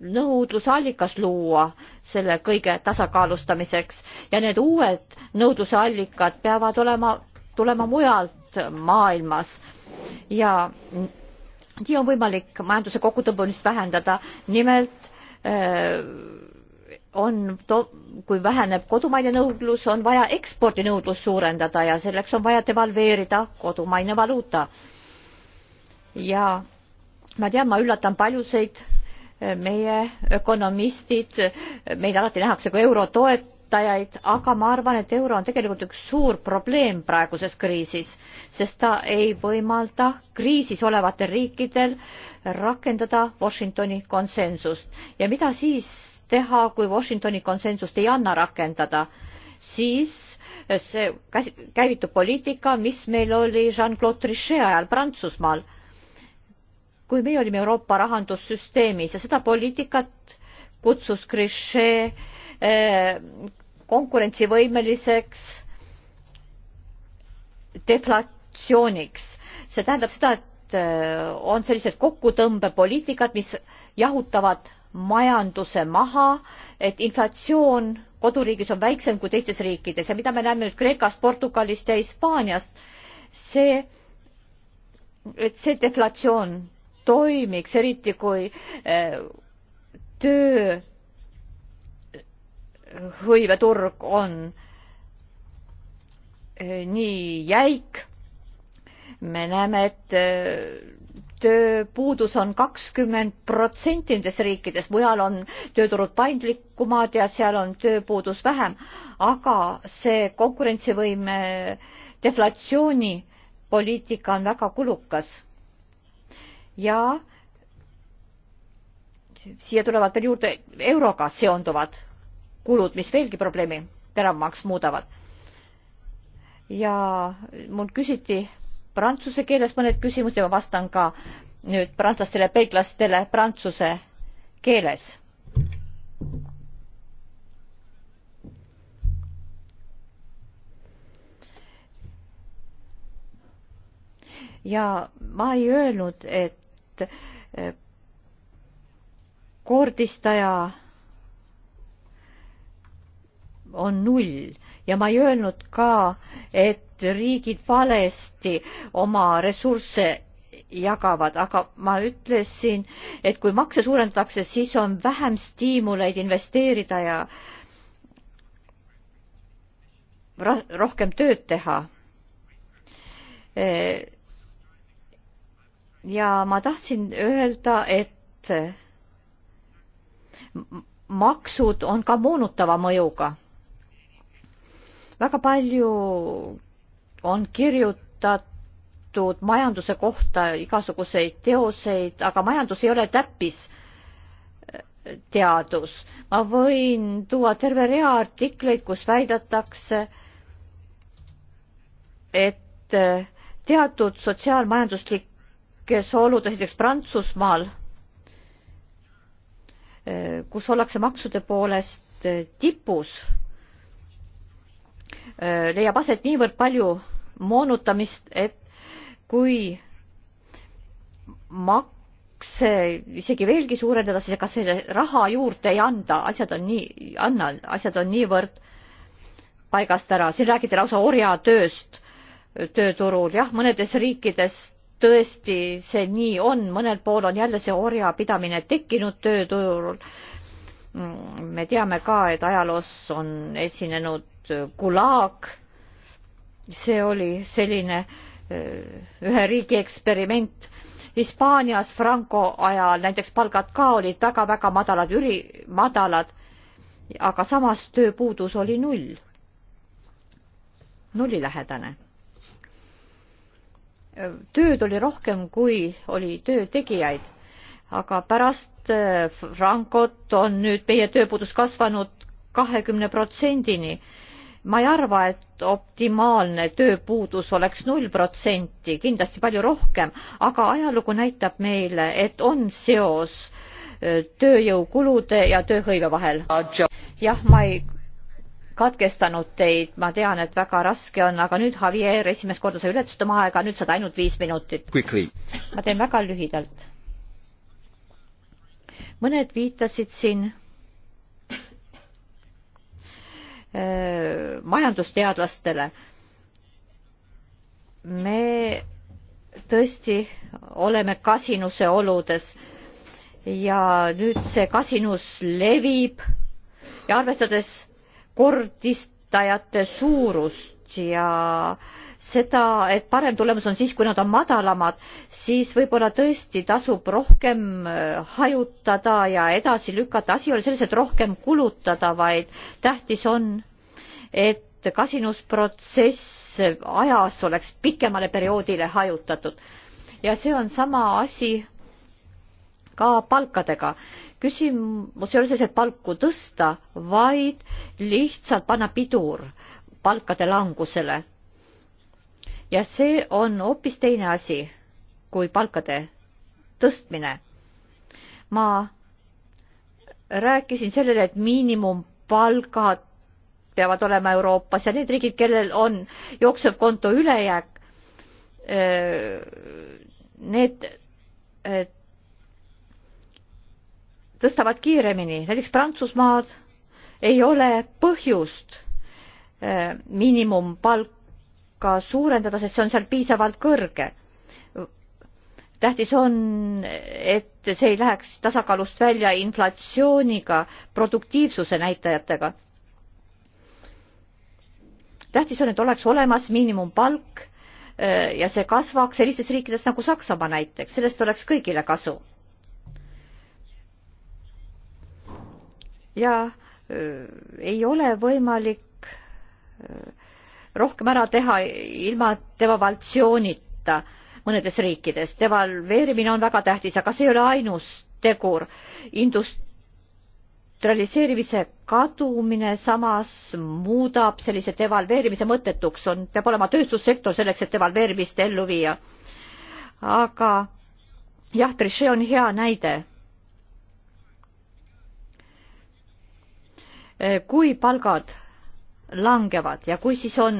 nõudlusallikas luua selle kõige tasakaalustamiseks ja need uued nõudlusallikad peavad olema, tulema mujalt maailmas ja nii on võimalik majanduse kokkutõmbamist vähendada. nimelt öö, äh, on to-, kui väheneb kodumaine nõudlus, on vaja ekspordinõudlust suurendada ja selleks on vaja devalveerida kodumaine valuuta. ja ma tean, ma üllatan paljusid eh, meie ökonomistid, eh, meid alati nähakse kui euro toetajaid, aga ma arvan, et euro on tegelikult üks suur probleem praeguses kriisis, sest ta ei võimalda kriisis olevatel riikidel rakendada Washingtoni konsensust. ja mida siis teha, kui Washingtoni konsensust ei anna rakendada? siis eh, see käivitub poliitika, mis meil oli Jean-Claude Trichet ajal Prantsusmaal kui meie olime Euroopa rahandussüsteemis ja seda poliitikat kutsus Trichet eh, konkurentsivõimeliseks deflatsiooniks. see tähendab seda, et eh, on sellised kokkutõmbepoliitikad, mis jahutavad majanduse maha, et inflatsioon koduriigis on väiksem kui teistes riikides ja mida me näeme nüüd Kreekast, Portugalist ja Hispaaniast, see, et see deflatsioon toimiks, eriti kui eh, tööhõiveturg on eh, nii jäik. me näeme, et eh, tööpuudus on kakskümmend protsenti nendes riikides, mujal on tööturud paindlikumad ja seal on tööpuudus vähem, aga see konkurentsivõime deflatsioonipoliitika on väga kulukas ja siia tulevad veel juurde euroga seonduvad kulud, mis veelgi probleemi teravamaks muudavad. ja mul küsiti prantsuse keeles mõned küsimused ja ma vastan ka nüüd prantslastele, belglastele prantsuse keeles. ja ma ei öelnud, et et eh, koordistaja on null ja ma ei öelnud ka, et riigid valesti oma ressursse jagavad, aga ma ütlesin, et kui makse suurendatakse, siis on vähem stiimuleid investeerida ja rohkem tööd teha eh, ja ma tahtsin öelda, et maksud on ka moonutava mõjuga. väga palju on kirjutatud majanduse kohta igasuguseid teoseid, aga majandus ei ole täppis äh, teadus. ma võin tuua terve rea artikleid, kus väidetakse, et äh, teatud sotsiaalmajanduslik kes oludes näiteks Prantsusmaal, kus ollakse maksude poolest tipus, leiab aset niivõrd palju moonutamist, et kui makse isegi veelgi suurendada, siis ega selle raha juurde ei anda, asjad on nii, anna, asjad on niivõrd paigast ära, siin räägiti lausa orjatööst tööturul, jah, mõnedes riikides tõesti see nii on, mõnel pool on jälle see orjapidamine tekkinud tööturul. Mm, me teame ka, et ajaloos on esinenud gulaag. see oli selline äh, ühe riigi eksperiment. Hispaanias Franco ajal näiteks palgad ka olid väga-väga madalad, üri-, madalad, aga samas tööpuudus oli null, nullilähedane tööd oli rohkem, kui oli töötegijaid. aga pärast äh, Frankot on nüüd meie tööpuudus kasvanud kahekümne protsendini. ma ei arva, et optimaalne tööpuudus oleks null protsenti, kindlasti palju rohkem, aga ajalugu näitab meile, et on seos äh, tööjõukulude ja tööhõive vahel. jah, ma ei katkestanud teid, ma tean, et väga raske on, aga nüüd, Javier, esimest korda sa ületasid oma aega, nüüd saad ainult viis minutit. ma teen väga lühidalt. mõned viitasid siin äh, majandusteadlastele. me tõesti oleme kasinuse oludes ja nüüd see kasinus levib ja arvestades kordistajate suurust ja seda, et parem tulemus on siis, kui nad on madalamad, siis võib-olla tõesti tasub rohkem äh, hajutada ja edasi lükata. asi ei ole selles, et rohkem kulutada, vaid tähtis on, et kasinusprotsess ajas oleks pikemale perioodile hajutatud. ja see on sama asi ka palkadega. küsimus ei ole selles, et palku tõsta, vaid lihtsalt panna pidur palkade langusele. ja see on hoopis teine asi kui palkade tõstmine. ma rääkisin sellele, et miinimumpalgad peavad olema Euroopas ja need riigid, kellel on jooksev konto ülejääk, äh, need tõstavad kiiremini, näiteks Prantsusmaad ei ole põhjust eh, miinimumpalka suurendada, sest see on seal piisavalt kõrge. tähtis on, et see ei läheks tasakaalust välja inflatsiooniga, produktiivsuse näitajatega. tähtis on, et oleks olemas miinimumpalk eh, ja see kasvaks sellistes riikides nagu Saksamaa näiteks, sellest oleks kõigile kasu ja ei ole võimalik rohkem ära teha ilma devalvatsioonita mõnedes riikides. devalveerimine on väga tähtis, aga see ei ole ainus tegur. industrialiseerimise kadumine samas muudab sellise devalveerimise mõttetuks, on, peab olema tööstussektor selleks, et devalveerimist ellu viia. aga jah, Trichet on hea näide Eh, kui palgad langevad ja kui siis on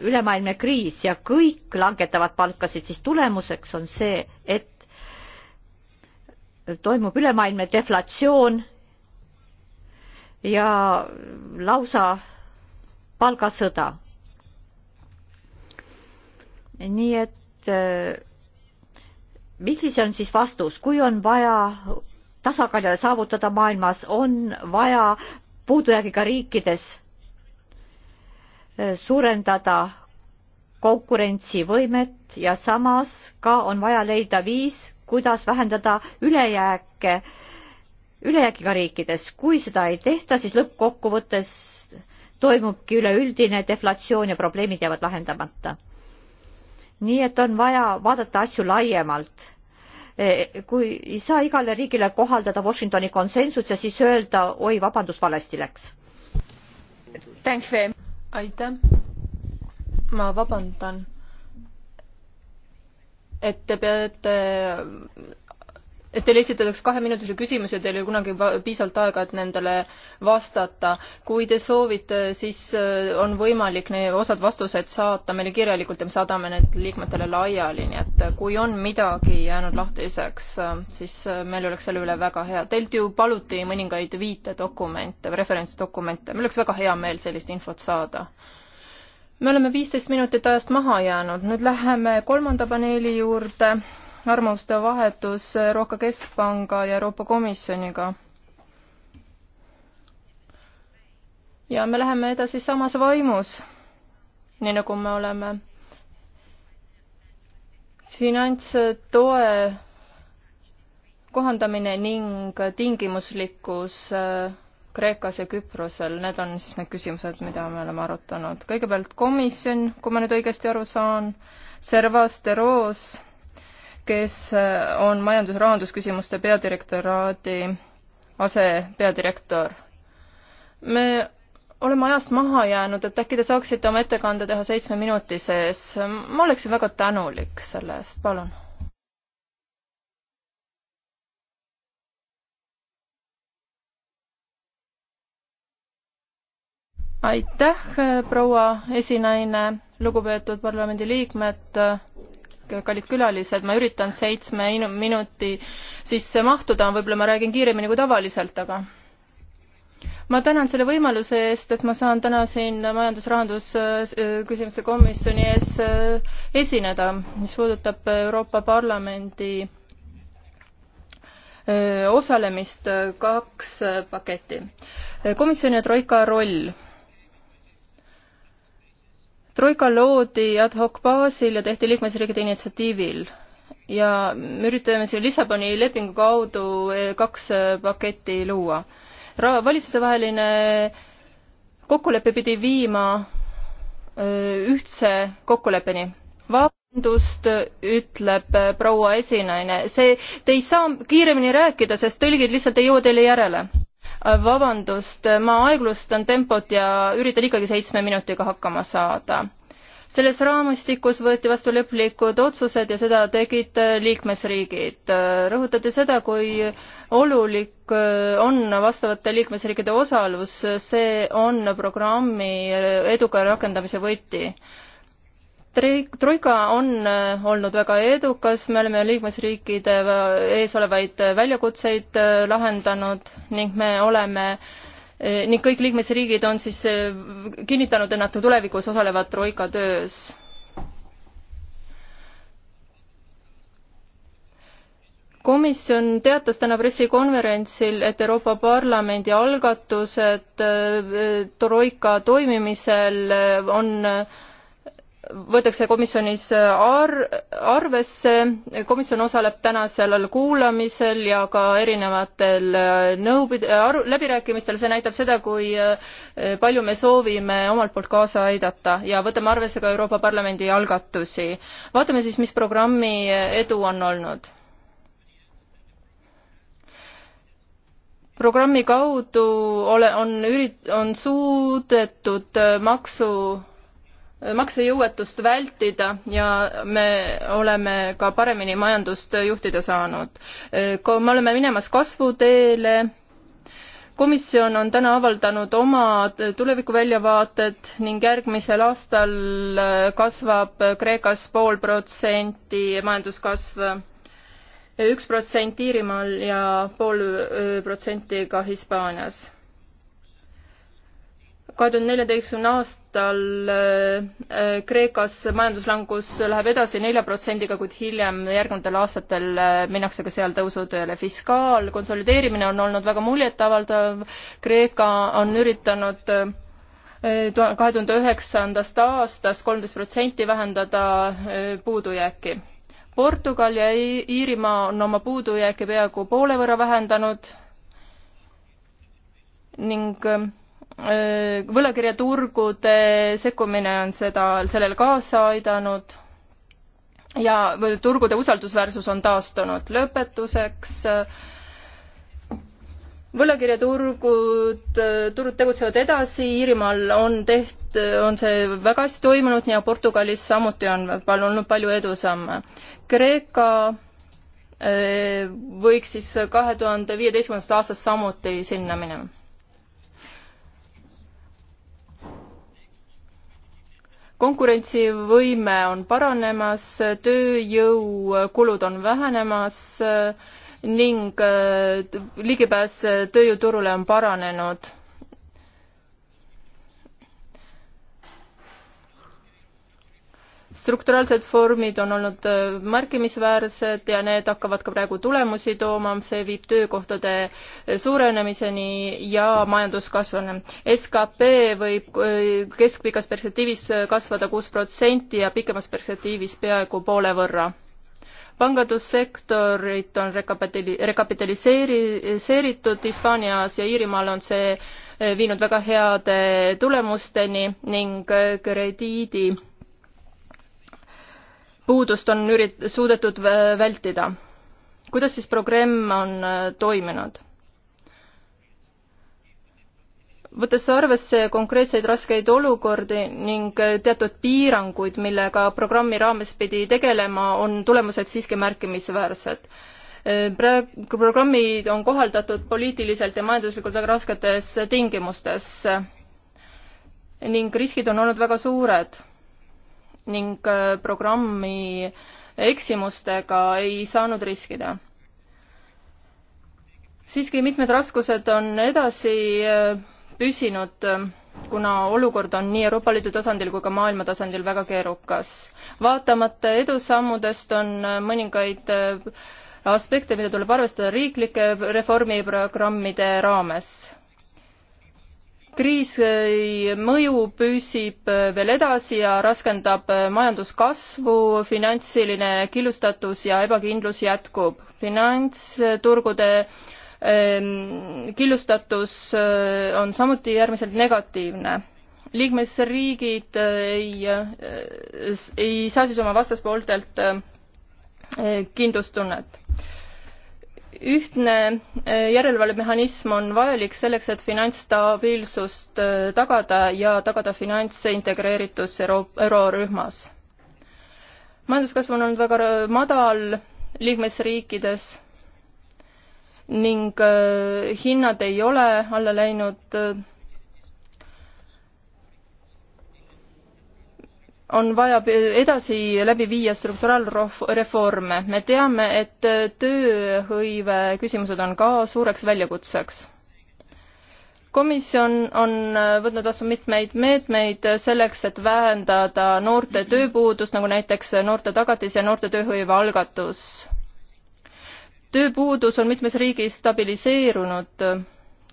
ülemaailmne kriis ja kõik langetavad palkasid, siis tulemuseks on see, et toimub ülemaailmne deflatsioon ja lausa palgasõda. nii et eh, mis on siis vastus, kui on vaja tasakaalule saavutada maailmas, on vaja puudujäägiga riikides eh, suurendada konkurentsivõimet ja samas ka on vaja leida viis, kuidas vähendada ülejääke, ülejäägiga riikides. kui seda ei tehta, siis lõppkokkuvõttes toimubki üleüldine deflatsioon ja probleemid jäävad lahendamata. nii et on vaja vaadata asju laiemalt Eh, kui ei saa igale riigile kohaldada Washingtoni konsensust ja siis öelda oi, vabandust, valesti läks. aitäh. ma vabandan, et te peate Teile esitatakse kaheminutilisi küsimusi ja teil ei ole kunagi piisavalt aega, et nendele vastata. kui te soovite, siis äh, on võimalik need osad vastused saata meile kirjalikult ja me saadame need liikmetele laiali, nii et äh, kui on midagi jäänud lahtiseks, äh, siis meil oleks selle üle väga hea. Teilt ju paluti mõningaid viitedokumente või referentsdokumente, meil oleks väga hea meel sellist infot saada me oleme viisteist minutit ajast maha jäänud, nüüd läheme kolmanda paneeli juurde arvamuste vahetus Euroopa Keskpanga ja Euroopa Komisjoniga. ja me läheme edasi samas vaimus, nii nagu me oleme finantstoe kohandamine ning tingimuslikkus äh, Kreekas ja Küprosel, need on siis need küsimused, mida me oleme arutanud. kõigepealt komisjon, kui ma nüüd õigesti aru saan, Servas, Deros kes eh, on majandus- ja rahandusküsimuste peadirektoraadi asepeadirektor. me oleme ajast maha jäänud, et äkki te saaksite oma ettekande teha seitsme minuti sees. ma oleksin väga tänulik selle eest, palun. aitäh, proua esinaine, lugupeetud parlamendiliikmed kallid külalised, ma üritan seitsme minuti sisse mahtuda, võib-olla ma räägin kiiremini kui tavaliselt, aga ma tänan selle võimaluse eest, et ma saan täna siin majandus-rahandusküsimuste komisjoni ees äh, esineda, mis puudutab Euroopa Parlamendi äh, osalemist äh, kaks paketti. komisjoni ja troika roll troika loodi ad hoc baasil ja tehti liikmesriikide initsiatiivil ja me üritame siin Lissaboni lepingu kaudu eh, kaks eh, paketti luua. valitsustevaheline kokkulepe pidi viima eh, ühtse kokkuleppeni. vabandust, ütleb proua esinaine, see, te ei saa kiiremini rääkida, sest tõlgid lihtsalt ei jõua teile järele Äh, vabandust, äh, ma aeglustan tempot ja üritan ikkagi seitsme minutiga hakkama saada. selles raamistikus võeti vastu lõplikud otsused ja seda tegid äh, liikmesriigid. rõhutati seda, kui olulik on vastavate liikmesriikide osalus, see on programmi eduka rakendamise võti troika on äh, olnud väga edukas, me oleme liikmesriikide äh, ees olevaid äh, väljakutseid lahendanud ning me oleme ning kõik liikmesriigid on siis kinnitanud, et nad tulevikus osalevad troika töös. komisjon teatas täna pressikonverentsil, et Euroopa Parlamendi algatused troika toimimisel on äh, võetakse komisjonis äh, ar-, arvesse, komisjon osaleb täna sellel kuulamisel ja ka erinevatel äh, nõupid-, äh, aru-, läbirääkimistel, see näitab seda, kui palju me soovime omalt poolt kaasa aidata ja võtame arvesse ka Euroopa Parlamendi algatusi. vaatame siis, mis programmi edu on olnud programmi kaudu ole, on ürit-, on suudetud maksu maksejõuetust vältida ja me oleme ka paremini majandust juhtida saanud. kui me oleme minemas kasvuteele, komisjon on täna avaldanud oma tulevikuväljavaated ning järgmisel aastal kasvab Kreekas pool protsenti majanduskasv, üks protsent Iirimaal ja pool protsenti ka Hispaanias kahe tuhande neljateistkümne aastal äh, äh, Kreekas majanduslangus läheb edasi nelja protsendiga, kuid hiljem järgnevatel aastatel äh, minnakse ka seal tõusutööle. fiskaalkonsolideerimine on olnud väga muljetavaldav, Kreeka on üritanud kahe tuhande üheksandast aastast kolmteist protsenti vähendada puudujääki. Portugal ja Iirimaa on oma puudujääki peaaegu poole võrra vähendanud ning Äh, võlakirjaturgude sekkumine on seda, sellele kaasa aidanud ja turgude usaldusväärsus on taastunud. lõpetuseks äh, võlakirjaturgud, äh, turud tegutsevad edasi, Iirimaal on teht-, on see väga hästi toimunud ja Portugalis samuti on pal-, olnud palju edusamme. Kreeka võiks siis kahe tuhande viieteistkümnendast aastast samuti sinna minema konkurentsivõime on paranemas, tööjõukulud on vähenemas ning äh, ligipääs tööjõuturule on paranenud strukturaalsed reformid on olnud äh, märkimisväärsed ja need hakkavad ka praegu tulemusi tooma, see viib töökohtade äh, suurenemiseni ja majanduskasvuni. skp võib äh, keskpikas perspektiivis kasvada kuus protsenti ja pikemas perspektiivis peaaegu poole võrra pangandussektorit on rekapitali-, rekapitaliseeritud, Hispaanias ja Iirimaal on see viinud väga heade tulemusteni ning krediidi puudust on ürit-, suudetud vältida. kuidas siis programm on äh, toiminud? võttes arvesse konkreetseid raskeid olukordi ning äh, teatud piiranguid, millega programmi raames pidi tegelema, on tulemused siiski märkimisväärsed. Äh, praegu programmid on kohaldatud poliitiliselt ja majanduslikult väga rasketes tingimustes ning riskid on olnud väga suured ning äh, programmi eksimustega ei saanud riskida. siiski mitmed raskused on edasi äh, püsinud, äh, kuna olukord on nii Euroopa Liidu tasandil kui ka maailma tasandil väga keerukas. vaatamata edusammudest on mõningaid aspekte, mida tuleb arvestada riiklike reformiprogrammide raames kriisi äh, mõju püsib äh, veel edasi ja raskendab äh, majanduskasvu, finantsiline killustatus ja ebakindlus jätkub. finantsturgude ähm, killustatus on samuti äärmiselt negatiivne liikmesriigid ei, ei saa siis oma vastaspooltelt kindlustunnet ühtne äh, järelevalvemehhanism on vajalik selleks, et finantsstabiilsust äh, tagada ja tagada finantsintegreeritus euro, eurorühmas. majanduskasv on olnud väga madal liikmesriikides ning äh, hinnad ei ole alla läinud on vaja edasi läbi viia strukturaalreforme. me teame, et tööhõive küsimused on ka suureks väljakutseks. komisjon on võtnud vastu mitmeid meetmeid selleks, et vähendada noorte tööpuudust, nagu näiteks noorte tagatis ja noorte tööhõive algatus. tööpuudus on mitmes riigis stabiliseerunud,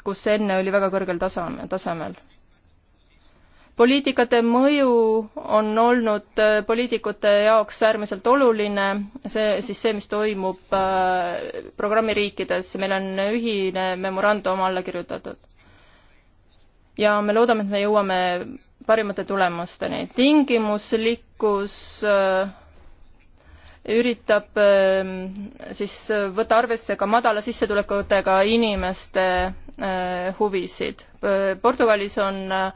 kus enne oli väga kõrgel taseme, tasemel poliitikate mõju on olnud äh, poliitikute jaoks äärmiselt oluline, see siis see, mis toimub äh, programmi riikides, meil on ühine memorandum alla kirjutatud. ja me loodame, et me jõuame parimate tulemusteni. tingimuslikkus äh, üritab ähm, siis võtta arvesse ka madala sissetulekutega inimeste huvisid. Portugalis on äh,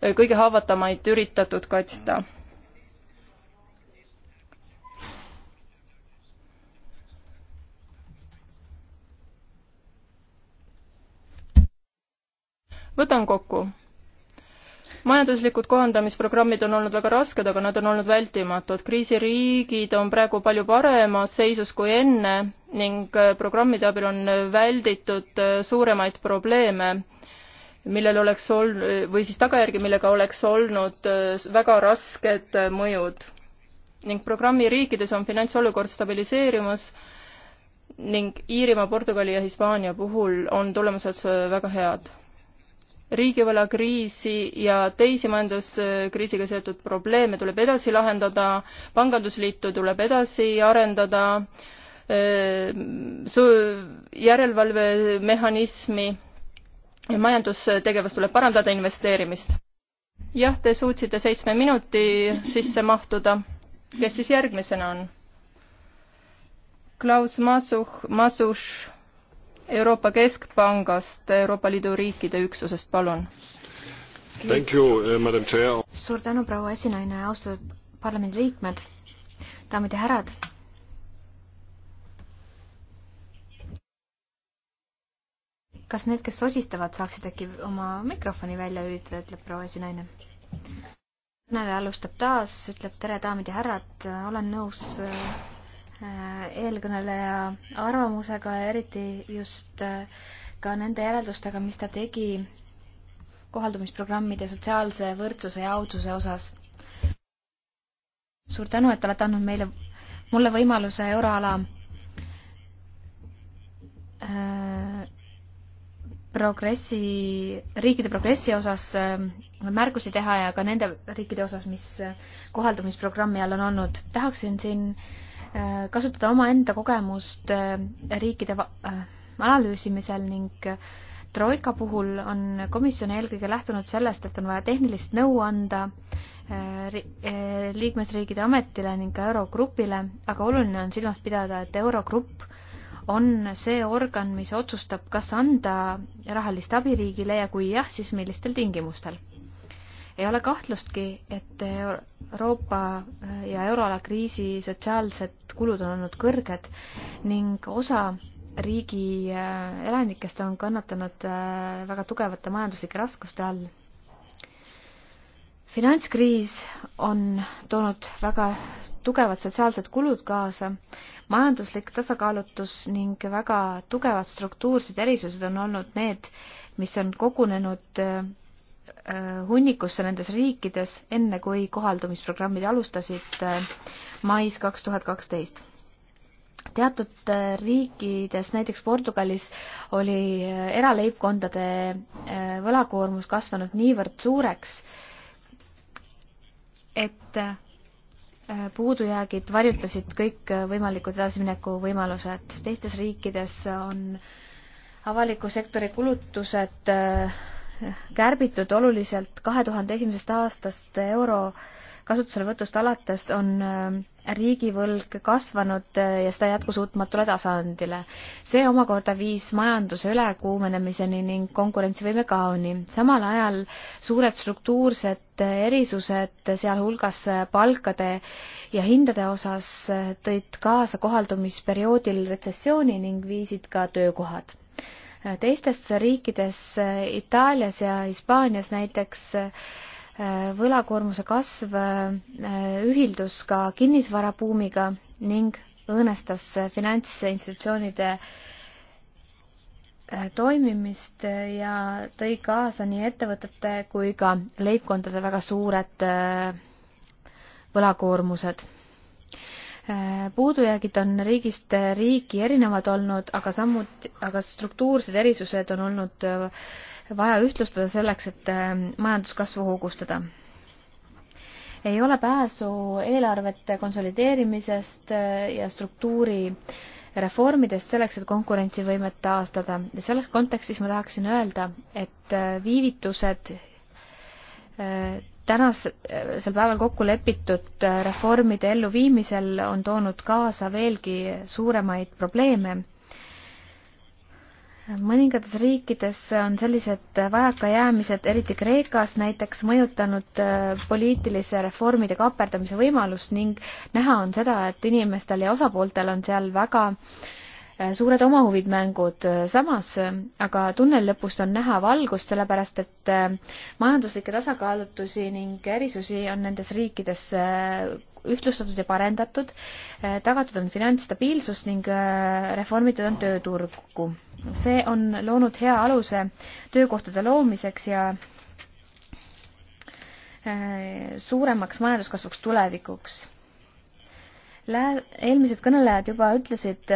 kõige haavatamaid üritatud kaitsta. võtan kokku. majanduslikud kohandamisprogrammid on olnud väga rasked, aga nad on olnud vältimatud. kriisiriigid on praegu palju paremas seisus kui enne ning programmide abil on välditud suuremaid probleeme millel oleks olnud, või siis tagajärgi, millega oleks olnud äh, väga rasked äh, mõjud. ning programmi riikides on finantsolukord stabiliseerumas ning Iirimaa, Portugali ja Hispaania puhul on tulemused äh, väga head. riigivõlakriisi ja teisi majanduskriisiga seotud probleeme tuleb edasi lahendada, pangandusliitu tuleb edasi arendada, järelevalvemehhanismi majandustegevust tuleb parandada, investeerimist. jah, te suutsite seitsme minuti sisse mahtuda. kes siis järgmisena on? Klaus Masuch, Masuš Euroopa Keskpangast, Euroopa Liidu riikide üksusest, palun. Eh, suur tänu, proua esinaine, austatud parlamendiliikmed, daamid ja härrad kas need, kes sosistavad, saaksid äkki oma mikrofoni välja lülitada, ütleb proua esinaine. kõneleja alustab taas, ütleb tere, daamid ja härrad, olen nõus äh, eelkõneleja arvamusega, eriti just äh, ka nende järeldustega, mis ta tegi kohaldumisprogrammide sotsiaalse võrdsuse ja aususe osas. suur tänu, et olete andnud meile, mulle võimaluse euroala äh, progressi, riikide progressi osas äh, märkusi teha ja ka nende riikide osas, mis äh, kohaldumisprogrammi all on olnud. tahaksin siin äh, kasutada omaenda kogemust riikide analüüsimisel ning troika puhul on komisjon eelkõige lähtunud sellest, et on vaja tehnilist nõu anda liikmesriigide ametile ning ka Eurogrupile, aga oluline on silmas pidada, et Eurogrupp on see organ, mis otsustab, kas anda rahalist abi riigile ja kui jah, siis millistel tingimustel. ei ole kahtlustki, et Euroopa ja euroala kriisi sotsiaalsed kulud on olnud kõrged ning osa riigi elanikest on kannatanud väga tugevate majanduslike raskuste all finantskriis on toonud väga tugevad sotsiaalsed kulud kaasa, majanduslik tasakaalutus ning väga tugevad struktuursed erisused on olnud need, mis on kogunenud äh, äh, hunnikusse nendes riikides, enne kui kohaldumisprogrammid alustasid äh, mais kaks tuhat kaksteist. teatud riikides, näiteks Portugalis, oli eraleibkondade võlakoormus kasvanud niivõrd suureks, et äh, puudujäägid varjutasid kõik äh, võimalikud edasimineku võimalused. teistes riikides on avaliku sektori kulutused äh, kärbitud oluliselt kahe tuhande esimesest aastast euro kasutuselevõtust alates on äh, riigivõlg kasvanud äh, ja seda jätkusuutmatule tasandile. see omakorda viis majanduse ülekuumenemiseni ning konkurentsivõime kaoni. samal ajal suured struktuursed äh, erisused, sealhulgas palkade ja hindade osas, tõid kaasa kohaldumisperioodil retsessiooni ning viisid ka töökohad teistes riikides, Itaalias ja Hispaanias näiteks, võlakoormuse kasv äh, ühildus ka kinnisvarabuumiga ning õõnestas finantsinstitutsioonide äh, toimimist ja tõi kaasa nii ettevõtete kui ka leibkondade väga suured äh, võlakoormused Äh, puudujäägid on riigist riiki erinevad olnud, aga samuti, aga struktuursed erisused on olnud äh, vaja ühtlustada selleks, et äh, majanduskasvu hoogustada. ei ole pääsu eelarvete konsolideerimisest ja struktuuri reformidest selleks, et konkurentsivõimet taastada ja selles kontekstis ma tahaksin öelda, et viivitused tänasel päeval kokku lepitud äh, reformide elluviimisel on toonud kaasa veelgi suuremaid probleeme. mõningates riikides on sellised vajakajäämised, eriti Kreekas näiteks, mõjutanud äh, poliitilise reformide kaaperdamise võimalust ning näha on seda, et inimestel ja osapooltel on seal väga äh, Äh, suured omahuvid mängud. Äh, samas äh, aga tunneli lõpust on näha valgust, sellepärast et majanduslikke tasakaalutusi ning erisusi on nendes riikides ühtlustatud ja parendatud, tagatud on finantsstabiilsus ning reformitud on tööturgu. see on loonud hea aluse töökohtade loomiseks ja suuremaks majanduskasvuks tulevikuks Lää-, eelmised kõnelejad juba ütlesid,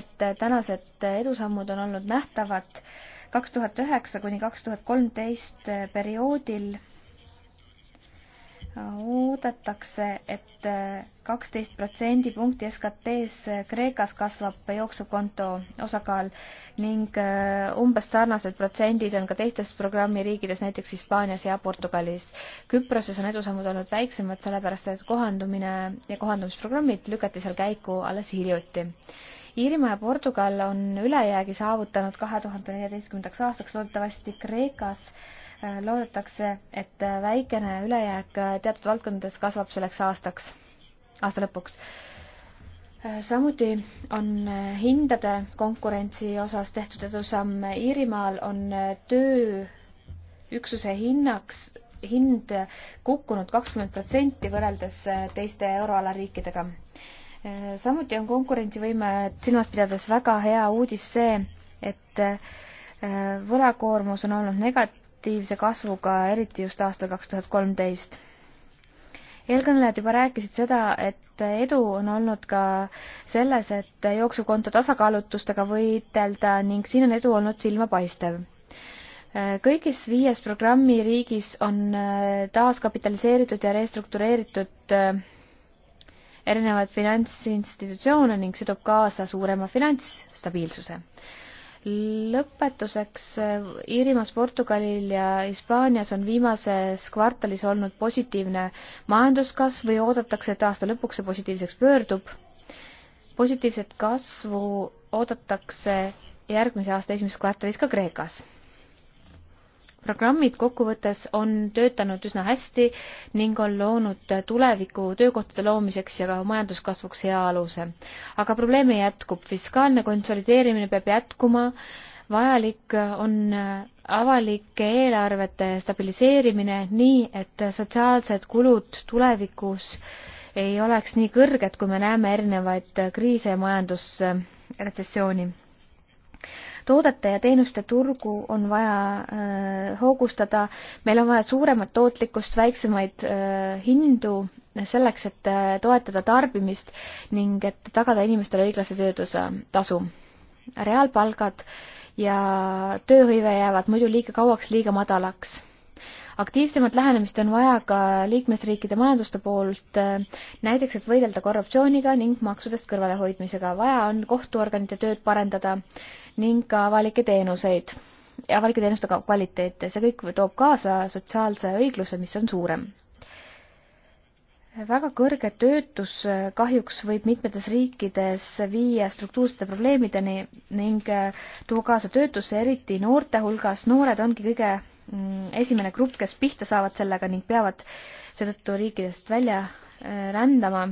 et tänased edusammud on olnud nähtavad kaks tuhat üheksa kuni kaks tuhat kolmteist perioodil oodatakse et, et äh, kaksteist protsendipunkti SKT-s äh, Kreekas kasvab jooksukonto osakaal ning äh, umbes sarnased protsendid on ka teistes programmi riikides, näiteks Hispaanias ja Portugalis. Küproses on edusammud olnud väiksemad, sellepärast et kohandumine ja kohandumisprogrammid lükati seal käiku alles hiljuti. Iirimaa ja Portugal on ülejäägi saavutanud kahe tuhande neljateistkümnendaks aastaks, loodetavasti Kreekas äh, Äh, loodetakse, et äh, väikene ülejääk äh, teatud valdkondades kasvab selleks aastaks, aasta lõpuks. samuti on hindade konkurentsi osas tehtud edusamme, Iirimaal on tööüksuse hinnaks, hind kukkunud kakskümmend protsenti võrreldes teiste euroala riikidega. samuti on konkurentsivõimet silmas pidades väga hea uudis see, et võlakoormus on olnud negat-, positiivse kasvuga, eriti just aastal kaks tuhat kolmteist eelkõnelejad juba rääkisid seda, et edu on olnud ka selles, et jooksukonto tasakaalutustega võidelda ning siin on edu olnud silmapaistev. kõigis viies programmi riigis on taaskapitaliseeritud ja restruktureeritud erinevaid finantsinstitutsioone ning see toob kaasa suurema finantsstabiilsuse lõpetuseks, Iirimaas, Portugalil ja Hispaanias on viimases kvartalis olnud positiivne majanduskasv või oodatakse, et aasta lõpuks see positiivseks pöördub. positiivset kasvu oodatakse järgmise aasta esimeses kvartalis ka Kreekas programmid kokkuvõttes on töötanud üsna hästi ning on loonud tuleviku töökohtade loomiseks ja ka majanduskasvuks hea aluse. aga probleeme jätkub, fiskaalne konsolideerimine peab jätkuma, vajalik on avalike eelarvete stabiliseerimine nii, et sotsiaalsed kulud tulevikus ei oleks nii kõrged, kui me näeme erinevaid kriise ja majandusretsessiooni toodete ja teenuste turgu on vaja äh, hoogustada, meil on vaja suuremat tootlikkust, väiksemaid äh, hindu selleks, et äh, toetada tarbimist ning et tagada inimestele õiglase töötasu. reaalpalgad ja tööhõive jäävad muidu liiga kauaks liiga madalaks aktiivsemat lähenemist on vaja ka liikmesriikide majanduste poolt, äh, näiteks et võidelda korruptsiooniga ning maksudest kõrvalehoidmisega. vaja on kohtuorganite tööd parendada ning ka avalikke teenuseid, avalike teenuste kvaliteeti. see kõik toob kaasa sotsiaalse õigluse, mis on suurem. väga kõrge töötus kahjuks võib mitmetes riikides viia struktuursete probleemideni ning eh, tuua kaasa töötuse, eriti noorte hulgas. noored ongi kõige mm, esimene grupp, kes pihta saavad sellega ning peavad seetõttu riikidest välja eh, rändama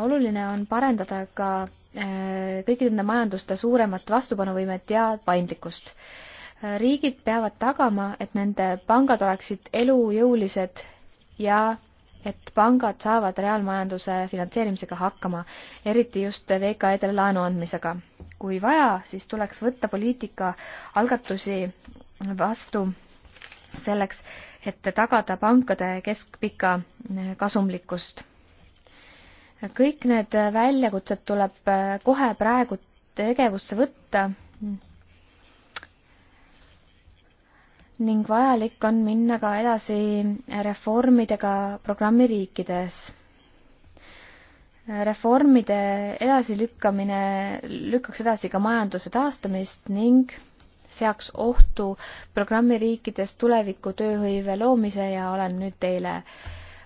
oluline on parendada ka äh, kõikide nende majanduste suuremat vastupanuvõimet ja paindlikkust. Äh, riigid peavad tagama, et nende pangad oleksid elujõulised ja et pangad saavad reaalmajanduse finantseerimisega hakkama, eriti just VKE-dele laenu andmisega. kui vaja, siis tuleks võtta poliitika algatusi vastu selleks, et tagada pankade keskpika äh, kasumlikkust kõik need väljakutsed tuleb äh, kohe praegu tegevusse võtta ning vajalik on minna ka edasi reformidega programmiriikides. reformide edasilükkamine lükkaks edasi ka majanduse taastamist ning seaks ohtu programmiriikides tuleviku tööhõive loomise ja olen nüüd teile,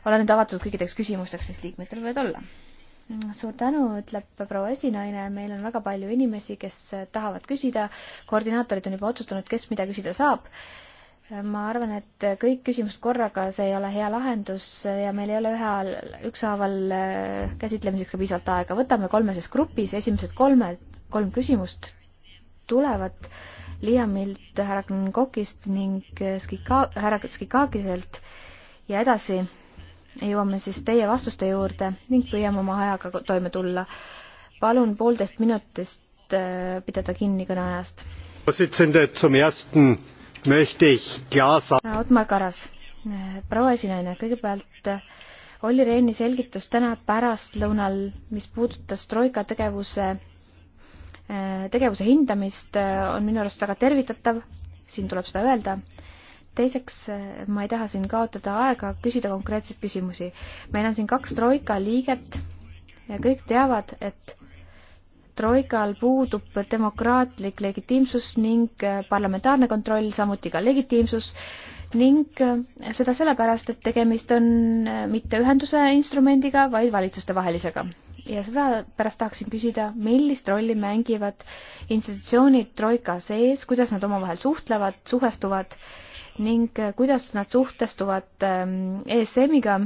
olen nüüd avatud kõikideks küsimusteks, mis liikmetel võivad olla suur tänu, ütleb proua esinaine, meil on väga palju inimesi, kes tahavad küsida, koordinaatorid on juba otsustanud, kes mida küsida saab. ma arvan, et kõik küsimust korraga, see ei ole hea lahendus ja meil ei ole ühehaaval, ükshaaval äh, käsitlemiseks ka piisavalt aega, võtame kolmeses grupis, esimesed kolme, kolm küsimust tulevad Liamilt, härra Kokist ning äh, Skika-, härra Skikakiselt ja edasi jõuame siis teie vastuste juurde ning püüame oma ajaga toime tulla. palun poolteist minutist äh, pidada kinni kõneajast. Äh, Otmar Karas, äh, proua esinaine, kõigepealt Olli Rehni selgitus täna pärastlõunal, mis puudutas Troika tegevuse, tegevuse hindamist, on minu arust väga tervitatav, siin tuleb seda öelda teiseks, äh, ma ei taha siin kaotada aega küsida konkreetseid küsimusi. meil on siin kaks troika liiget ja kõik teavad, et troikal puudub demokraatlik legitiimsus ning äh, parlamentaarne kontroll, samuti ka legitiimsus ning äh, seda sellepärast, et tegemist on mitte ühenduse instrumendiga, vaid valitsustevahelisega. ja seda pärast tahaksin küsida, millist rolli mängivad institutsioonid troika sees, kuidas nad omavahel suhtlevad, suhestuvad äh, ning äh, kuidas nad suhtestuvad ähm, ESM-iga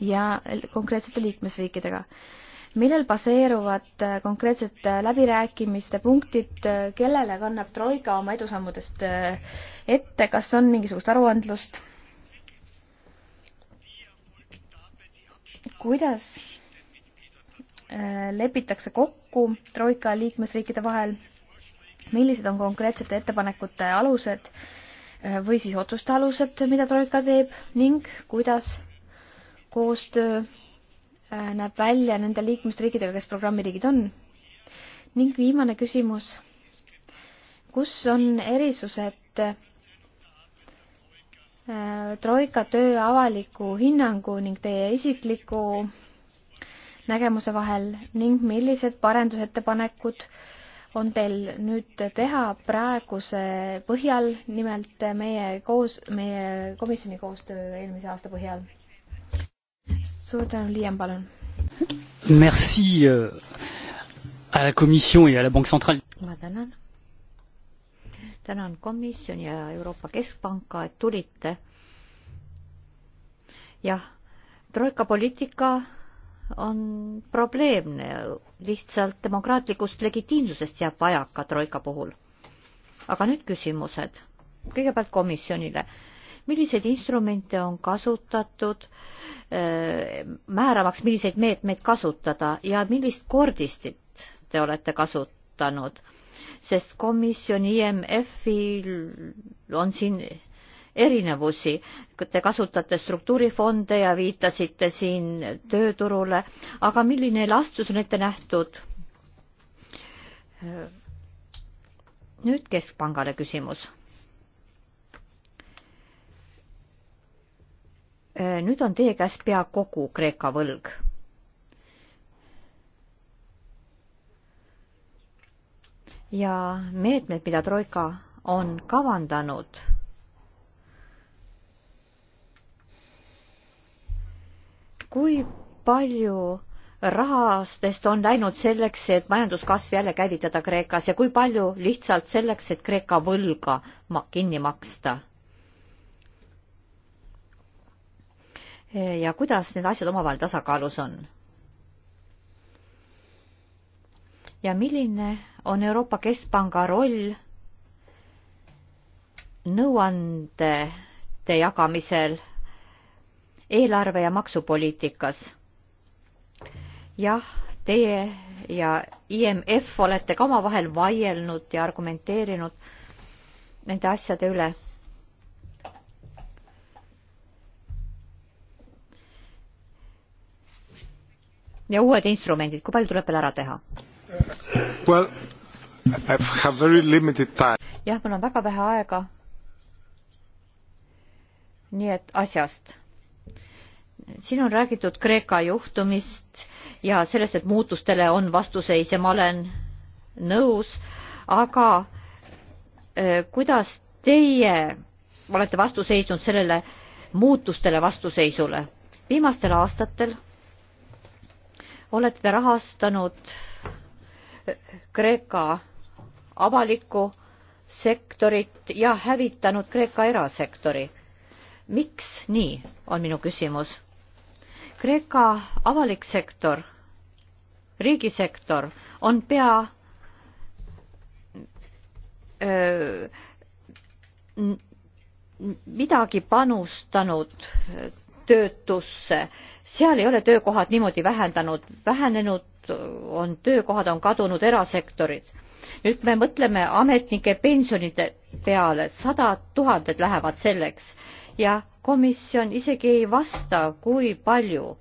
ja konkreetsete liikmesriikidega millel baseeruvad äh, konkreetsed äh, läbirääkimiste punktid, kellele kannab Troika oma edusammudest ette, kas on mingisugust aruandlust? kuidas lepitakse kokku Troika liikmesriikide vahel, millised on konkreetsete ettepanekute alused või siis otsuste alused, mida Troika teeb ning kuidas koostöö äh, näeb välja nende liikmesriikidega, kes programmiriigid on. ning viimane küsimus. kus on erisused äh, Troika töö avaliku hinnangu ning teie isikliku nägemuse vahel ning millised parendusettepanekud äh, on teil nüüd teha praeguse põhjal, nimelt meie koos, meie komisjoni koostöö eelmise aasta põhjal? suur tänu, Liian, palun. Merci euh, à la commission et à la banque centrale. ma tänan. tänan komisjoni ja Euroopa Keskpanka, et tulite. jah, troika poliitika on probleemne, lihtsalt demokraatlikust legitiimsusest jääb vajaka Troika puhul. aga nüüd küsimused. kõigepealt komisjonile. milliseid instrumente on kasutatud äh, määramaks, milliseid meetmeid kasutada ja millist kordistit te olete kasutanud? sest komisjon IMF-il e on siin erinevusi. Te kasutate struktuurifonde ja viitasite siin tööturule, aga milline elastus on ette nähtud? nüüd Keskpangale küsimus. nüüd on teie käes pea kogu Kreeka võlg ja meetmed, mida Troika on kavandanud kui palju rahastest on läinud selleks, et majanduskasv jälle käivitada Kreekas ja kui palju lihtsalt selleks, et Kreeka võlga ma kinni maksta? ja kuidas need asjad omavahel tasakaalus on? ja milline on Euroopa Keskpanga roll nõuandete jagamisel eelarve ja maksupoliitikas. jah, teie ja IMF olete ka omavahel vaielnud ja argumenteerinud nende asjade üle. ja uued instrumendid, kui palju tuleb veel ära teha? Well, jah, mul on väga vähe aega. nii et asjast siin on räägitud Kreeka juhtumist ja sellest, et muutustele on vastuseis ja ma olen nõus, aga äh, kuidas teie olete vastu seisnud sellele muutustele vastuseisule? viimastel aastatel olete te rahastanud äh, Kreeka avalikku sektorit ja hävitanud Kreeka erasektori. miks nii, on minu küsimus Kreeka avalik sektor, riigisektor on pea öö, midagi panustanud töötusse, seal ei ole töökohad niimoodi vähendanud, vähenenud on töökohad, on kadunud erasektorid. nüüd me mõtleme ametnike pensionide peale, sadad tuhanded lähevad selleks ja komisjon isegi ei vasta, kui palju.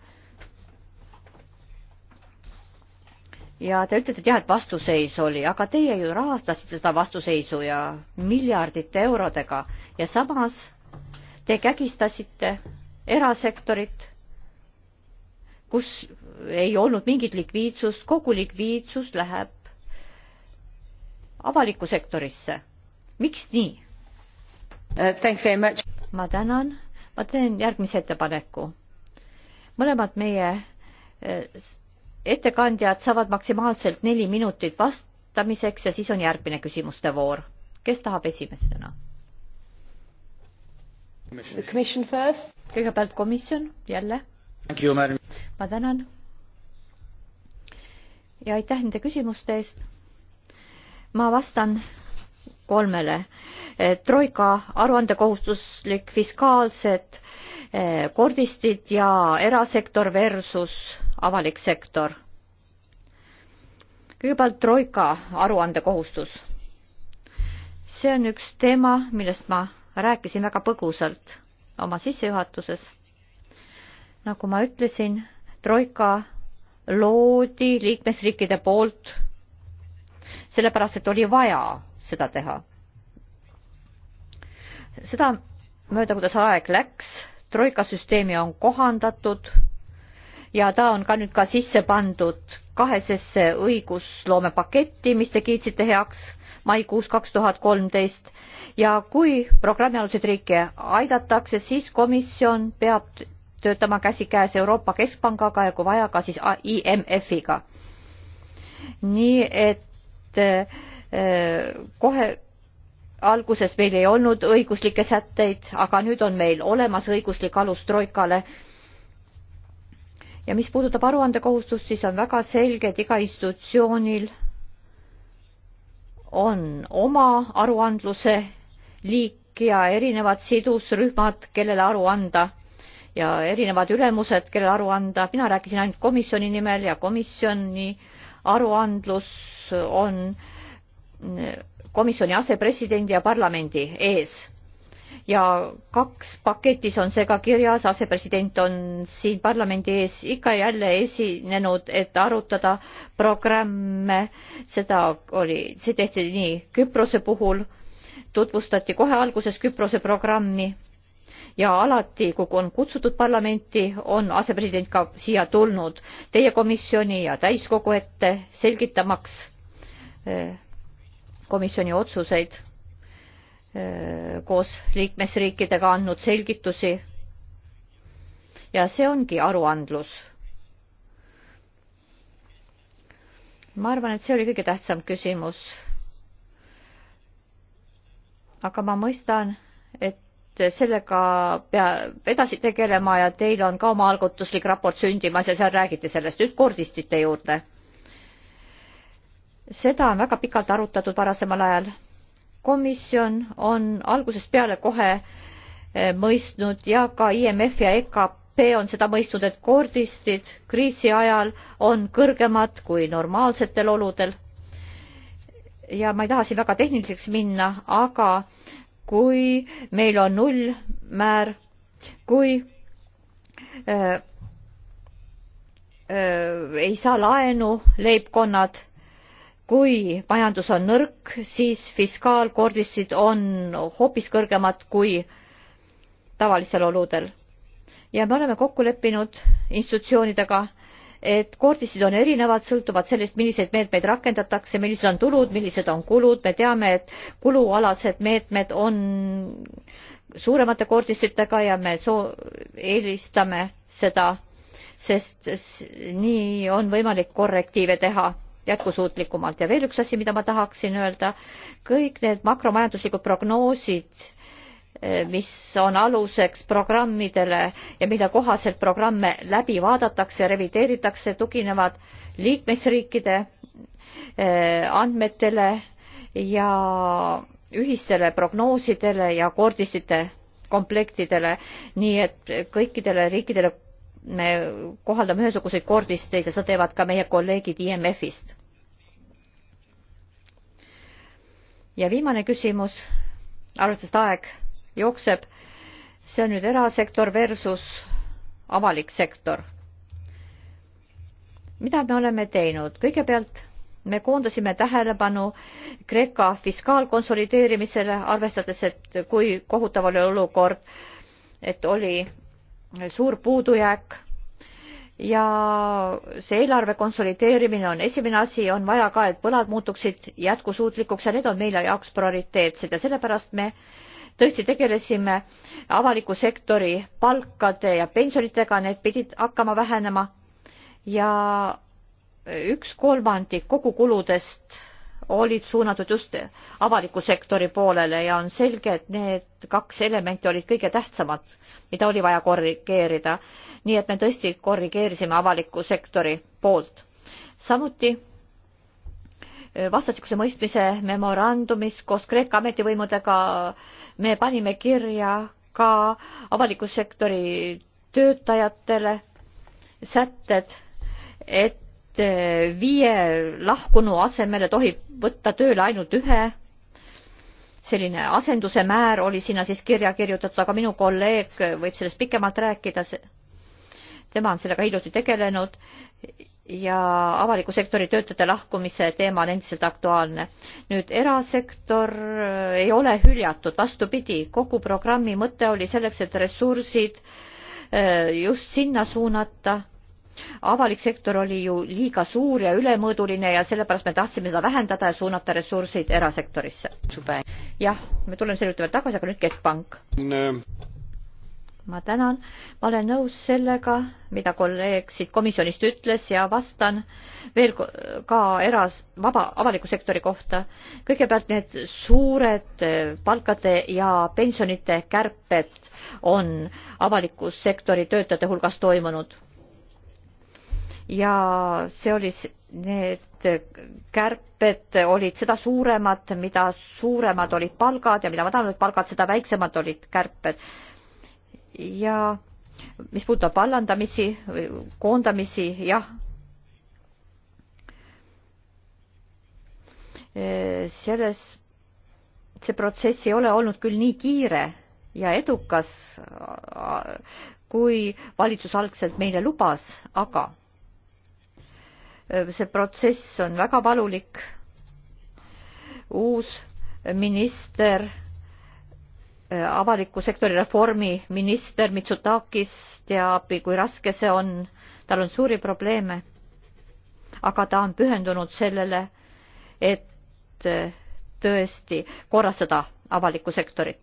ja te ütlete, et jah, et vastuseis oli, aga teie ju rahastasite seda vastuseisu ja miljardite eurodega ja samas te kägistasite erasektorit, kus ei olnud mingit likviidsust, kogu likviidsus läheb avalikku sektorisse. miks nii? Uh, ma tänan ma teen järgmise ettepaneku. mõlemad meie eh, ettekandjad saavad maksimaalselt neli minutit vastamiseks ja siis on järgmine küsimuste voor. kes tahab esimesena? kõigepealt komisjon jälle. ma tänan. ja aitäh nende küsimuste eest. ma vastan kolmele. Eh, troika aruandekohustuslik fiskaalsed eh, kordistid ja erasektor versus avalik sektor. kõigepealt troika aruandekohustus. see on üks teema, millest ma rääkisin väga põgusalt oma sissejuhatuses. nagu ma ütlesin, troika loodi liikmesriikide poolt sellepärast, et oli vaja seda teha. seda mööda, kuidas aeg läks, troika süsteemi on kohandatud ja ta on ka nüüd ka sisse pandud kahesesse õigusloomepaketti, mis te kiitsite heaks maikuus kaks tuhat kolmteist ja kui programmialuseid riike aidatakse, siis komisjon peab töötama käsikäes Euroopa Keskpangaga ja kui vaja, ka siis IMF-iga. nii et Äh, kohe alguses meil ei olnud õiguslikke sätteid, aga nüüd on meil olemas õiguslik alus Troikale. ja mis puudutab aruandekohustust, siis on väga selge, et iga institutsioonil on oma aruandluse liik ja erinevad sidusrühmad, kellele aru anda ja erinevad ülemused, kellele aru anda. mina rääkisin ainult komisjoni nimel ja komisjoni aruandlus on äh, komisjoni asepresidendi ja parlamendi ees ja kaks paketis on see ka kirjas, asepresident on siin parlamendi ees ikka ja jälle esinenud, et arutada programme, seda oli, see tehti nii Küprose puhul, tutvustati kohe alguses Küprose programmi ja alati, kui on kutsutud parlamenti, on asepresident ka siia tulnud teie komisjoni ja täiskogu ette selgitamaks eh, komisjoni otsuseid koos liikmesriikidega andnud selgitusi. ja see ongi aruandlus. ma arvan, et see oli kõige tähtsam küsimus. aga ma mõistan, et sellega peab edasi tegelema ja teil on ka omaalgutuslik raport sündimas ja seal räägiti sellest. nüüd kordistite juurde seda on väga pikalt arutatud varasemal ajal. komisjon on algusest peale kohe eh, mõistnud ja ka IMF ja EKP on seda mõistnud, et kordistid kriisi ajal on kõrgemad kui normaalsetel oludel. ja ma ei taha siin väga tehniliseks minna, aga kui meil on nullmäär, kui äh, äh, ei saa laenu leibkonnad kui majandus on nõrk, siis fiskaalkordistid on hoopis kõrgemad kui tavalistel oludel. ja me oleme kokku leppinud institutsioonidega, et kordistid on erinevad, sõltuvad sellest, milliseid meetmeid rakendatakse, millised on tulud, millised on kulud, me teame, et kulualased meetmed on suuremate kordistitega ja me soo-, eelistame seda, sest nii on võimalik korrektiive teha jätkusuutlikumalt ja veel üks asi, mida ma tahaksin öelda, kõik need makromajanduslikud prognoosid, eh, mis on aluseks programmidele ja mille kohaselt programme läbi vaadatakse ja revideeritakse, tuginevad liikmesriikide eh, andmetele ja ühistele prognoosidele ja koordistite komplektidele, nii et kõikidele riikidele me kohaldame ühesuguseid koordisteid ja seda teevad ka meie kolleegid IMF-ist. ja viimane küsimus, arvestades, et aeg jookseb, see on nüüd erasektor versus avalik sektor. mida me oleme teinud? kõigepealt me koondasime tähelepanu Kreeka fiskaalkonsolideerimisele, arvestades, et kui kohutav oli olukord, et oli suur puudujääk ja see eelarve konsolideerimine on esimene asi, on vaja ka, et võlad muutuksid jätkusuutlikuks ja need on meile jaoks prioriteetsed ja sellepärast me tõesti tegelesime avaliku sektori palkade ja pensionitega, need pidid hakkama vähenema ja üks kolmandik kogukuludest olid suunatud just avaliku sektori poolele ja on selge, et need kaks elementi olid kõige tähtsamad, mida oli vaja korrigeerida. nii et me tõesti korrigeerisime avaliku sektori poolt. samuti eh, vastastikuse mõistmise memorandumis koos Kreeka ametivõimudega me panime kirja ka avaliku sektori töötajatele sätted, et et eh, viie lahkunu asemele tohib võtta tööle ainult ühe. selline asenduse määr oli sinna siis kirja kirjutatud, aga minu kolleeg võib sellest pikemalt rääkida. tema on sellega hiljuti tegelenud ja avaliku sektori töötajate lahkumise teema on endiselt aktuaalne. nüüd erasektor eh, ei ole hüljatud, vastupidi, kogu programmi mõte oli selleks, et ressursid eh, just sinna suunata avalik sektor oli ju liiga suur ja ülemõõduline ja sellepärast me tahtsime seda vähendada ja suunata ressursid erasektorisse. jah, me tuleme selle juurde veel tagasi, aga nüüd Keskpank no.. ma tänan, ma olen nõus sellega, mida kolleeg siit komisjonist ütles ja vastan veel ka eras, vaba, avaliku sektori kohta. kõigepealt need suured eh, palkade ja pensionite kärped on avaliku sektori töötajate hulgas toimunud ja see oli, need kärped olid seda suuremad, mida suuremad olid palgad ja mida madalamad palgad, seda väiksemad olid kärped. ja mis puudutab vallandamisi, koondamisi, jah selles, see protsess ei ole olnud küll nii kiire ja edukas, kui valitsus algselt meile lubas, aga Äh, see protsess on väga valulik. uus minister, äh, avaliku sektori reformi minister Mitsutakis teab, kui raske see on, tal on suuri probleeme. aga ta on pühendunud sellele, et äh, tõesti korrastada avalikku sektorit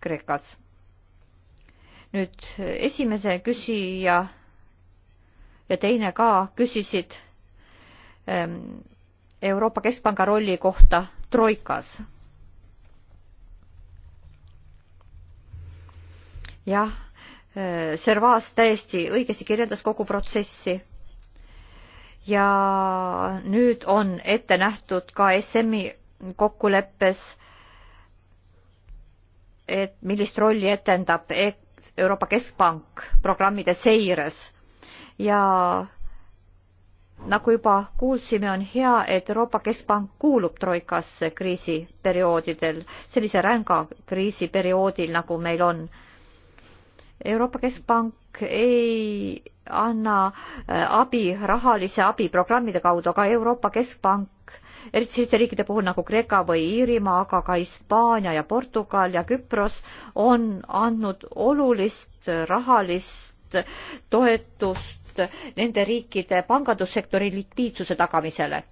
Kreekas. nüüd esimese küsija ja teine ka küsisid Ähm, Euroopa Keskpanga rolli kohta Troikas. jah, äh, Servaas täiesti õigesti kirjeldas kogu protsessi. ja nüüd on ette nähtud ka SM-i kokkuleppes, et millist rolli etendab e-, Euroopa Keskpank programmide seires ja nagu juba kuulsime, on hea, et Euroopa Keskpank kuulub troikasse kriisiperioodidel, sellise ränga kriisiperioodil, nagu meil on. Euroopa Keskpank ei anna äh, abi, rahalise abi programmide kaudu, aga Euroopa Keskpank, eriti selliste riikide puhul nagu Kreeka või Iirimaa, aga ka Hispaania ja Portugal ja Küpros, on andnud olulist rahalist toetust panust nende riikide pangandussektori likviidsuse tagamisele.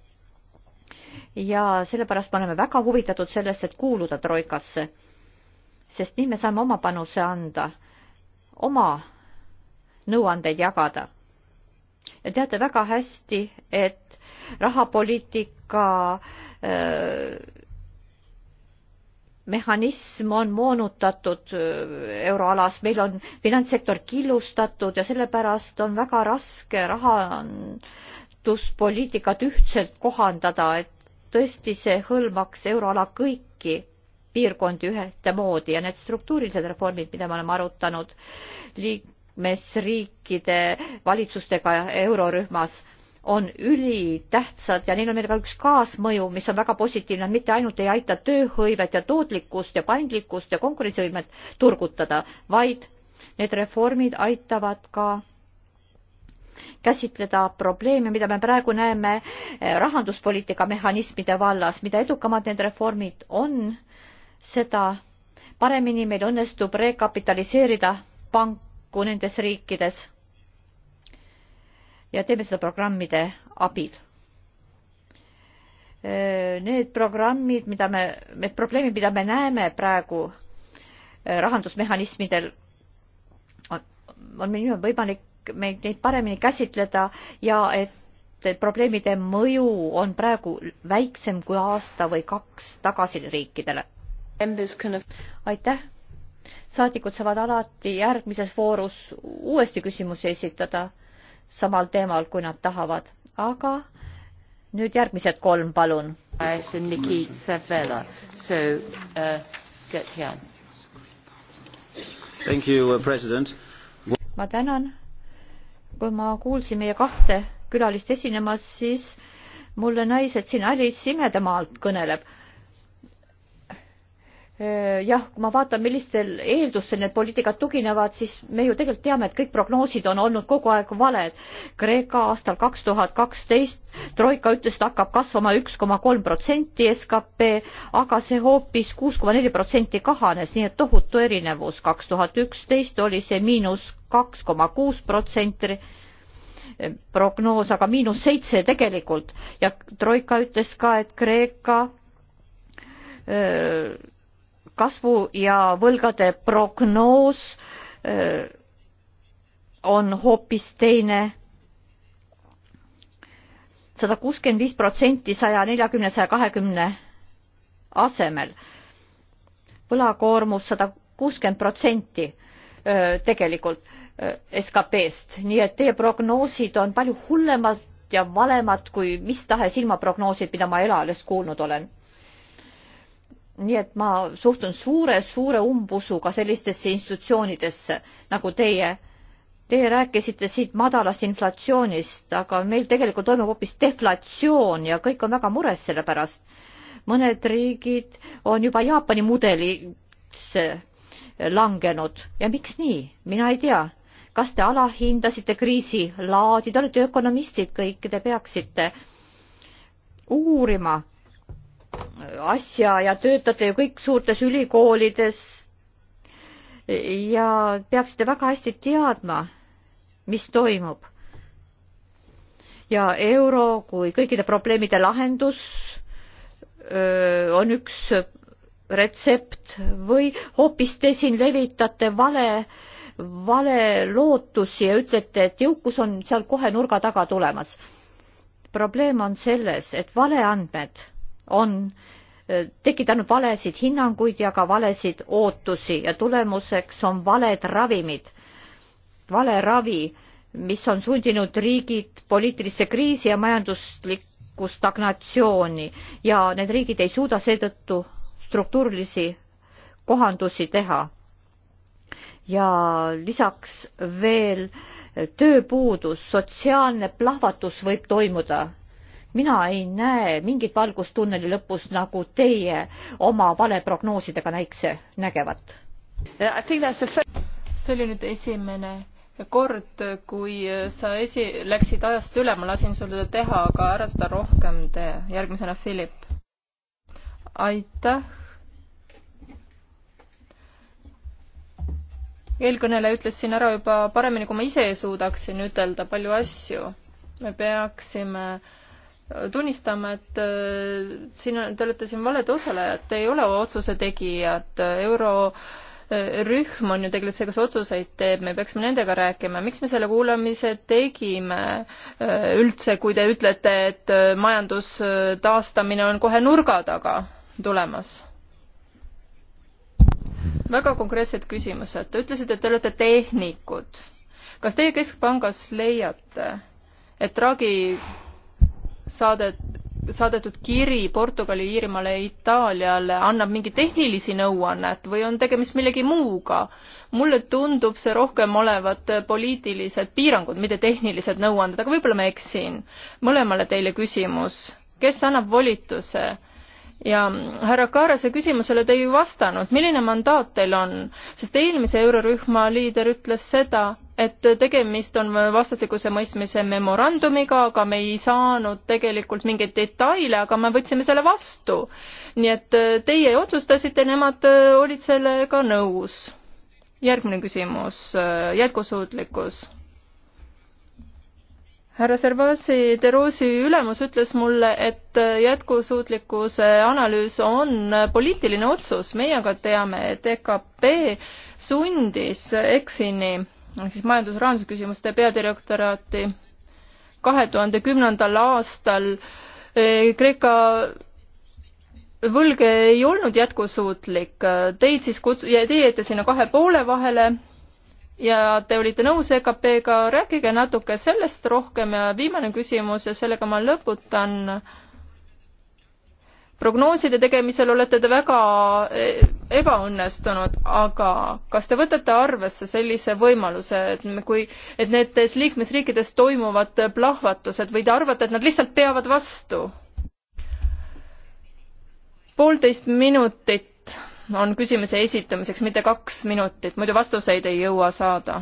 ja sellepärast me oleme väga huvitatud sellest, et kuuluda Troikasse, sest nii me saame oma panuse anda, oma nõuandeid jagada. ja teate väga hästi, et rahapoliitika öö, mehhanism on moonutatud äh, euroalas, meil on finantssektor killustatud ja sellepärast on väga raske rahanduspoliitikat ühtselt kohandada, et tõesti see hõlmaks euroala kõiki piirkondi ühtemoodi ja need struktuurilised reformid, mida me oleme arutanud liikmesriikide valitsustega eurorühmas on ülitähtsad ja neil on meil ka üks kaasmõju, mis on väga positiivne, mitte ainult ei aita tööhõivet ja tootlikkust ja paindlikkust ja konkurentsivõimet turgutada, vaid need reformid aitavad ka käsitleda probleeme, mida me praegu näeme eh, rahanduspoliitika mehhanismide vallas, mida edukamad need reformid on, seda paremini meil õnnestub rekapitaliseerida panku nendes riikides ja teeme seda programmide abil. Need programmid, mida me, need probleemid, mida me näeme praegu rahandusmehhanismidel, on meil võimalik meil neid paremini käsitleda ja et probleemide mõju on praegu väiksem kui aasta või kaks tagasi riikidele. aitäh. saadikud saavad alati järgmises voorus uuesti küsimusi esitada samal teemal, kui nad tahavad, aga nüüd järgmised kolm, palun. Nikki Savela, so uh, Gertjan. Thank you, uh, president. ma tänan. kui ma kuulsin meie kahte külalist esinemas, siis mulle näis, et siin Alice Imedemaalt kõneleb Äh, jah, kui ma vaatan, millistel eeldustel need poliitikad tuginevad, siis me ju tegelikult teame, et kõik prognoosid on olnud kogu aeg valed. Kreeka aastal kaks tuhat kaksteist Troika ütles, et hakkab kasvama üks koma kolm protsenti skp, aga see hoopis kuus koma neli protsenti kahanes, nii et tohutu erinevus. kaks tuhat üksteist oli see miinus kaks koma kuus protsenti prognoos, aga miinus seitse tegelikult ja Troika ütles ka, et Kreeka öö, äh, kasvu ja võlgade prognoos äh, on hoopis teine. sada kuuskümmend viis protsenti saja neljakümne, saja kahekümne asemel. võlakoormus sada kuuskümmend protsenti äh, tegelikult äh, SKP-st, nii et teie prognoosid on palju hullemad ja valemad kui mis tahes ilmaprognoosid, mida ma ela alles kuulnud olen nii et ma suhtun suure, suure umbusuga sellistesse institutsioonidesse nagu teie. Teie rääkisite siit madalast inflatsioonist, aga meil tegelikult toimub hoopis deflatsioon ja kõik on väga mures selle pärast. mõned riigid on juba Jaapani mudelisse langenud ja miks nii, mina ei tea. kas te alahindasite kriisi laadi, te olete ökonomistid kõik, te peaksite uurima asja ja töötate ju kõik suurtes ülikoolides ja peaksite väga hästi teadma, mis toimub. ja euro kui kõikide probleemide lahendus öö, on üks retsept või hoopis te siin levitate vale, vale lootusi ja ütlete, et jõukus on seal kohe nurga taga tulemas. probleem on selles, et valeandmed on eh, tekitanud valesid hinnanguid ja ka valesid ootusi ja tulemuseks on valed ravimid, vale ravi, mis on sundinud riigid poliitilisse kriisi ja majanduslikku stagnatsiooni ja need riigid ei suuda seetõttu struktuurilisi kohandusi teha. ja lisaks veel tööpuudus, sotsiaalne plahvatus võib toimuda mina ei näe mingit valgust tunneli lõpus, nagu teie oma valeprognoosidega näikse, nägevat. see oli nüüd esimene kord, kui sa esi-, läksid ajast üle, ma lasin sul seda teha, aga ära seda rohkem tee. järgmisena Philip. aitäh eelkõneleja ütles siin ära juba paremini, kui ma ise suudaksin ütelda palju asju. me peaksime äh, tunnistama, et äh, siin on, te olete siin valed osalejad, te ei ole otsuse tegijad, eurorühm äh, on ju tegelikult see, kes otsuseid teeb, me peaksime nendega rääkima, miks me selle kuulamise tegime äh, üldse, kui te ütlete, et majandus taastamine on kohe nurga taga tulemas? väga konkreetsed küsimused, te ütlesite, et te olete tehnikud. kas teie Keskpangas leiate, et Draghi saadet, saadetud kiri Portugali, Iirimaale ja Itaaliale annab mingi tehnilisi nõuannet või on tegemist millegi muuga? mulle tundub see rohkem olevat poliitilised piirangud, mitte tehnilised nõuanded, aga võib-olla ma eksin. mõlemale teile küsimus, kes annab volituse? ja härra Kaarase küsimusele te ei vastanud, milline mandaat teil on, sest eelmise eurorühma liider ütles seda, et tegemist on vastastikuse mõistmise memorandumiga, aga me ei saanud tegelikult mingeid detaile, aga me võtsime selle vastu. nii et äh, teie otsustasite, nemad äh, olid sellega nõus. järgmine küsimus, äh, jätkusuutlikkus. härra Servasi Derosi ülemus ütles mulle, et jätkusuutlikkuse analüüs on poliitiline otsus, meie aga teame, et EKP sundis ECFIN-i ehk siis majandus-rahanduse küsimuste peadirektoraati kahe tuhande kümnendal aastal eh, Kreeka võlg ei olnud jätkusuutlik. Teid siis kutsu-, te jäite sinna kahe poole vahele ja te olite nõus EKP-ga, rääkige natuke sellest rohkem ja viimane küsimus ja sellega ma lõpetan prognooside tegemisel olete te väga e, ebaõnnestunud, aga kas te võtate arvesse sellise võimaluse, et kui, et nendes liikmesriikides toimuvad plahvatused või te arvate, et nad lihtsalt peavad vastu? poolteist minutit on küsimuse esitamiseks, mitte kaks minutit, muidu vastuseid ei jõua saada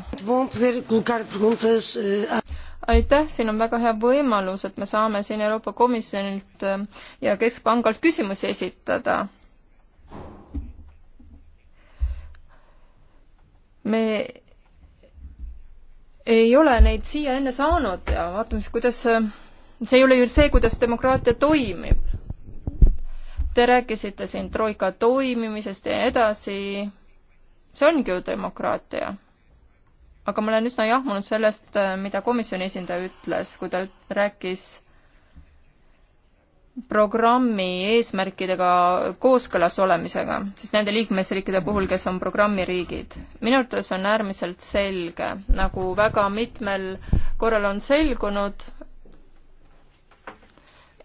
aitäh, siin on väga hea võimalus, et me saame siin Euroopa Komisjonilt äh, ja Keskpangalt küsimusi esitada. me ei ole neid siia enne saanud ja vaatame siis, kuidas, äh, see ei ole ju see, kuidas demokraatia toimib. Te rääkisite siin troika toimimisest ja nii edasi. see ongi ju demokraatia aga ma olen üsna jahmunud sellest, äh, mida komisjoni esindaja ütles, kui ta rääkis programmi eesmärkidega kooskõlas olemisega, siis nende liikmesriikide puhul, kes on programmi riigid. minu arvates on äärmiselt selge, nagu väga mitmel korral on selgunud,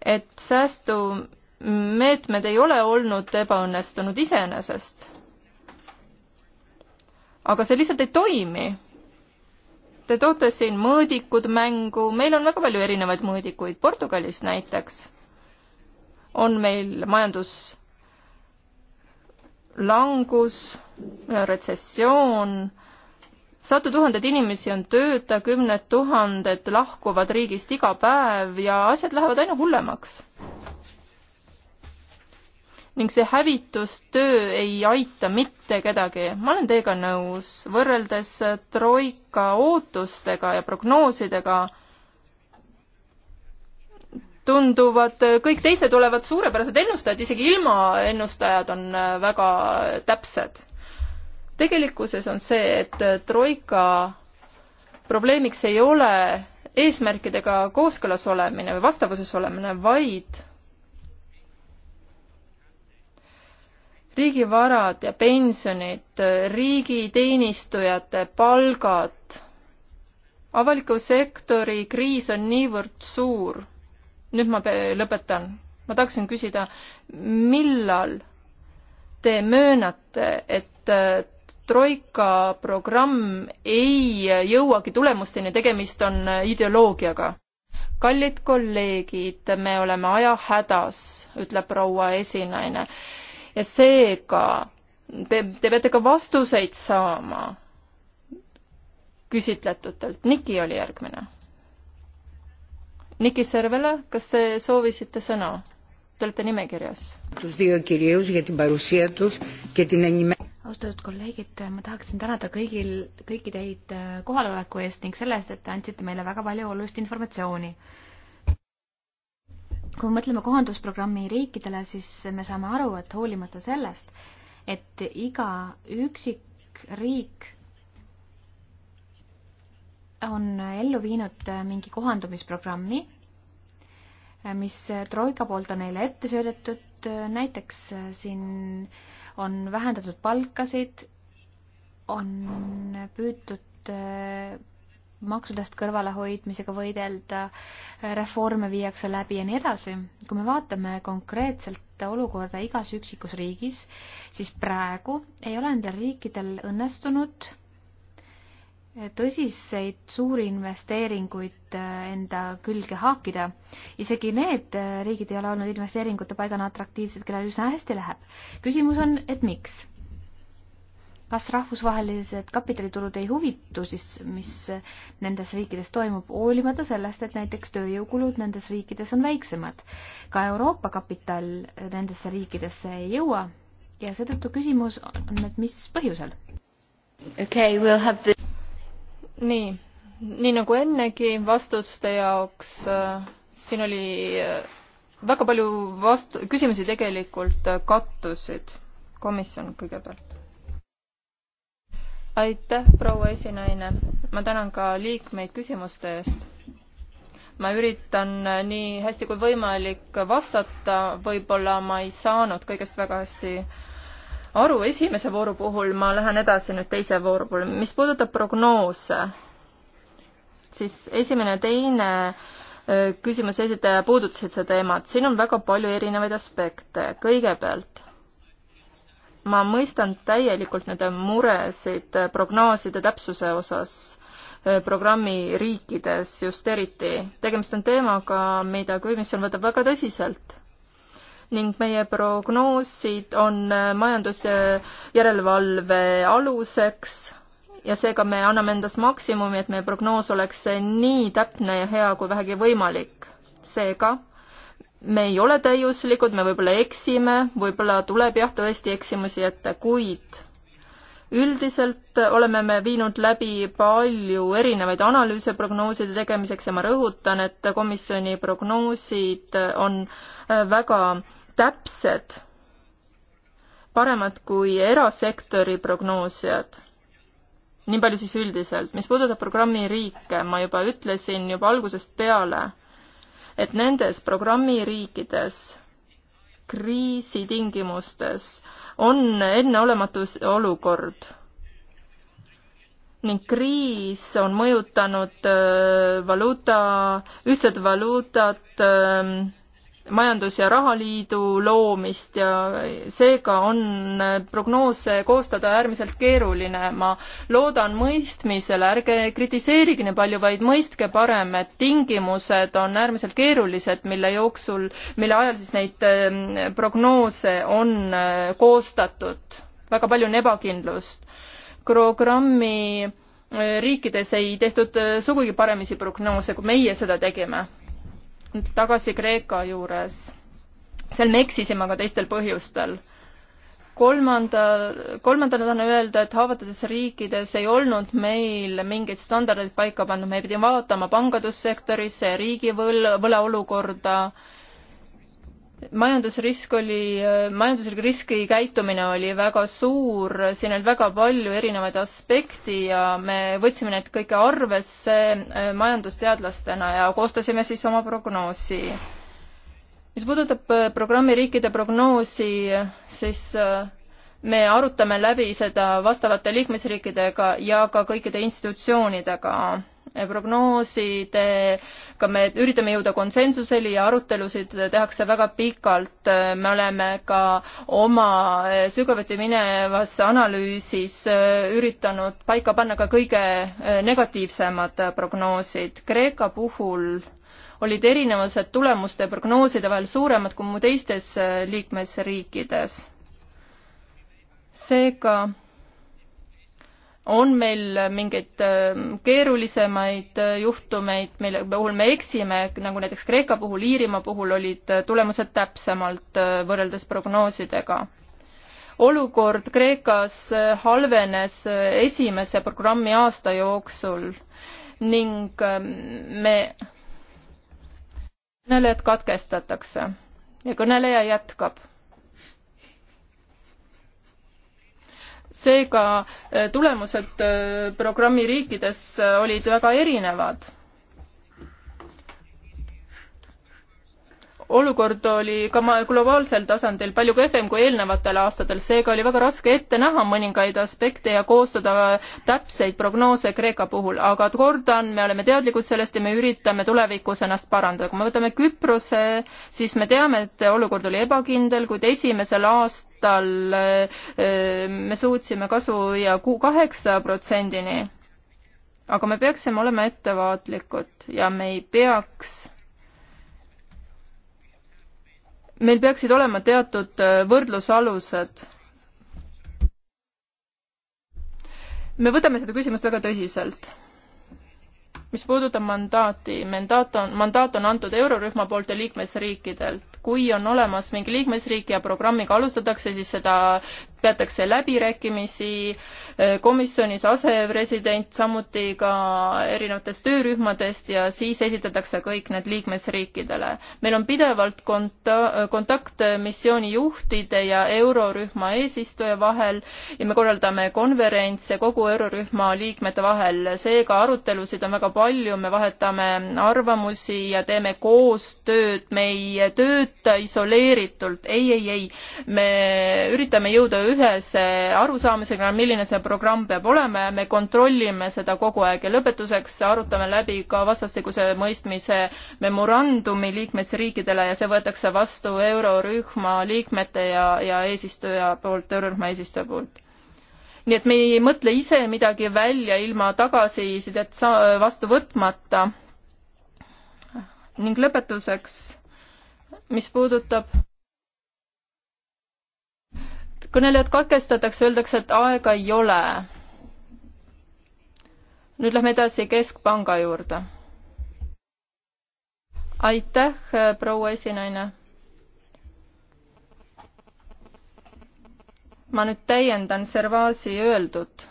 et säästumeetmed ei ole olnud ebaõnnestunud iseenesest. aga see lihtsalt ei toimi Te toote siin mõõdikud mängu, meil on väga palju erinevaid mõõdikuid, Portugalis näiteks on meil majanduslangus, retsessioon, sadu tuhandeid inimesi on tööta, kümned tuhanded lahkuvad riigist iga päev ja asjad lähevad aina hullemaks ning see hävitustöö ei aita mitte kedagi. ma olen teiega nõus, võrreldes troika ootustega ja prognoosidega tunduvad, kõik teised olevat suurepärased ennustajad, isegi ilmaennustajad on väga täpsed. tegelikkuses on see, et troika probleemiks ei ole eesmärkidega kooskõlas olemine või vastavuses olemine, vaid riigivarad ja pensionid, riigiteenistujate palgad. avaliku sektori kriis on niivõrd suur. nüüd ma lõpetan. ma tahaksin küsida, millal te möönate, et äh, troika programm ei jõuagi tulemusteni, tegemist on äh, ideoloogiaga? kallid kolleegid, me oleme ajahädas, ütleb proua esinaine ja seega te, te peate ka vastuseid saama küsitletutelt. Niki oli järgmine. Niki Servela, kas te soovisite sõna? Te olete nimekirjas. austatud kolleegid, ma tahaksin tänada kõigil, kõiki teid äh, kohaloleku eest ning selle eest, et te andsite meile väga palju olulist informatsiooni kui mõtleme kohandusprogrammi riikidele, siis me saame aru, et hoolimata sellest, et iga üksik riik on ellu viinud mingi kohandumisprogrammi, mis Troika poolt on neile ette söödetud, näiteks siin on vähendatud palkasid, on püütud maksudest kõrvalehoidmisega võidelda, reforme viiakse läbi ja nii edasi. kui me vaatame konkreetselt olukorda igas üksikus riigis, siis praegu ei ole nendel riikidel õnnestunud tõsiseid suuri investeeringuid eh, enda külge haakida. isegi need eh, riigid ei ole olnud investeeringute paigana atraktiivsed, kellel üsna hästi läheb. küsimus on, et miks kas rahvusvahelised kapitaliturud ei huvitu siis, mis nendes riikides toimub, hoolimata sellest, et näiteks tööjõukulud nendes riikides on väiksemad. ka Euroopa kapital nendesse riikidesse ei jõua ja seetõttu küsimus on, et mis põhjusel? Okay, we'll have the... nii, nii nagu ennegi vastuste jaoks äh,, siin oli äh, väga palju vast-, küsimusi tegelikult äh, kattusid. komisjon kõigepealt aitäh, proua esinaine. ma tänan ka liikmeid küsimuste eest. ma üritan nii hästi kui võimalik vastata, võib-olla ma ei saanud kõigest väga hästi aru esimese vooru puhul, ma lähen edasi nüüd teise vooru puhul. mis puudutab prognoose, siis esimene ja teine küsimuse esitaja puudutasid seda teemat. siin on väga palju erinevaid aspekte. kõigepealt ma mõistan täielikult nende muresid prognooside täpsuse osas äh, programmi riikides just eriti. tegemist on teemaga, mida komisjon võtab väga tõsiselt ning meie prognoosid on äh, majandusjärelevalve aluseks ja seega me anname endast maksimumi, et meie prognoos oleks nii täpne ja hea kui vähegi võimalik. seega me ei ole täiuslikud, me võib-olla eksime, võib-olla tuleb jah, tõesti eksimusi ette, kuid üldiselt oleme me viinud läbi palju erinevaid analüüse prognooside tegemiseks ja ma rõhutan, et komisjoni prognoosid on äh, väga täpsed, paremad kui erasektori prognoosijad. nii palju siis üldiselt. mis puudutab programmi riike, ma juba ütlesin juba algusest peale et nendes programmiriikides kriisitingimustes on enneolematus olukord ning kriis on mõjutanud äh, valuuta, ühtset valuutat, ähm, majandus- ja rahaliidu loomist ja seega on prognoose koostada äärmiselt keeruline. ma loodan mõistmisele, ärge kritiseerige nii palju, vaid mõistke parem, et tingimused on äärmiselt keerulised, mille jooksul, mille ajal siis neid ähm, prognoose on äh, koostatud. väga palju on ebakindlust. programmi äh, riikides ei tehtud äh, sugugi paremisi prognoose, kui meie seda tegime tagasi Kreeka juures. seal me eksisime aga teistel põhjustel. kolmanda, kolmandana tahan öelda, et haavatavates riikides ei olnud meil mingeid standardeid paika pandud, me pidime vaatama pangandussektorisse, riigivõla, võlaolukorda majandusrisk oli, majanduslik riski käitumine oli väga suur, siin on väga palju erinevaid aspekte ja me võtsime need kõike arvesse äh, majandusteadlastena ja koostasime siis oma prognoosi. mis puudutab äh, programmi riikide prognoosi, siis äh, me arutame läbi seda vastavate liikmesriikidega ja ka kõikide institutsioonidega prognoosidega me üritame jõuda konsensuseli ja arutelusid tehakse väga pikalt. me oleme ka oma sügavuti minevas analüüsis üritanud paika panna ka kõige negatiivsemad prognoosid. Kreeka puhul olid erinevused tulemuste prognooside vahel suuremad kui mu teistes liikmesriikides. seega on meil mingeid ähm, keerulisemaid äh, juhtumeid, mille puhul me eksime, nagu näiteks Kreeka puhul, Iirimaa puhul olid äh, tulemused täpsemalt äh, võrreldes prognoosidega. olukord Kreekas halvenes esimese programmi aasta jooksul ning ähm, me, kõnelejad katkestatakse ja kõneleja jätkab seega eh, tulemused eh, programmi riikides eh, olid väga erinevad olukord oli ka globaalsel tasandil palju kehvem kui eelnevatel aastatel, seega oli väga raske ette näha mõningaid aspekte ja koostada täpseid prognoose Kreeka puhul, aga kordan, me oleme teadlikud sellest ja me üritame tulevikus ennast parandada. kui me võtame Küprose, siis me teame, et olukord oli ebakindel, kuid esimesel aastal eh, me suutsime kasu ja kaheksa protsendini. aga me peaksime olema ettevaatlikud ja me ei peaks meil peaksid olema teatud äh, võrdlusalused. me võtame seda küsimust väga tõsiselt. mis puudutab mandaati, mandaat on, mandaat on antud eurorühma poolt ja liikmesriikidelt. kui on olemas mingi liikmesriik ja programmiga alustatakse, siis seda peetakse läbirääkimisi eh, komisjonis asepresident, samuti ka erinevatest töörühmadest ja siis esitatakse kõik need liikmesriikidele. meil on pidevalt konta-, kontakt missiooni juhtide ja eurorühma eesistuja vahel ja me korraldame konverentse kogu eurorühma liikmete vahel, seega arutelusid on väga palju, me vahetame arvamusi ja teeme koostööd, me ei tööta isoleeritult, ei, ei, ei, me üritame jõuda ühese eh, arusaamisega, milline see programm peab olema ja me kontrollime seda kogu aeg ja lõpetuseks arutame läbi ka vastastikuse mõistmise memorandumi liikmesriikidele ja see võetakse vastu eurorühma liikmete ja, ja eesistuja poolt, eurorühma eesistuja poolt nii et me ei mõtle ise midagi välja ilma tagasisidet vastu võtmata. ning lõpetuseks, mis puudutab kõnelejad katkestatakse, öeldakse, et aega ei ole. nüüd lähme edasi Keskpanga juurde. aitäh, proua esinaine. ma nüüd täiendan Servasi öeldut.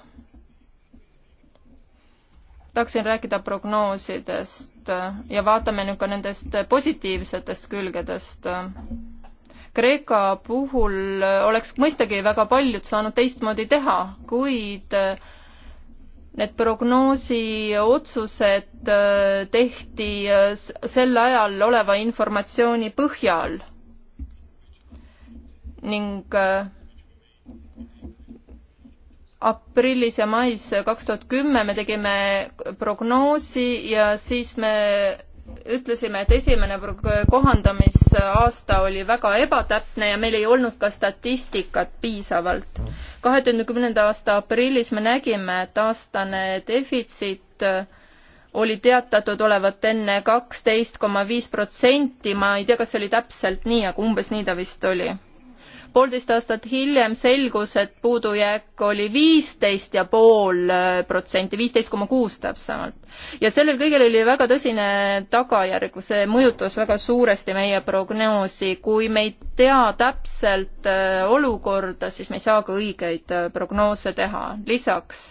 tahaksin rääkida prognoosidest ja vaatame nüüd ka nendest positiivsetest külgedest Kreeka puhul oleks mõistagi väga paljud saanud teistmoodi teha, kuid äh, need prognoosi otsused äh, tehti äh, sel ajal oleva informatsiooni põhjal ning aprillis ja mais kaks tuhat kümme me tegime prognoosi ja siis me ütlesime, et esimene kohandamisaasta oli väga ebatäpne ja meil ei olnud ka statistikat piisavalt. kahe tuhande kümnenda aasta aprillis me nägime, et aastane defitsiit äh, oli teatatud olevat enne kaksteist koma viis protsenti, ma ei tea, kas see oli täpselt nii, aga umbes nii ta vist oli poolteist aastat hiljem selgus, et puudujääk oli viisteist ja pool äh, protsenti, viisteist koma kuus täpsemalt. ja sellel kõigel oli väga tõsine tagajärg, see mõjutas väga suuresti meie prognoosi, kui me ei tea täpselt äh, olukorda, siis me ei saa ka õigeid äh, prognoose teha, lisaks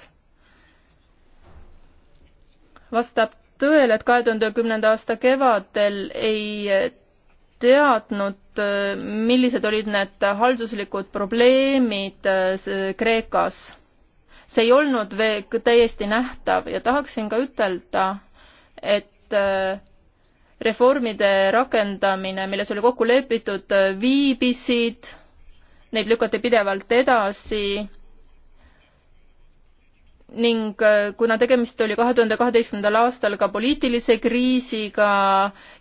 vastab tõele, et kahe tuhande kümnenda aasta kevadel ei teadnud, millised olid need halduslikud probleemid Kreekas. see ei olnud veel täiesti nähtav ja tahaksin ka ütelda, et reformide rakendamine, milles oli kokku lepitud, viibisid, neid lükati pidevalt edasi ning äh, kuna tegemist oli kahe tuhande kaheteistkümnendal aastal ka poliitilise kriisiga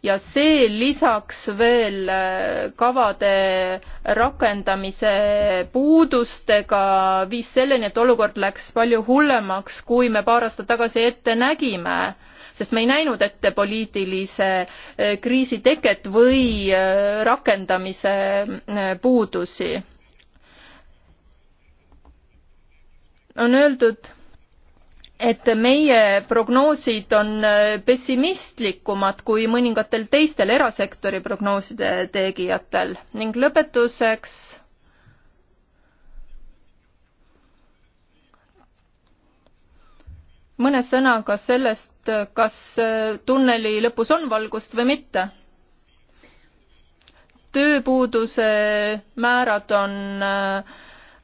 ja see lisaks veel äh, kavade rakendamise puudustega viis selleni, et olukord läks palju hullemaks, kui me paar aastat tagasi ette nägime, sest me ei näinud ette poliitilise äh, kriisi teket või rakendamise puudusi. on öeldud et meie prognoosid on äh, pessimistlikumad kui mõningatel teistel erasektori prognooside tegijatel ning lõpetuseks mõne sõnaga sellest, kas äh, tunneli lõpus on valgust või mitte. tööpuuduse määrad on öö,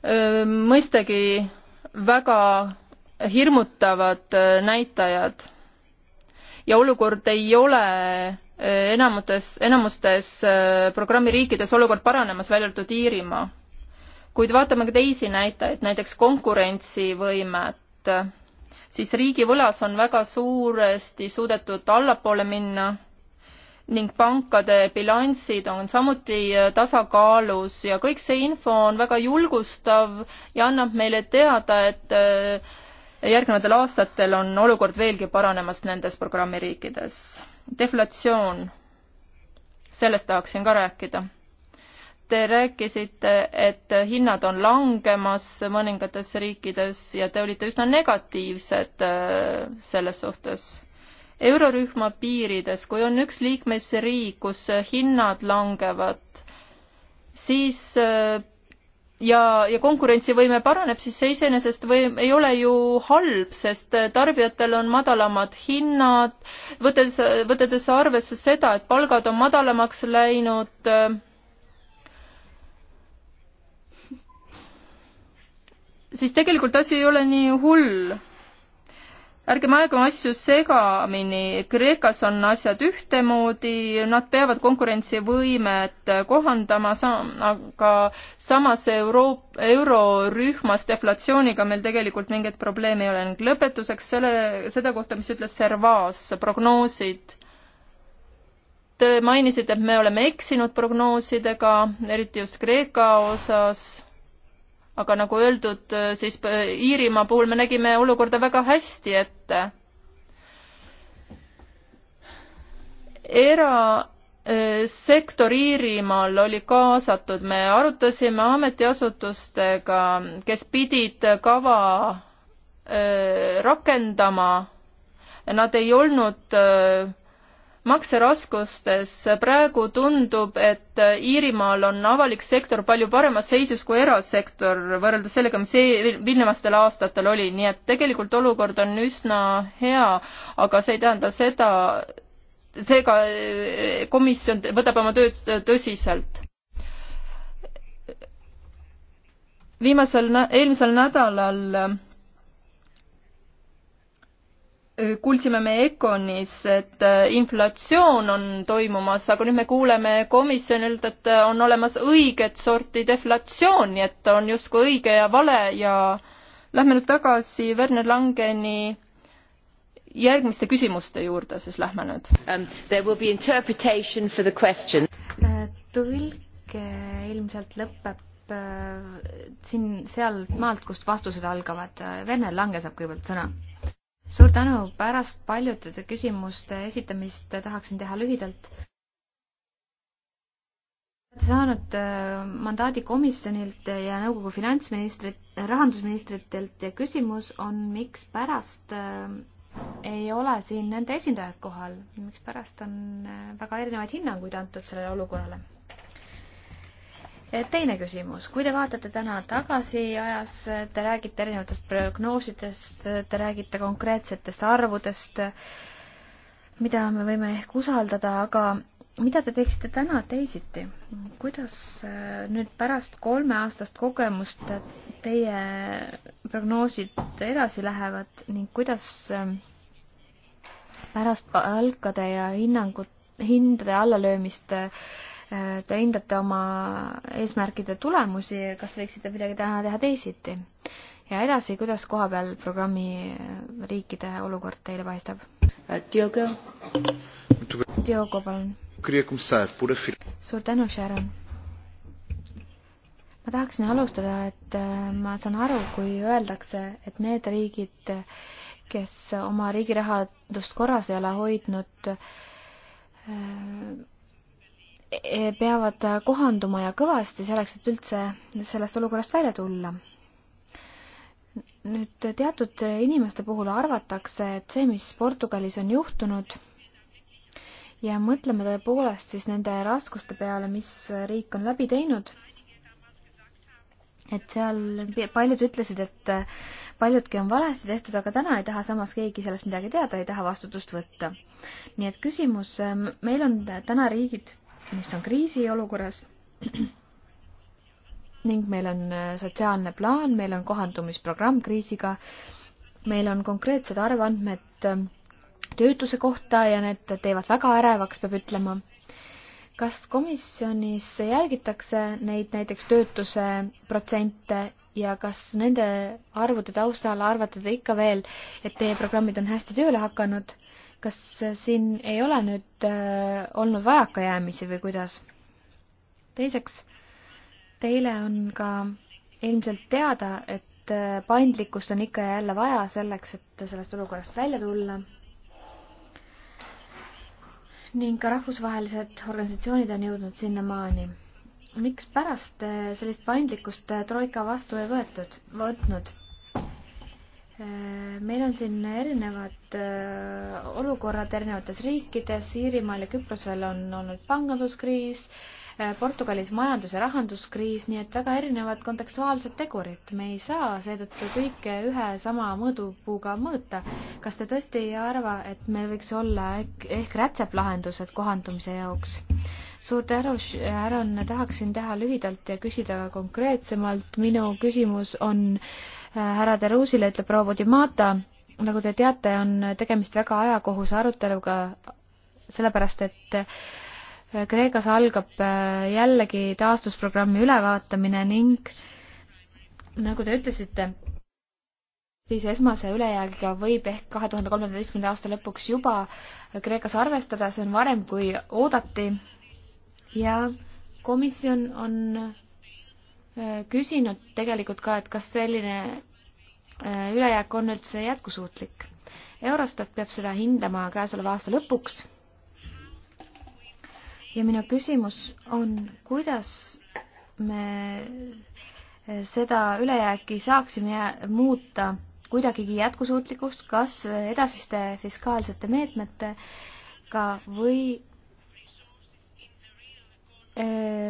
äh, mõistagi väga hirmutavad äh, näitajad. ja olukord ei ole äh, enamates, enamustes äh, programmi riikides olukord paranemas, välja arvatud Iirimaa. kuid vaatame ka teisi näitajaid, näiteks konkurentsivõimet, siis riigivõlas on väga suuresti suudetud allapoole minna ning pankade bilansid on samuti tasakaalus ja kõik see info on väga julgustav ja annab meile teada, et järgnevatel aastatel on olukord veelgi paranemas nendes programmiriikides. deflatsioon, sellest tahaksin ka rääkida. Te rääkisite, et hinnad on langemas mõningates riikides ja te olite üsna negatiivsed äh, selles suhtes. eurorühma piirides, kui on üks liikmesriik, kus hinnad langevad, siis äh, ja, ja konkurentsivõime paraneb, siis see iseenesest või ei ole ju halb, sest tarbijatel on madalamad hinnad, võttes, võttes arvesse seda, et palgad on madalamaks läinud. siis tegelikult asi ei ole nii hull ärgem ajagem asju segamini, Kreekas on asjad ühtemoodi, nad peavad konkurentsivõimet kohandama, aga samas Euroop-, eurorühmas deflatsiooniga meil tegelikult mingeid probleeme ei ole ning lõpetuseks selle, seda kohta, mis ütles Servaas, prognoosid. Te mainisite, et me oleme eksinud prognoosidega, eriti just Kreeka osas aga nagu öeldud, äh, siis äh, Iirimaa puhul me nägime olukorda väga hästi ette. erasektor äh, Iirimaal oli kaasatud, me arutasime ametiasutustega, kes pidid kava rakendama. Nad ei olnud öö, makseraskustes. praegu tundub, et Iirimaal on avalik sektor palju paremas seisus kui erasektor, võrreldes sellega, mis e-, eelnevatel aastatel oli, nii et tegelikult olukord on üsna hea, aga see ei tähenda seda, seega eh, komisjon võtab oma tööd tõsiselt. viimasel, eelmisel nädalal kuulsime me Econis, et äh, inflatsioon on toimumas, aga nüüd me kuuleme komisjonilt, et äh, on olemas õiget sorti deflatsioon, nii et on justkui õige ja vale ja lähme nüüd tagasi Werner Langeni järgmiste küsimuste juurde, siis lähme nüüd um,. There will be interpretation for the question. Äh, tõlge ilmselt lõpeb siin sealt maalt, kust vastused algavad. Werner Lange saab kõigepealt sõna suur tänu, pärast paljude küsimuste esitamist tahaksin teha lühidalt. olete saanud äh, mandaadi komisjonilt ja nõukogu finantsministrit, äh, rahandusministritelt ja küsimus on, miks pärast äh, ei ole siin nende esindajad kohal, mikspärast on väga erinevaid hinnanguid antud sellele olukorrale Eh, teine küsimus, kui te vaatate täna tagasi ajas, te räägite erinevatest prognoosidest, te räägite konkreetsetest arvudest, mida me võime ehk usaldada, aga mida te teeksite täna teisiti? kuidas eh, nüüd pärast kolmeaastast kogemust teie prognoosid edasi lähevad ning kuidas eh, pärast palkade ja hinnangut, hindade allalöömist te hindate oma eesmärkide tulemusi, kas võiksite midagi täna teha teisiti? ja edasi, kuidas kohapeal programmi riikide olukord teile paistab? Eh, Diogo. Diogo, palun. suur tänu, Sharon. ma tahaksin alustada, et eh, ma saan aru, kui öeldakse, et need riigid, kes oma riigi rahandust korras ei ole hoidnud, eh, Eh, peavad kohanduma ja kõvasti selleks, et üldse sellest olukorrast välja tulla. nüüd teatud inimeste puhul arvatakse, et see, mis Portugalis on juhtunud ja mõtleme tõepoolest siis nende raskuste peale, mis riik on läbi teinud, et seal paljud ütlesid, et paljudki on valesti tehtud, aga täna ei taha samas keegi sellest midagi teada, ei taha vastutust võtta. nii et küsimus, meil on täna riigid mis on kriisiolukorras ning meil on äh, sotsiaalne plaan, meil on kohandumisprogramm kriisiga, meil on konkreetsed arvandmed äh, töötuse kohta ja need teevad väga ärevaks, peab ütlema. kas komisjonis jälgitakse neid näiteks töötuse protsente ja kas nende arvude taustal arvate te ikka veel, et teie programmid on hästi tööle hakanud kas siin ei ole nüüd äh, olnud vajakajäämisi või kuidas? teiseks, teile on ka ilmselt teada, et äh, paindlikkust on ikka ja jälle vaja selleks, et sellest olukorrast välja tulla. ning ka rahvusvahelised organisatsioonid on jõudnud sinnamaani. mikspärast äh, sellist paindlikkust Troika vastu ei võetud, võtnud? Äh, meil on siin erinevad äh, olukorrad erinevates riikides, Iirimaal ja Küprosel on olnud panganduskriis, äh, Portugalis majandus- ja rahanduskriis, nii et väga erinevad kontekstuaalsed tegurid. me ei saa seetõttu kõike ühe sama mõõdupuuga mõõta. kas te tõesti ei arva, et meil võiks olla ehk, ehk rätseplahendused kohandumise jaoks? suur tänu, Sharon, tahaksin teha lühidalt ja küsida konkreetsemalt. minu küsimus on äh, härra Deruusile, ütleb proua Budimata, nagu te teate, on tegemist väga ajakohuse aruteluga, sellepärast et äh, Kreekas algab äh, jällegi taastusprogrammi ülevaatamine ning nagu te ütlesite, siis esmase ülejäägiga võib ehk kahe tuhande kolmeteistkümnenda aasta lõpuks juba äh, Kreekas arvestada, see on varem, kui oodati. ja komisjon on küsinud tegelikult ka, et kas selline ülejääk on üldse jätkusuutlik. Eurostat peab seda hindama käesoleva aasta lõpuks. ja minu küsimus on, kuidas me seda ülejääki saaksime muuta kuidagigi jätkusuutlikuks, kas edasiste fiskaalsete meetmetega või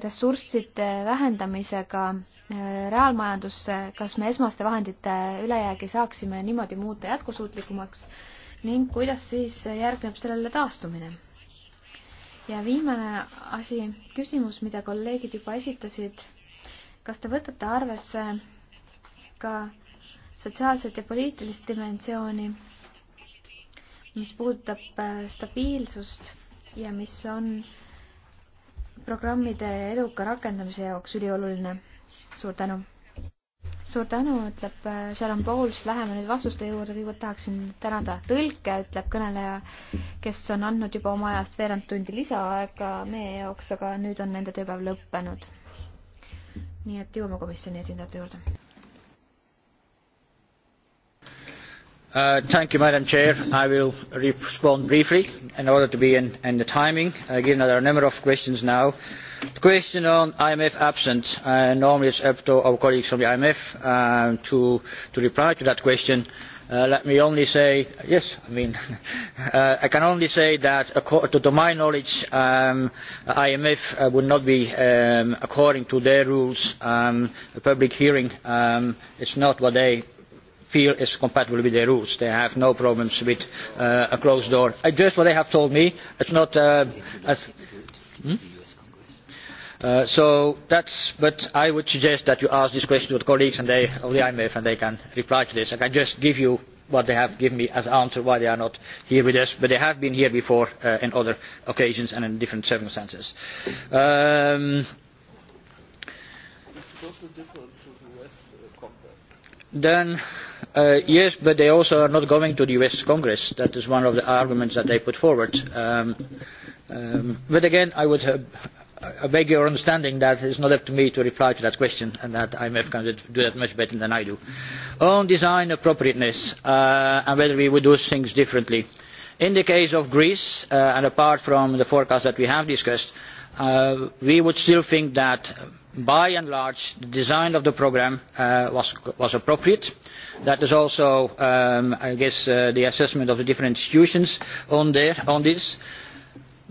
ressursside vähendamisega äh, reaalmajandusse, kas me esmaste vahendite ülejäägi saaksime niimoodi muuta jätkusuutlikumaks ning kuidas siis järgneb sellele taastumine? ja viimane asi, küsimus, mida kolleegid juba esitasid. kas te võtate arvesse ka sotsiaalset ja poliitilist dimensiooni, mis puudutab äh, stabiilsust ja mis on äh, programmide eduka rakendamise jaoks ülioluline. suur tänu. suur tänu, ütleb äh, Sharon Bowles, läheme nüüd vastuste juurde, kõigepealt tahaksin tänada tõlke, ütleb kõneleja, kes on andnud juba oma ajast veerand tundi lisaaega meie jaoks, aga nüüd on nende tööpäev lõppenud. nii et jõuame komisjoni esindajate juurde. Uh, you, madam president i will respond briefly in order to be in, in the timing uh, given that there are a number of questions now. the question on imf absence uh, normally it is up to our colleagues from the imf uh, to, to reply to that question. Uh, let me only say yes i, mean, uh, I can only say that to my knowledge the um, imf would not be um, according to their rules um, a public hearing. Um, it is not what they feel is compatible with their roots. They have no problems with uh, a closed door. Uh, just what they have told me. It's not uh, as. Hmm? Uh, so that's, but I would suggest that you ask this question to the colleagues and they, of the IMF and they can reply to this. I can just give you what they have given me as answer why they are not here with us, but they have been here before uh, in other occasions and in different circumstances. Um, it's totally different then uh, yes, but they also are not going to the US Congress. That is one of the arguments that they put forward. Um, um, but again, I would uh, I beg your understanding that it's not up to me to reply to that question and that IMF can do that much better than I do. On design appropriateness uh, and whether we would do things differently. In the case of Greece, uh, and apart from the forecast that we have discussed, uh, we would still think that by and large the design of the programme uh, was, was appropriate. that is also um, i guess uh, the assessment of the different institutions on, there, on this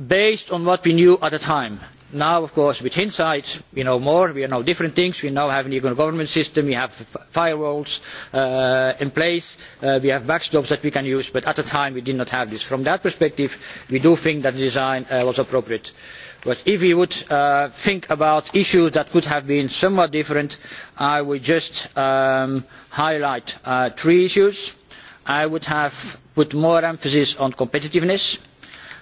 based on what we knew at the time. now of course with hindsight we know more we know different things we now have an eu government system we have firewalls uh, in place uh, we have backstops that we can use but at the time we did not have this. from that perspective we do think that the design uh, was appropriate but if we would uh, think about issues that could have been somewhat different i would just um, highlight uh, three issues i would have put more emphasis on competitiveness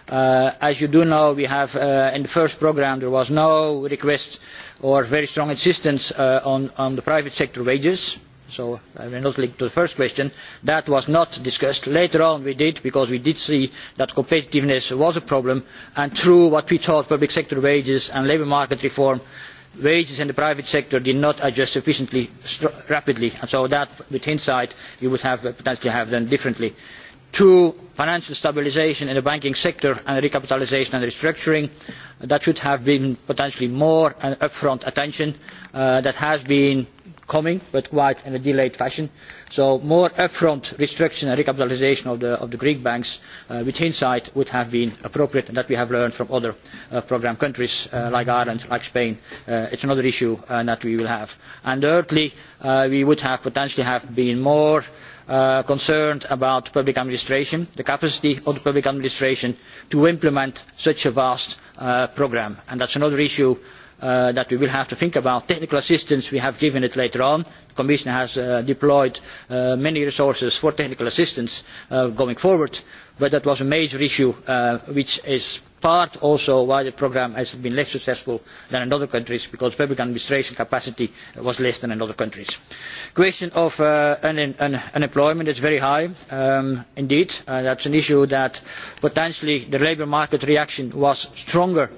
uh, as you do know we have uh, in the first programme there was no request or very strong insistence uh, on, on the private sector wages so i will not link to the first question that was not discussed. later on we did because we did see that competitiveness was a problem and through what we thought public sector wages and labour market reform wages in the private sector did not adjust sufficiently rapidly and so that with hindsight we would have uh, potentially have done differently two financial stabilisation in the banking sector and recapitalisation and restructuring that should have been potentially more upfront attention uh, that has been coming but quite in a delayed fashion so more upfront restructuring and recapitalisation of the, of the greek banks uh, with hindsight would have been appropriate and that we have learned from other uh, programme countries uh, like ireland like spain uh, it's another issue uh, that we will have and thirdly uh, we would have potentially have been more uh, uh, concerned about public administration the capacity of the public administration to implement such a vast uh, programme and that is another issue uh, that we will have to think about. technical assistance we have given it later on. the commission has uh, deployed uh, many resources for technical assistance uh, going forward but that was a major issue uh, which is part also why the programme has been less successful than in other countries because public administration capacity was less than in other countries. the question of uh, un un unemployment is very high um, indeed. Uh, that is an issue that potentially the labour market reaction was stronger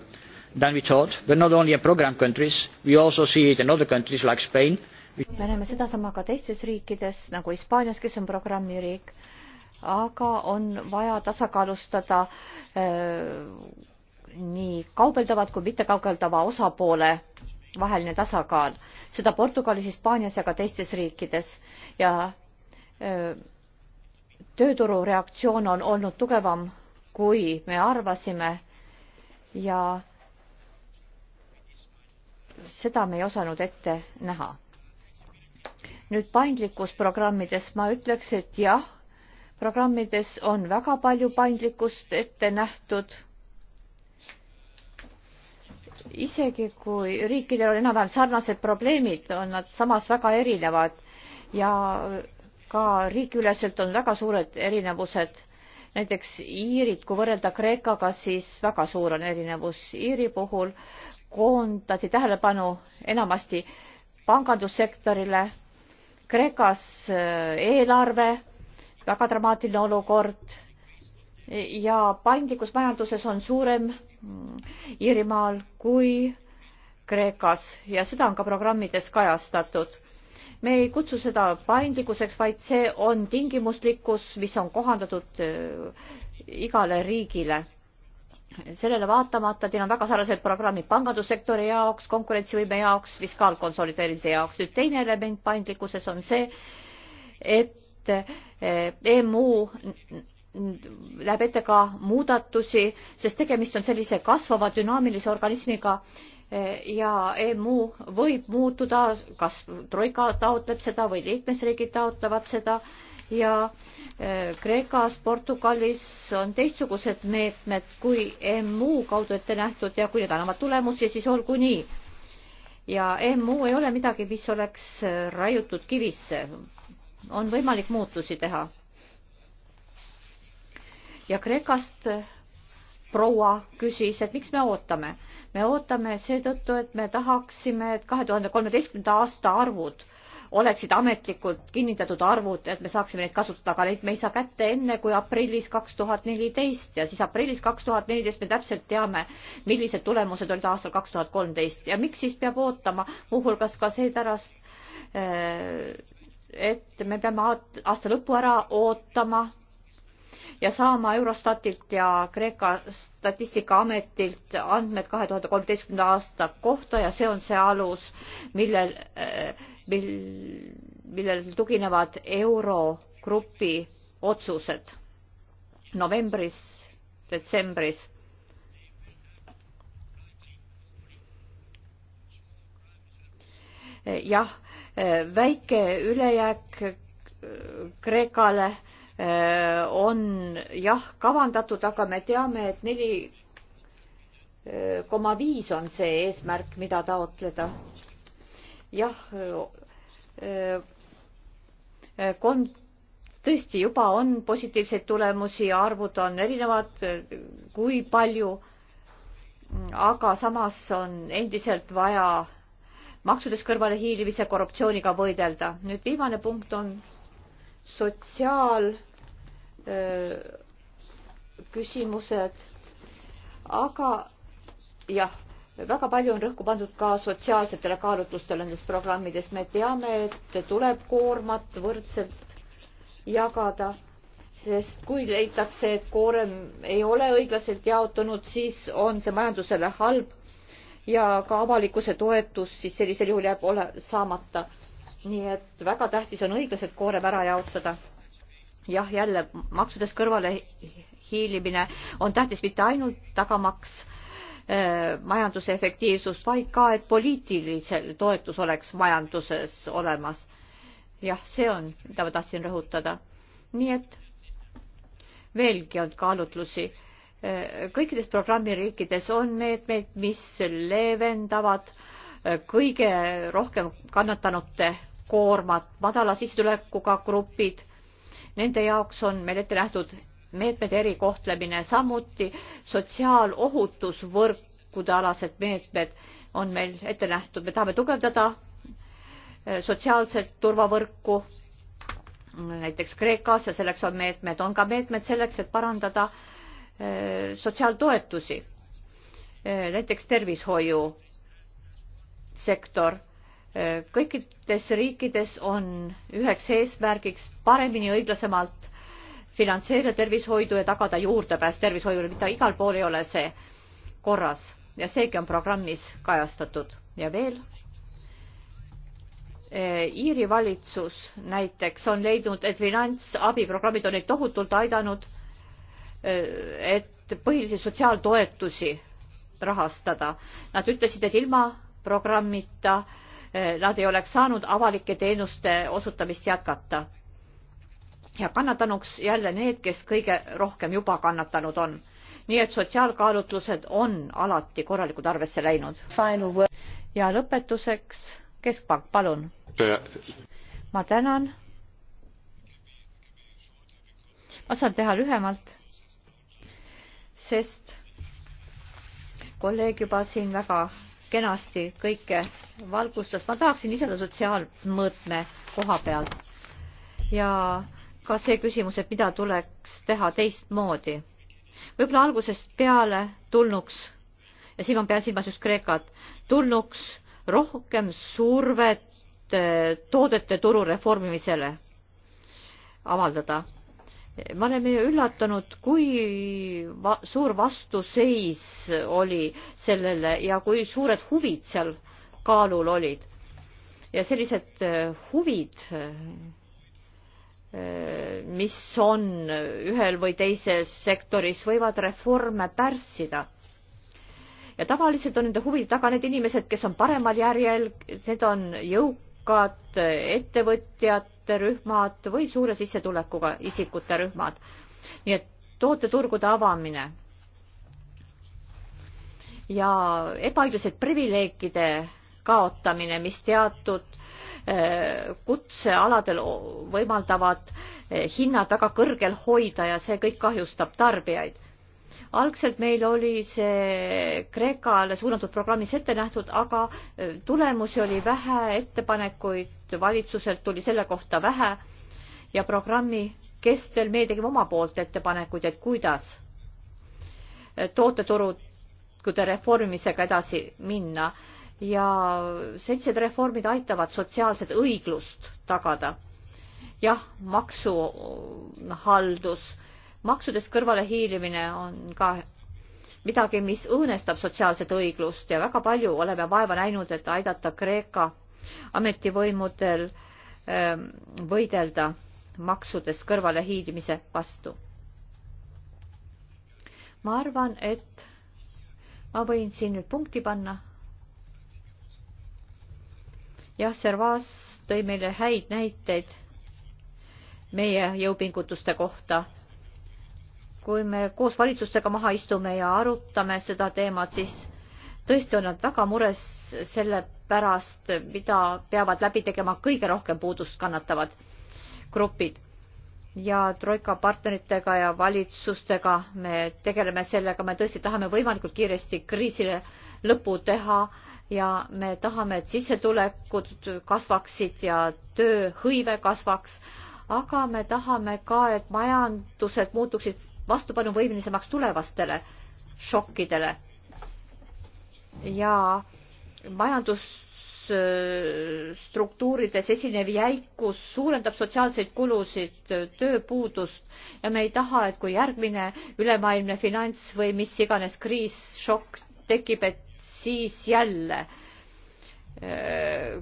than we thought but not only in programme countries we also see it in other countries like spain. me näeme sedasama ka teistes riikides nagu hispaanias kes on programmiriik aga on vaja tasakaalustada äh, nii kaubeldavat kui mitte kaubeldava osapoole vaheline tasakaal, seda Portugalis, Hispaanias ja ka teistes riikides ja äh, tööturu reaktsioon on olnud tugevam, kui me arvasime ja seda me ei osanud ette näha. nüüd paindlikkusprogrammides ma ütleks, et jah programmides on väga palju paindlikkust ette nähtud. isegi kui riikidel on enam-vähem sarnased probleemid, on nad samas väga erinevad ja ka riigiüleselt on väga suured erinevused. näiteks Iirid, kui võrrelda Kreekaga, siis väga suur on erinevus. Iiri puhul koondati tähelepanu enamasti pangandussektorile, Kreekas äh, eelarve väga dramaatiline olukord ja paindlikkus majanduses on suurem Iirimaal kui Kreekas ja seda on ka programmides kajastatud. me ei kutsu seda paindlikkuseks, vaid see on tingimuslikkus, mis on kohandatud äh, igale riigile sellele vaatamata teil on väga sarnased programmid pangandussektori jaoks, konkurentsivõime jaoks, fiskaalkonsolideerimise jaoks. nüüd teine element paindlikkuses on see, et ette, eh, EMU läheb ette ka muudatusi, sest tegemist on sellise kasvava dünaamilise organismiga eh, ja EMU võib muutuda, kas Troika taotleb seda või liikmesriigid taotlevad seda ja eh, Kreekas, Portugalis on teistsugused meetmed kui EMU kaudu ette nähtud ja kui need annavad tulemusi, siis olgu nii. ja EMU ei ole midagi, mis oleks raiutud kivisse, on võimalik muutusi teha. ja Kreekast proua küsis, et miks me ootame. me ootame seetõttu, et me tahaksime, et kahe tuhande kolmeteistkümnenda aasta arvud oleksid ametlikult kinnitatud arvud, et me saaksime neid kasutada, aga neid me ei saa kätte enne kui aprillis kaks tuhat neliteist ja siis aprillis kaks tuhat neliteist me täpselt teame, millised tulemused olid aastal kaks tuhat kolmteist ja miks siis peab ootama, muuhulgas ka seepärast äh, et me peame aasta lõpu ära ootama ja saama Eurostatilt ja Kreeka statistikaametilt andmed kahe tuhande kolmeteistkümnenda aasta kohta ja see on see alus, millel, mil, millel tuginevad Eurogrupi otsused novembris, detsembris jah väike ülejääk äh, Kreekale äh, on jah kavandatud, aga me teame, et neli äh, koma viis on see eesmärk, mida taotleda. jah, kolm, tõesti juba on positiivseid tulemusi ja arvud on erinevad, kui palju, aga samas on endiselt vaja maksudest kõrvalehiilimise korruptsiooniga võidelda. nüüd viimane punkt on sotsiaal öö, küsimused, aga jah, väga palju on rõhku pandud ka sotsiaalsetele kaalutlustele nendes programmides. me teame, et tuleb koormat võrdselt jagada, sest kui leitakse, et koorem ei ole õiglaselt jaotunud, siis on see majandusele halb ja ka avalikkuse toetus siis sellisel juhul jääb ole saamata. nii et väga tähtis on õiglaselt koorem ära jaotada. jah, jälle maksudest kõrvale hiilimine on tähtis mitte ainult tagamaks eh, majanduse efektiivsust, vaid ka, et poliitilisel toetus oleks majanduses olemas. jah, see on, mida ma tahtsin rõhutada. nii et veelgi on kaalutlusi kõikides programmiriikides on meetmeid, mis leevendavad eh, kõige rohkem kannatanute koormat, madala sissetulekuga grupid. Nende jaoks on meil ette nähtud meetmed erikohtlemine, samuti sotsiaalohutusvõrkude alased meetmed on meil ette nähtud, me tahame tugevdada eh, sotsiaalset turvavõrku mm, näiteks Kreekas ja selleks on meetmed, on ka meetmed selleks, et parandada äh, Eh, sotsiaaltoetusi, eh, näiteks tervishoiusektor. Eh, kõikides riikides on üheks eesmärgiks paremini, õiglasemalt finantseerida tervishoidu ja tagada juurdepääs tervishoiule, mitte igal pool ei ole see korras ja seegi on programmis kajastatud ja veel Iiri valitsus näiteks on leidnud, et finantsabiprogrammid on neid tohutult aidanud Äh, et põhilisi sotsiaaltoetusi rahastada. Nad ütlesid, et ilma programmita äh, nad ei oleks saanud avalike teenuste osutamist jätkata. ja kannatanuks jälle need, kes kõige rohkem juba kannatanud on. nii et sotsiaalkaalutlused on alati korralikult arvesse läinud. ja lõpetuseks Keskpank, palun. Äh. ma tänan. ma saan teha lühemalt sest kolleeg juba siin väga kenasti kõike valgustas. ma tahaksin lisada sotsiaalmõõtme koha pealt ja ka see küsimus, et mida tuleks teha teistmoodi. võib-olla algusest peale tulnuks, ja siin on pean silmas just Kreekat, tulnuks rohkem survet eh, toodete turu reformimisele avaldada me oleme ju üllatunud, kui va suur vastuseis oli sellele ja kui suured huvid seal kaalul olid. ja sellised äh, huvid, äh, mis on ühel või teises sektoris, võivad reforme pärssida. ja tavaliselt on nende huvide taga need inimesed, kes on paremal järjel, need on jõukad ettevõtjad, vaesemate rühmad või suure sissetulekuga isikute rühmad. nii et tooteturgude avamine ja ebaõiglased privileegide kaotamine, mis teatud eh, kutsealadel võimaldavad eh, hinnad väga kõrgel hoida ja see kõik kahjustab tarbijaid. algselt meil oli see Kreekale suunatud programmis ette nähtud, aga eh, tulemusi oli vähe, ettepanekuid et valitsuselt tuli selle kohta vähe ja programmi kestel meie tegime oma poolt ettepanekuid, et kuidas tooteturude reformimisega edasi minna ja sellised reformid aitavad sotsiaalset õiglust tagada. jah, maksuhaldus, noh, maksudest kõrvalehiilimine on ka midagi, mis õõnestab sotsiaalset õiglust ja väga palju oleme vaeva näinud, et aidata Kreeka ametivõimudel ähm, võidelda maksudest kõrvalehiilimise vastu. ma arvan, et ma võin siin nüüd punkti panna. jah, Servaas tõi meile häid näiteid meie jõupingutuste kohta. kui me koos valitsustega maha istume ja arutame seda teemat, siis tõesti on nad väga mures selle pärast, mida peavad läbi tegema kõige rohkem puudust kannatavad grupid. ja Troika partneritega ja valitsustega me tegeleme sellega, me tõesti tahame võimalikult kiiresti kriisile lõpu teha ja me tahame, et sissetulekud kasvaksid ja tööhõive kasvaks, aga me tahame ka, et majandused muutuksid vastupanuvõimelisemaks tulevastele šokkidele ja majandusstruktuurides esinev jäikus suurendab sotsiaalseid kulusid, tööpuudust ja me ei taha, et kui järgmine ülemaailmne finants või mis iganes kriis, šokk tekib, et siis jälle äh,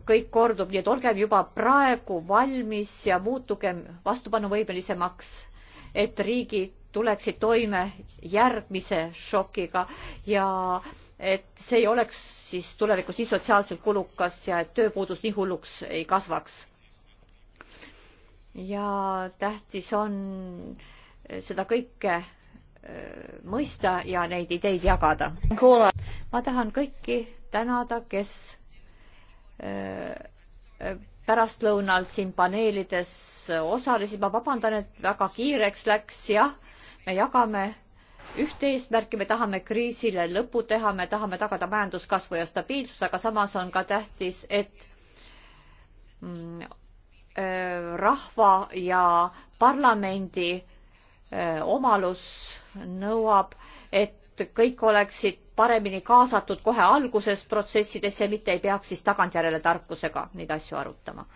kõik kordub, nii et olgem juba praegu valmis ja muutugem vastupanuvõimelisemaks, et riigid tuleksid toime järgmise šokiga ja äh, et see ei oleks siis tulevikus nii sotsiaalselt kulukas ja et tööpuudus nii hulluks ei kasvaks. ja tähtis on äh, seda kõike äh, mõista ja neid ideid jagada. ma tahan kõiki tänada, kes äh, pärastlõunal siin paneelides osalesid, ma vabandan, et väga kiireks läks, jah, me jagame ühte eesmärki, me tahame kriisile lõpu teha, me tahame tagada majanduskasvu ja stabiilsuse, aga samas on ka tähtis, et mm, äh, rahva ja parlamendi äh, omalus nõuab, et kõik oleksid paremini kaasatud kohe alguses protsessidesse, mitte ei peaks siis tagantjärele tarkusega neid asju arutama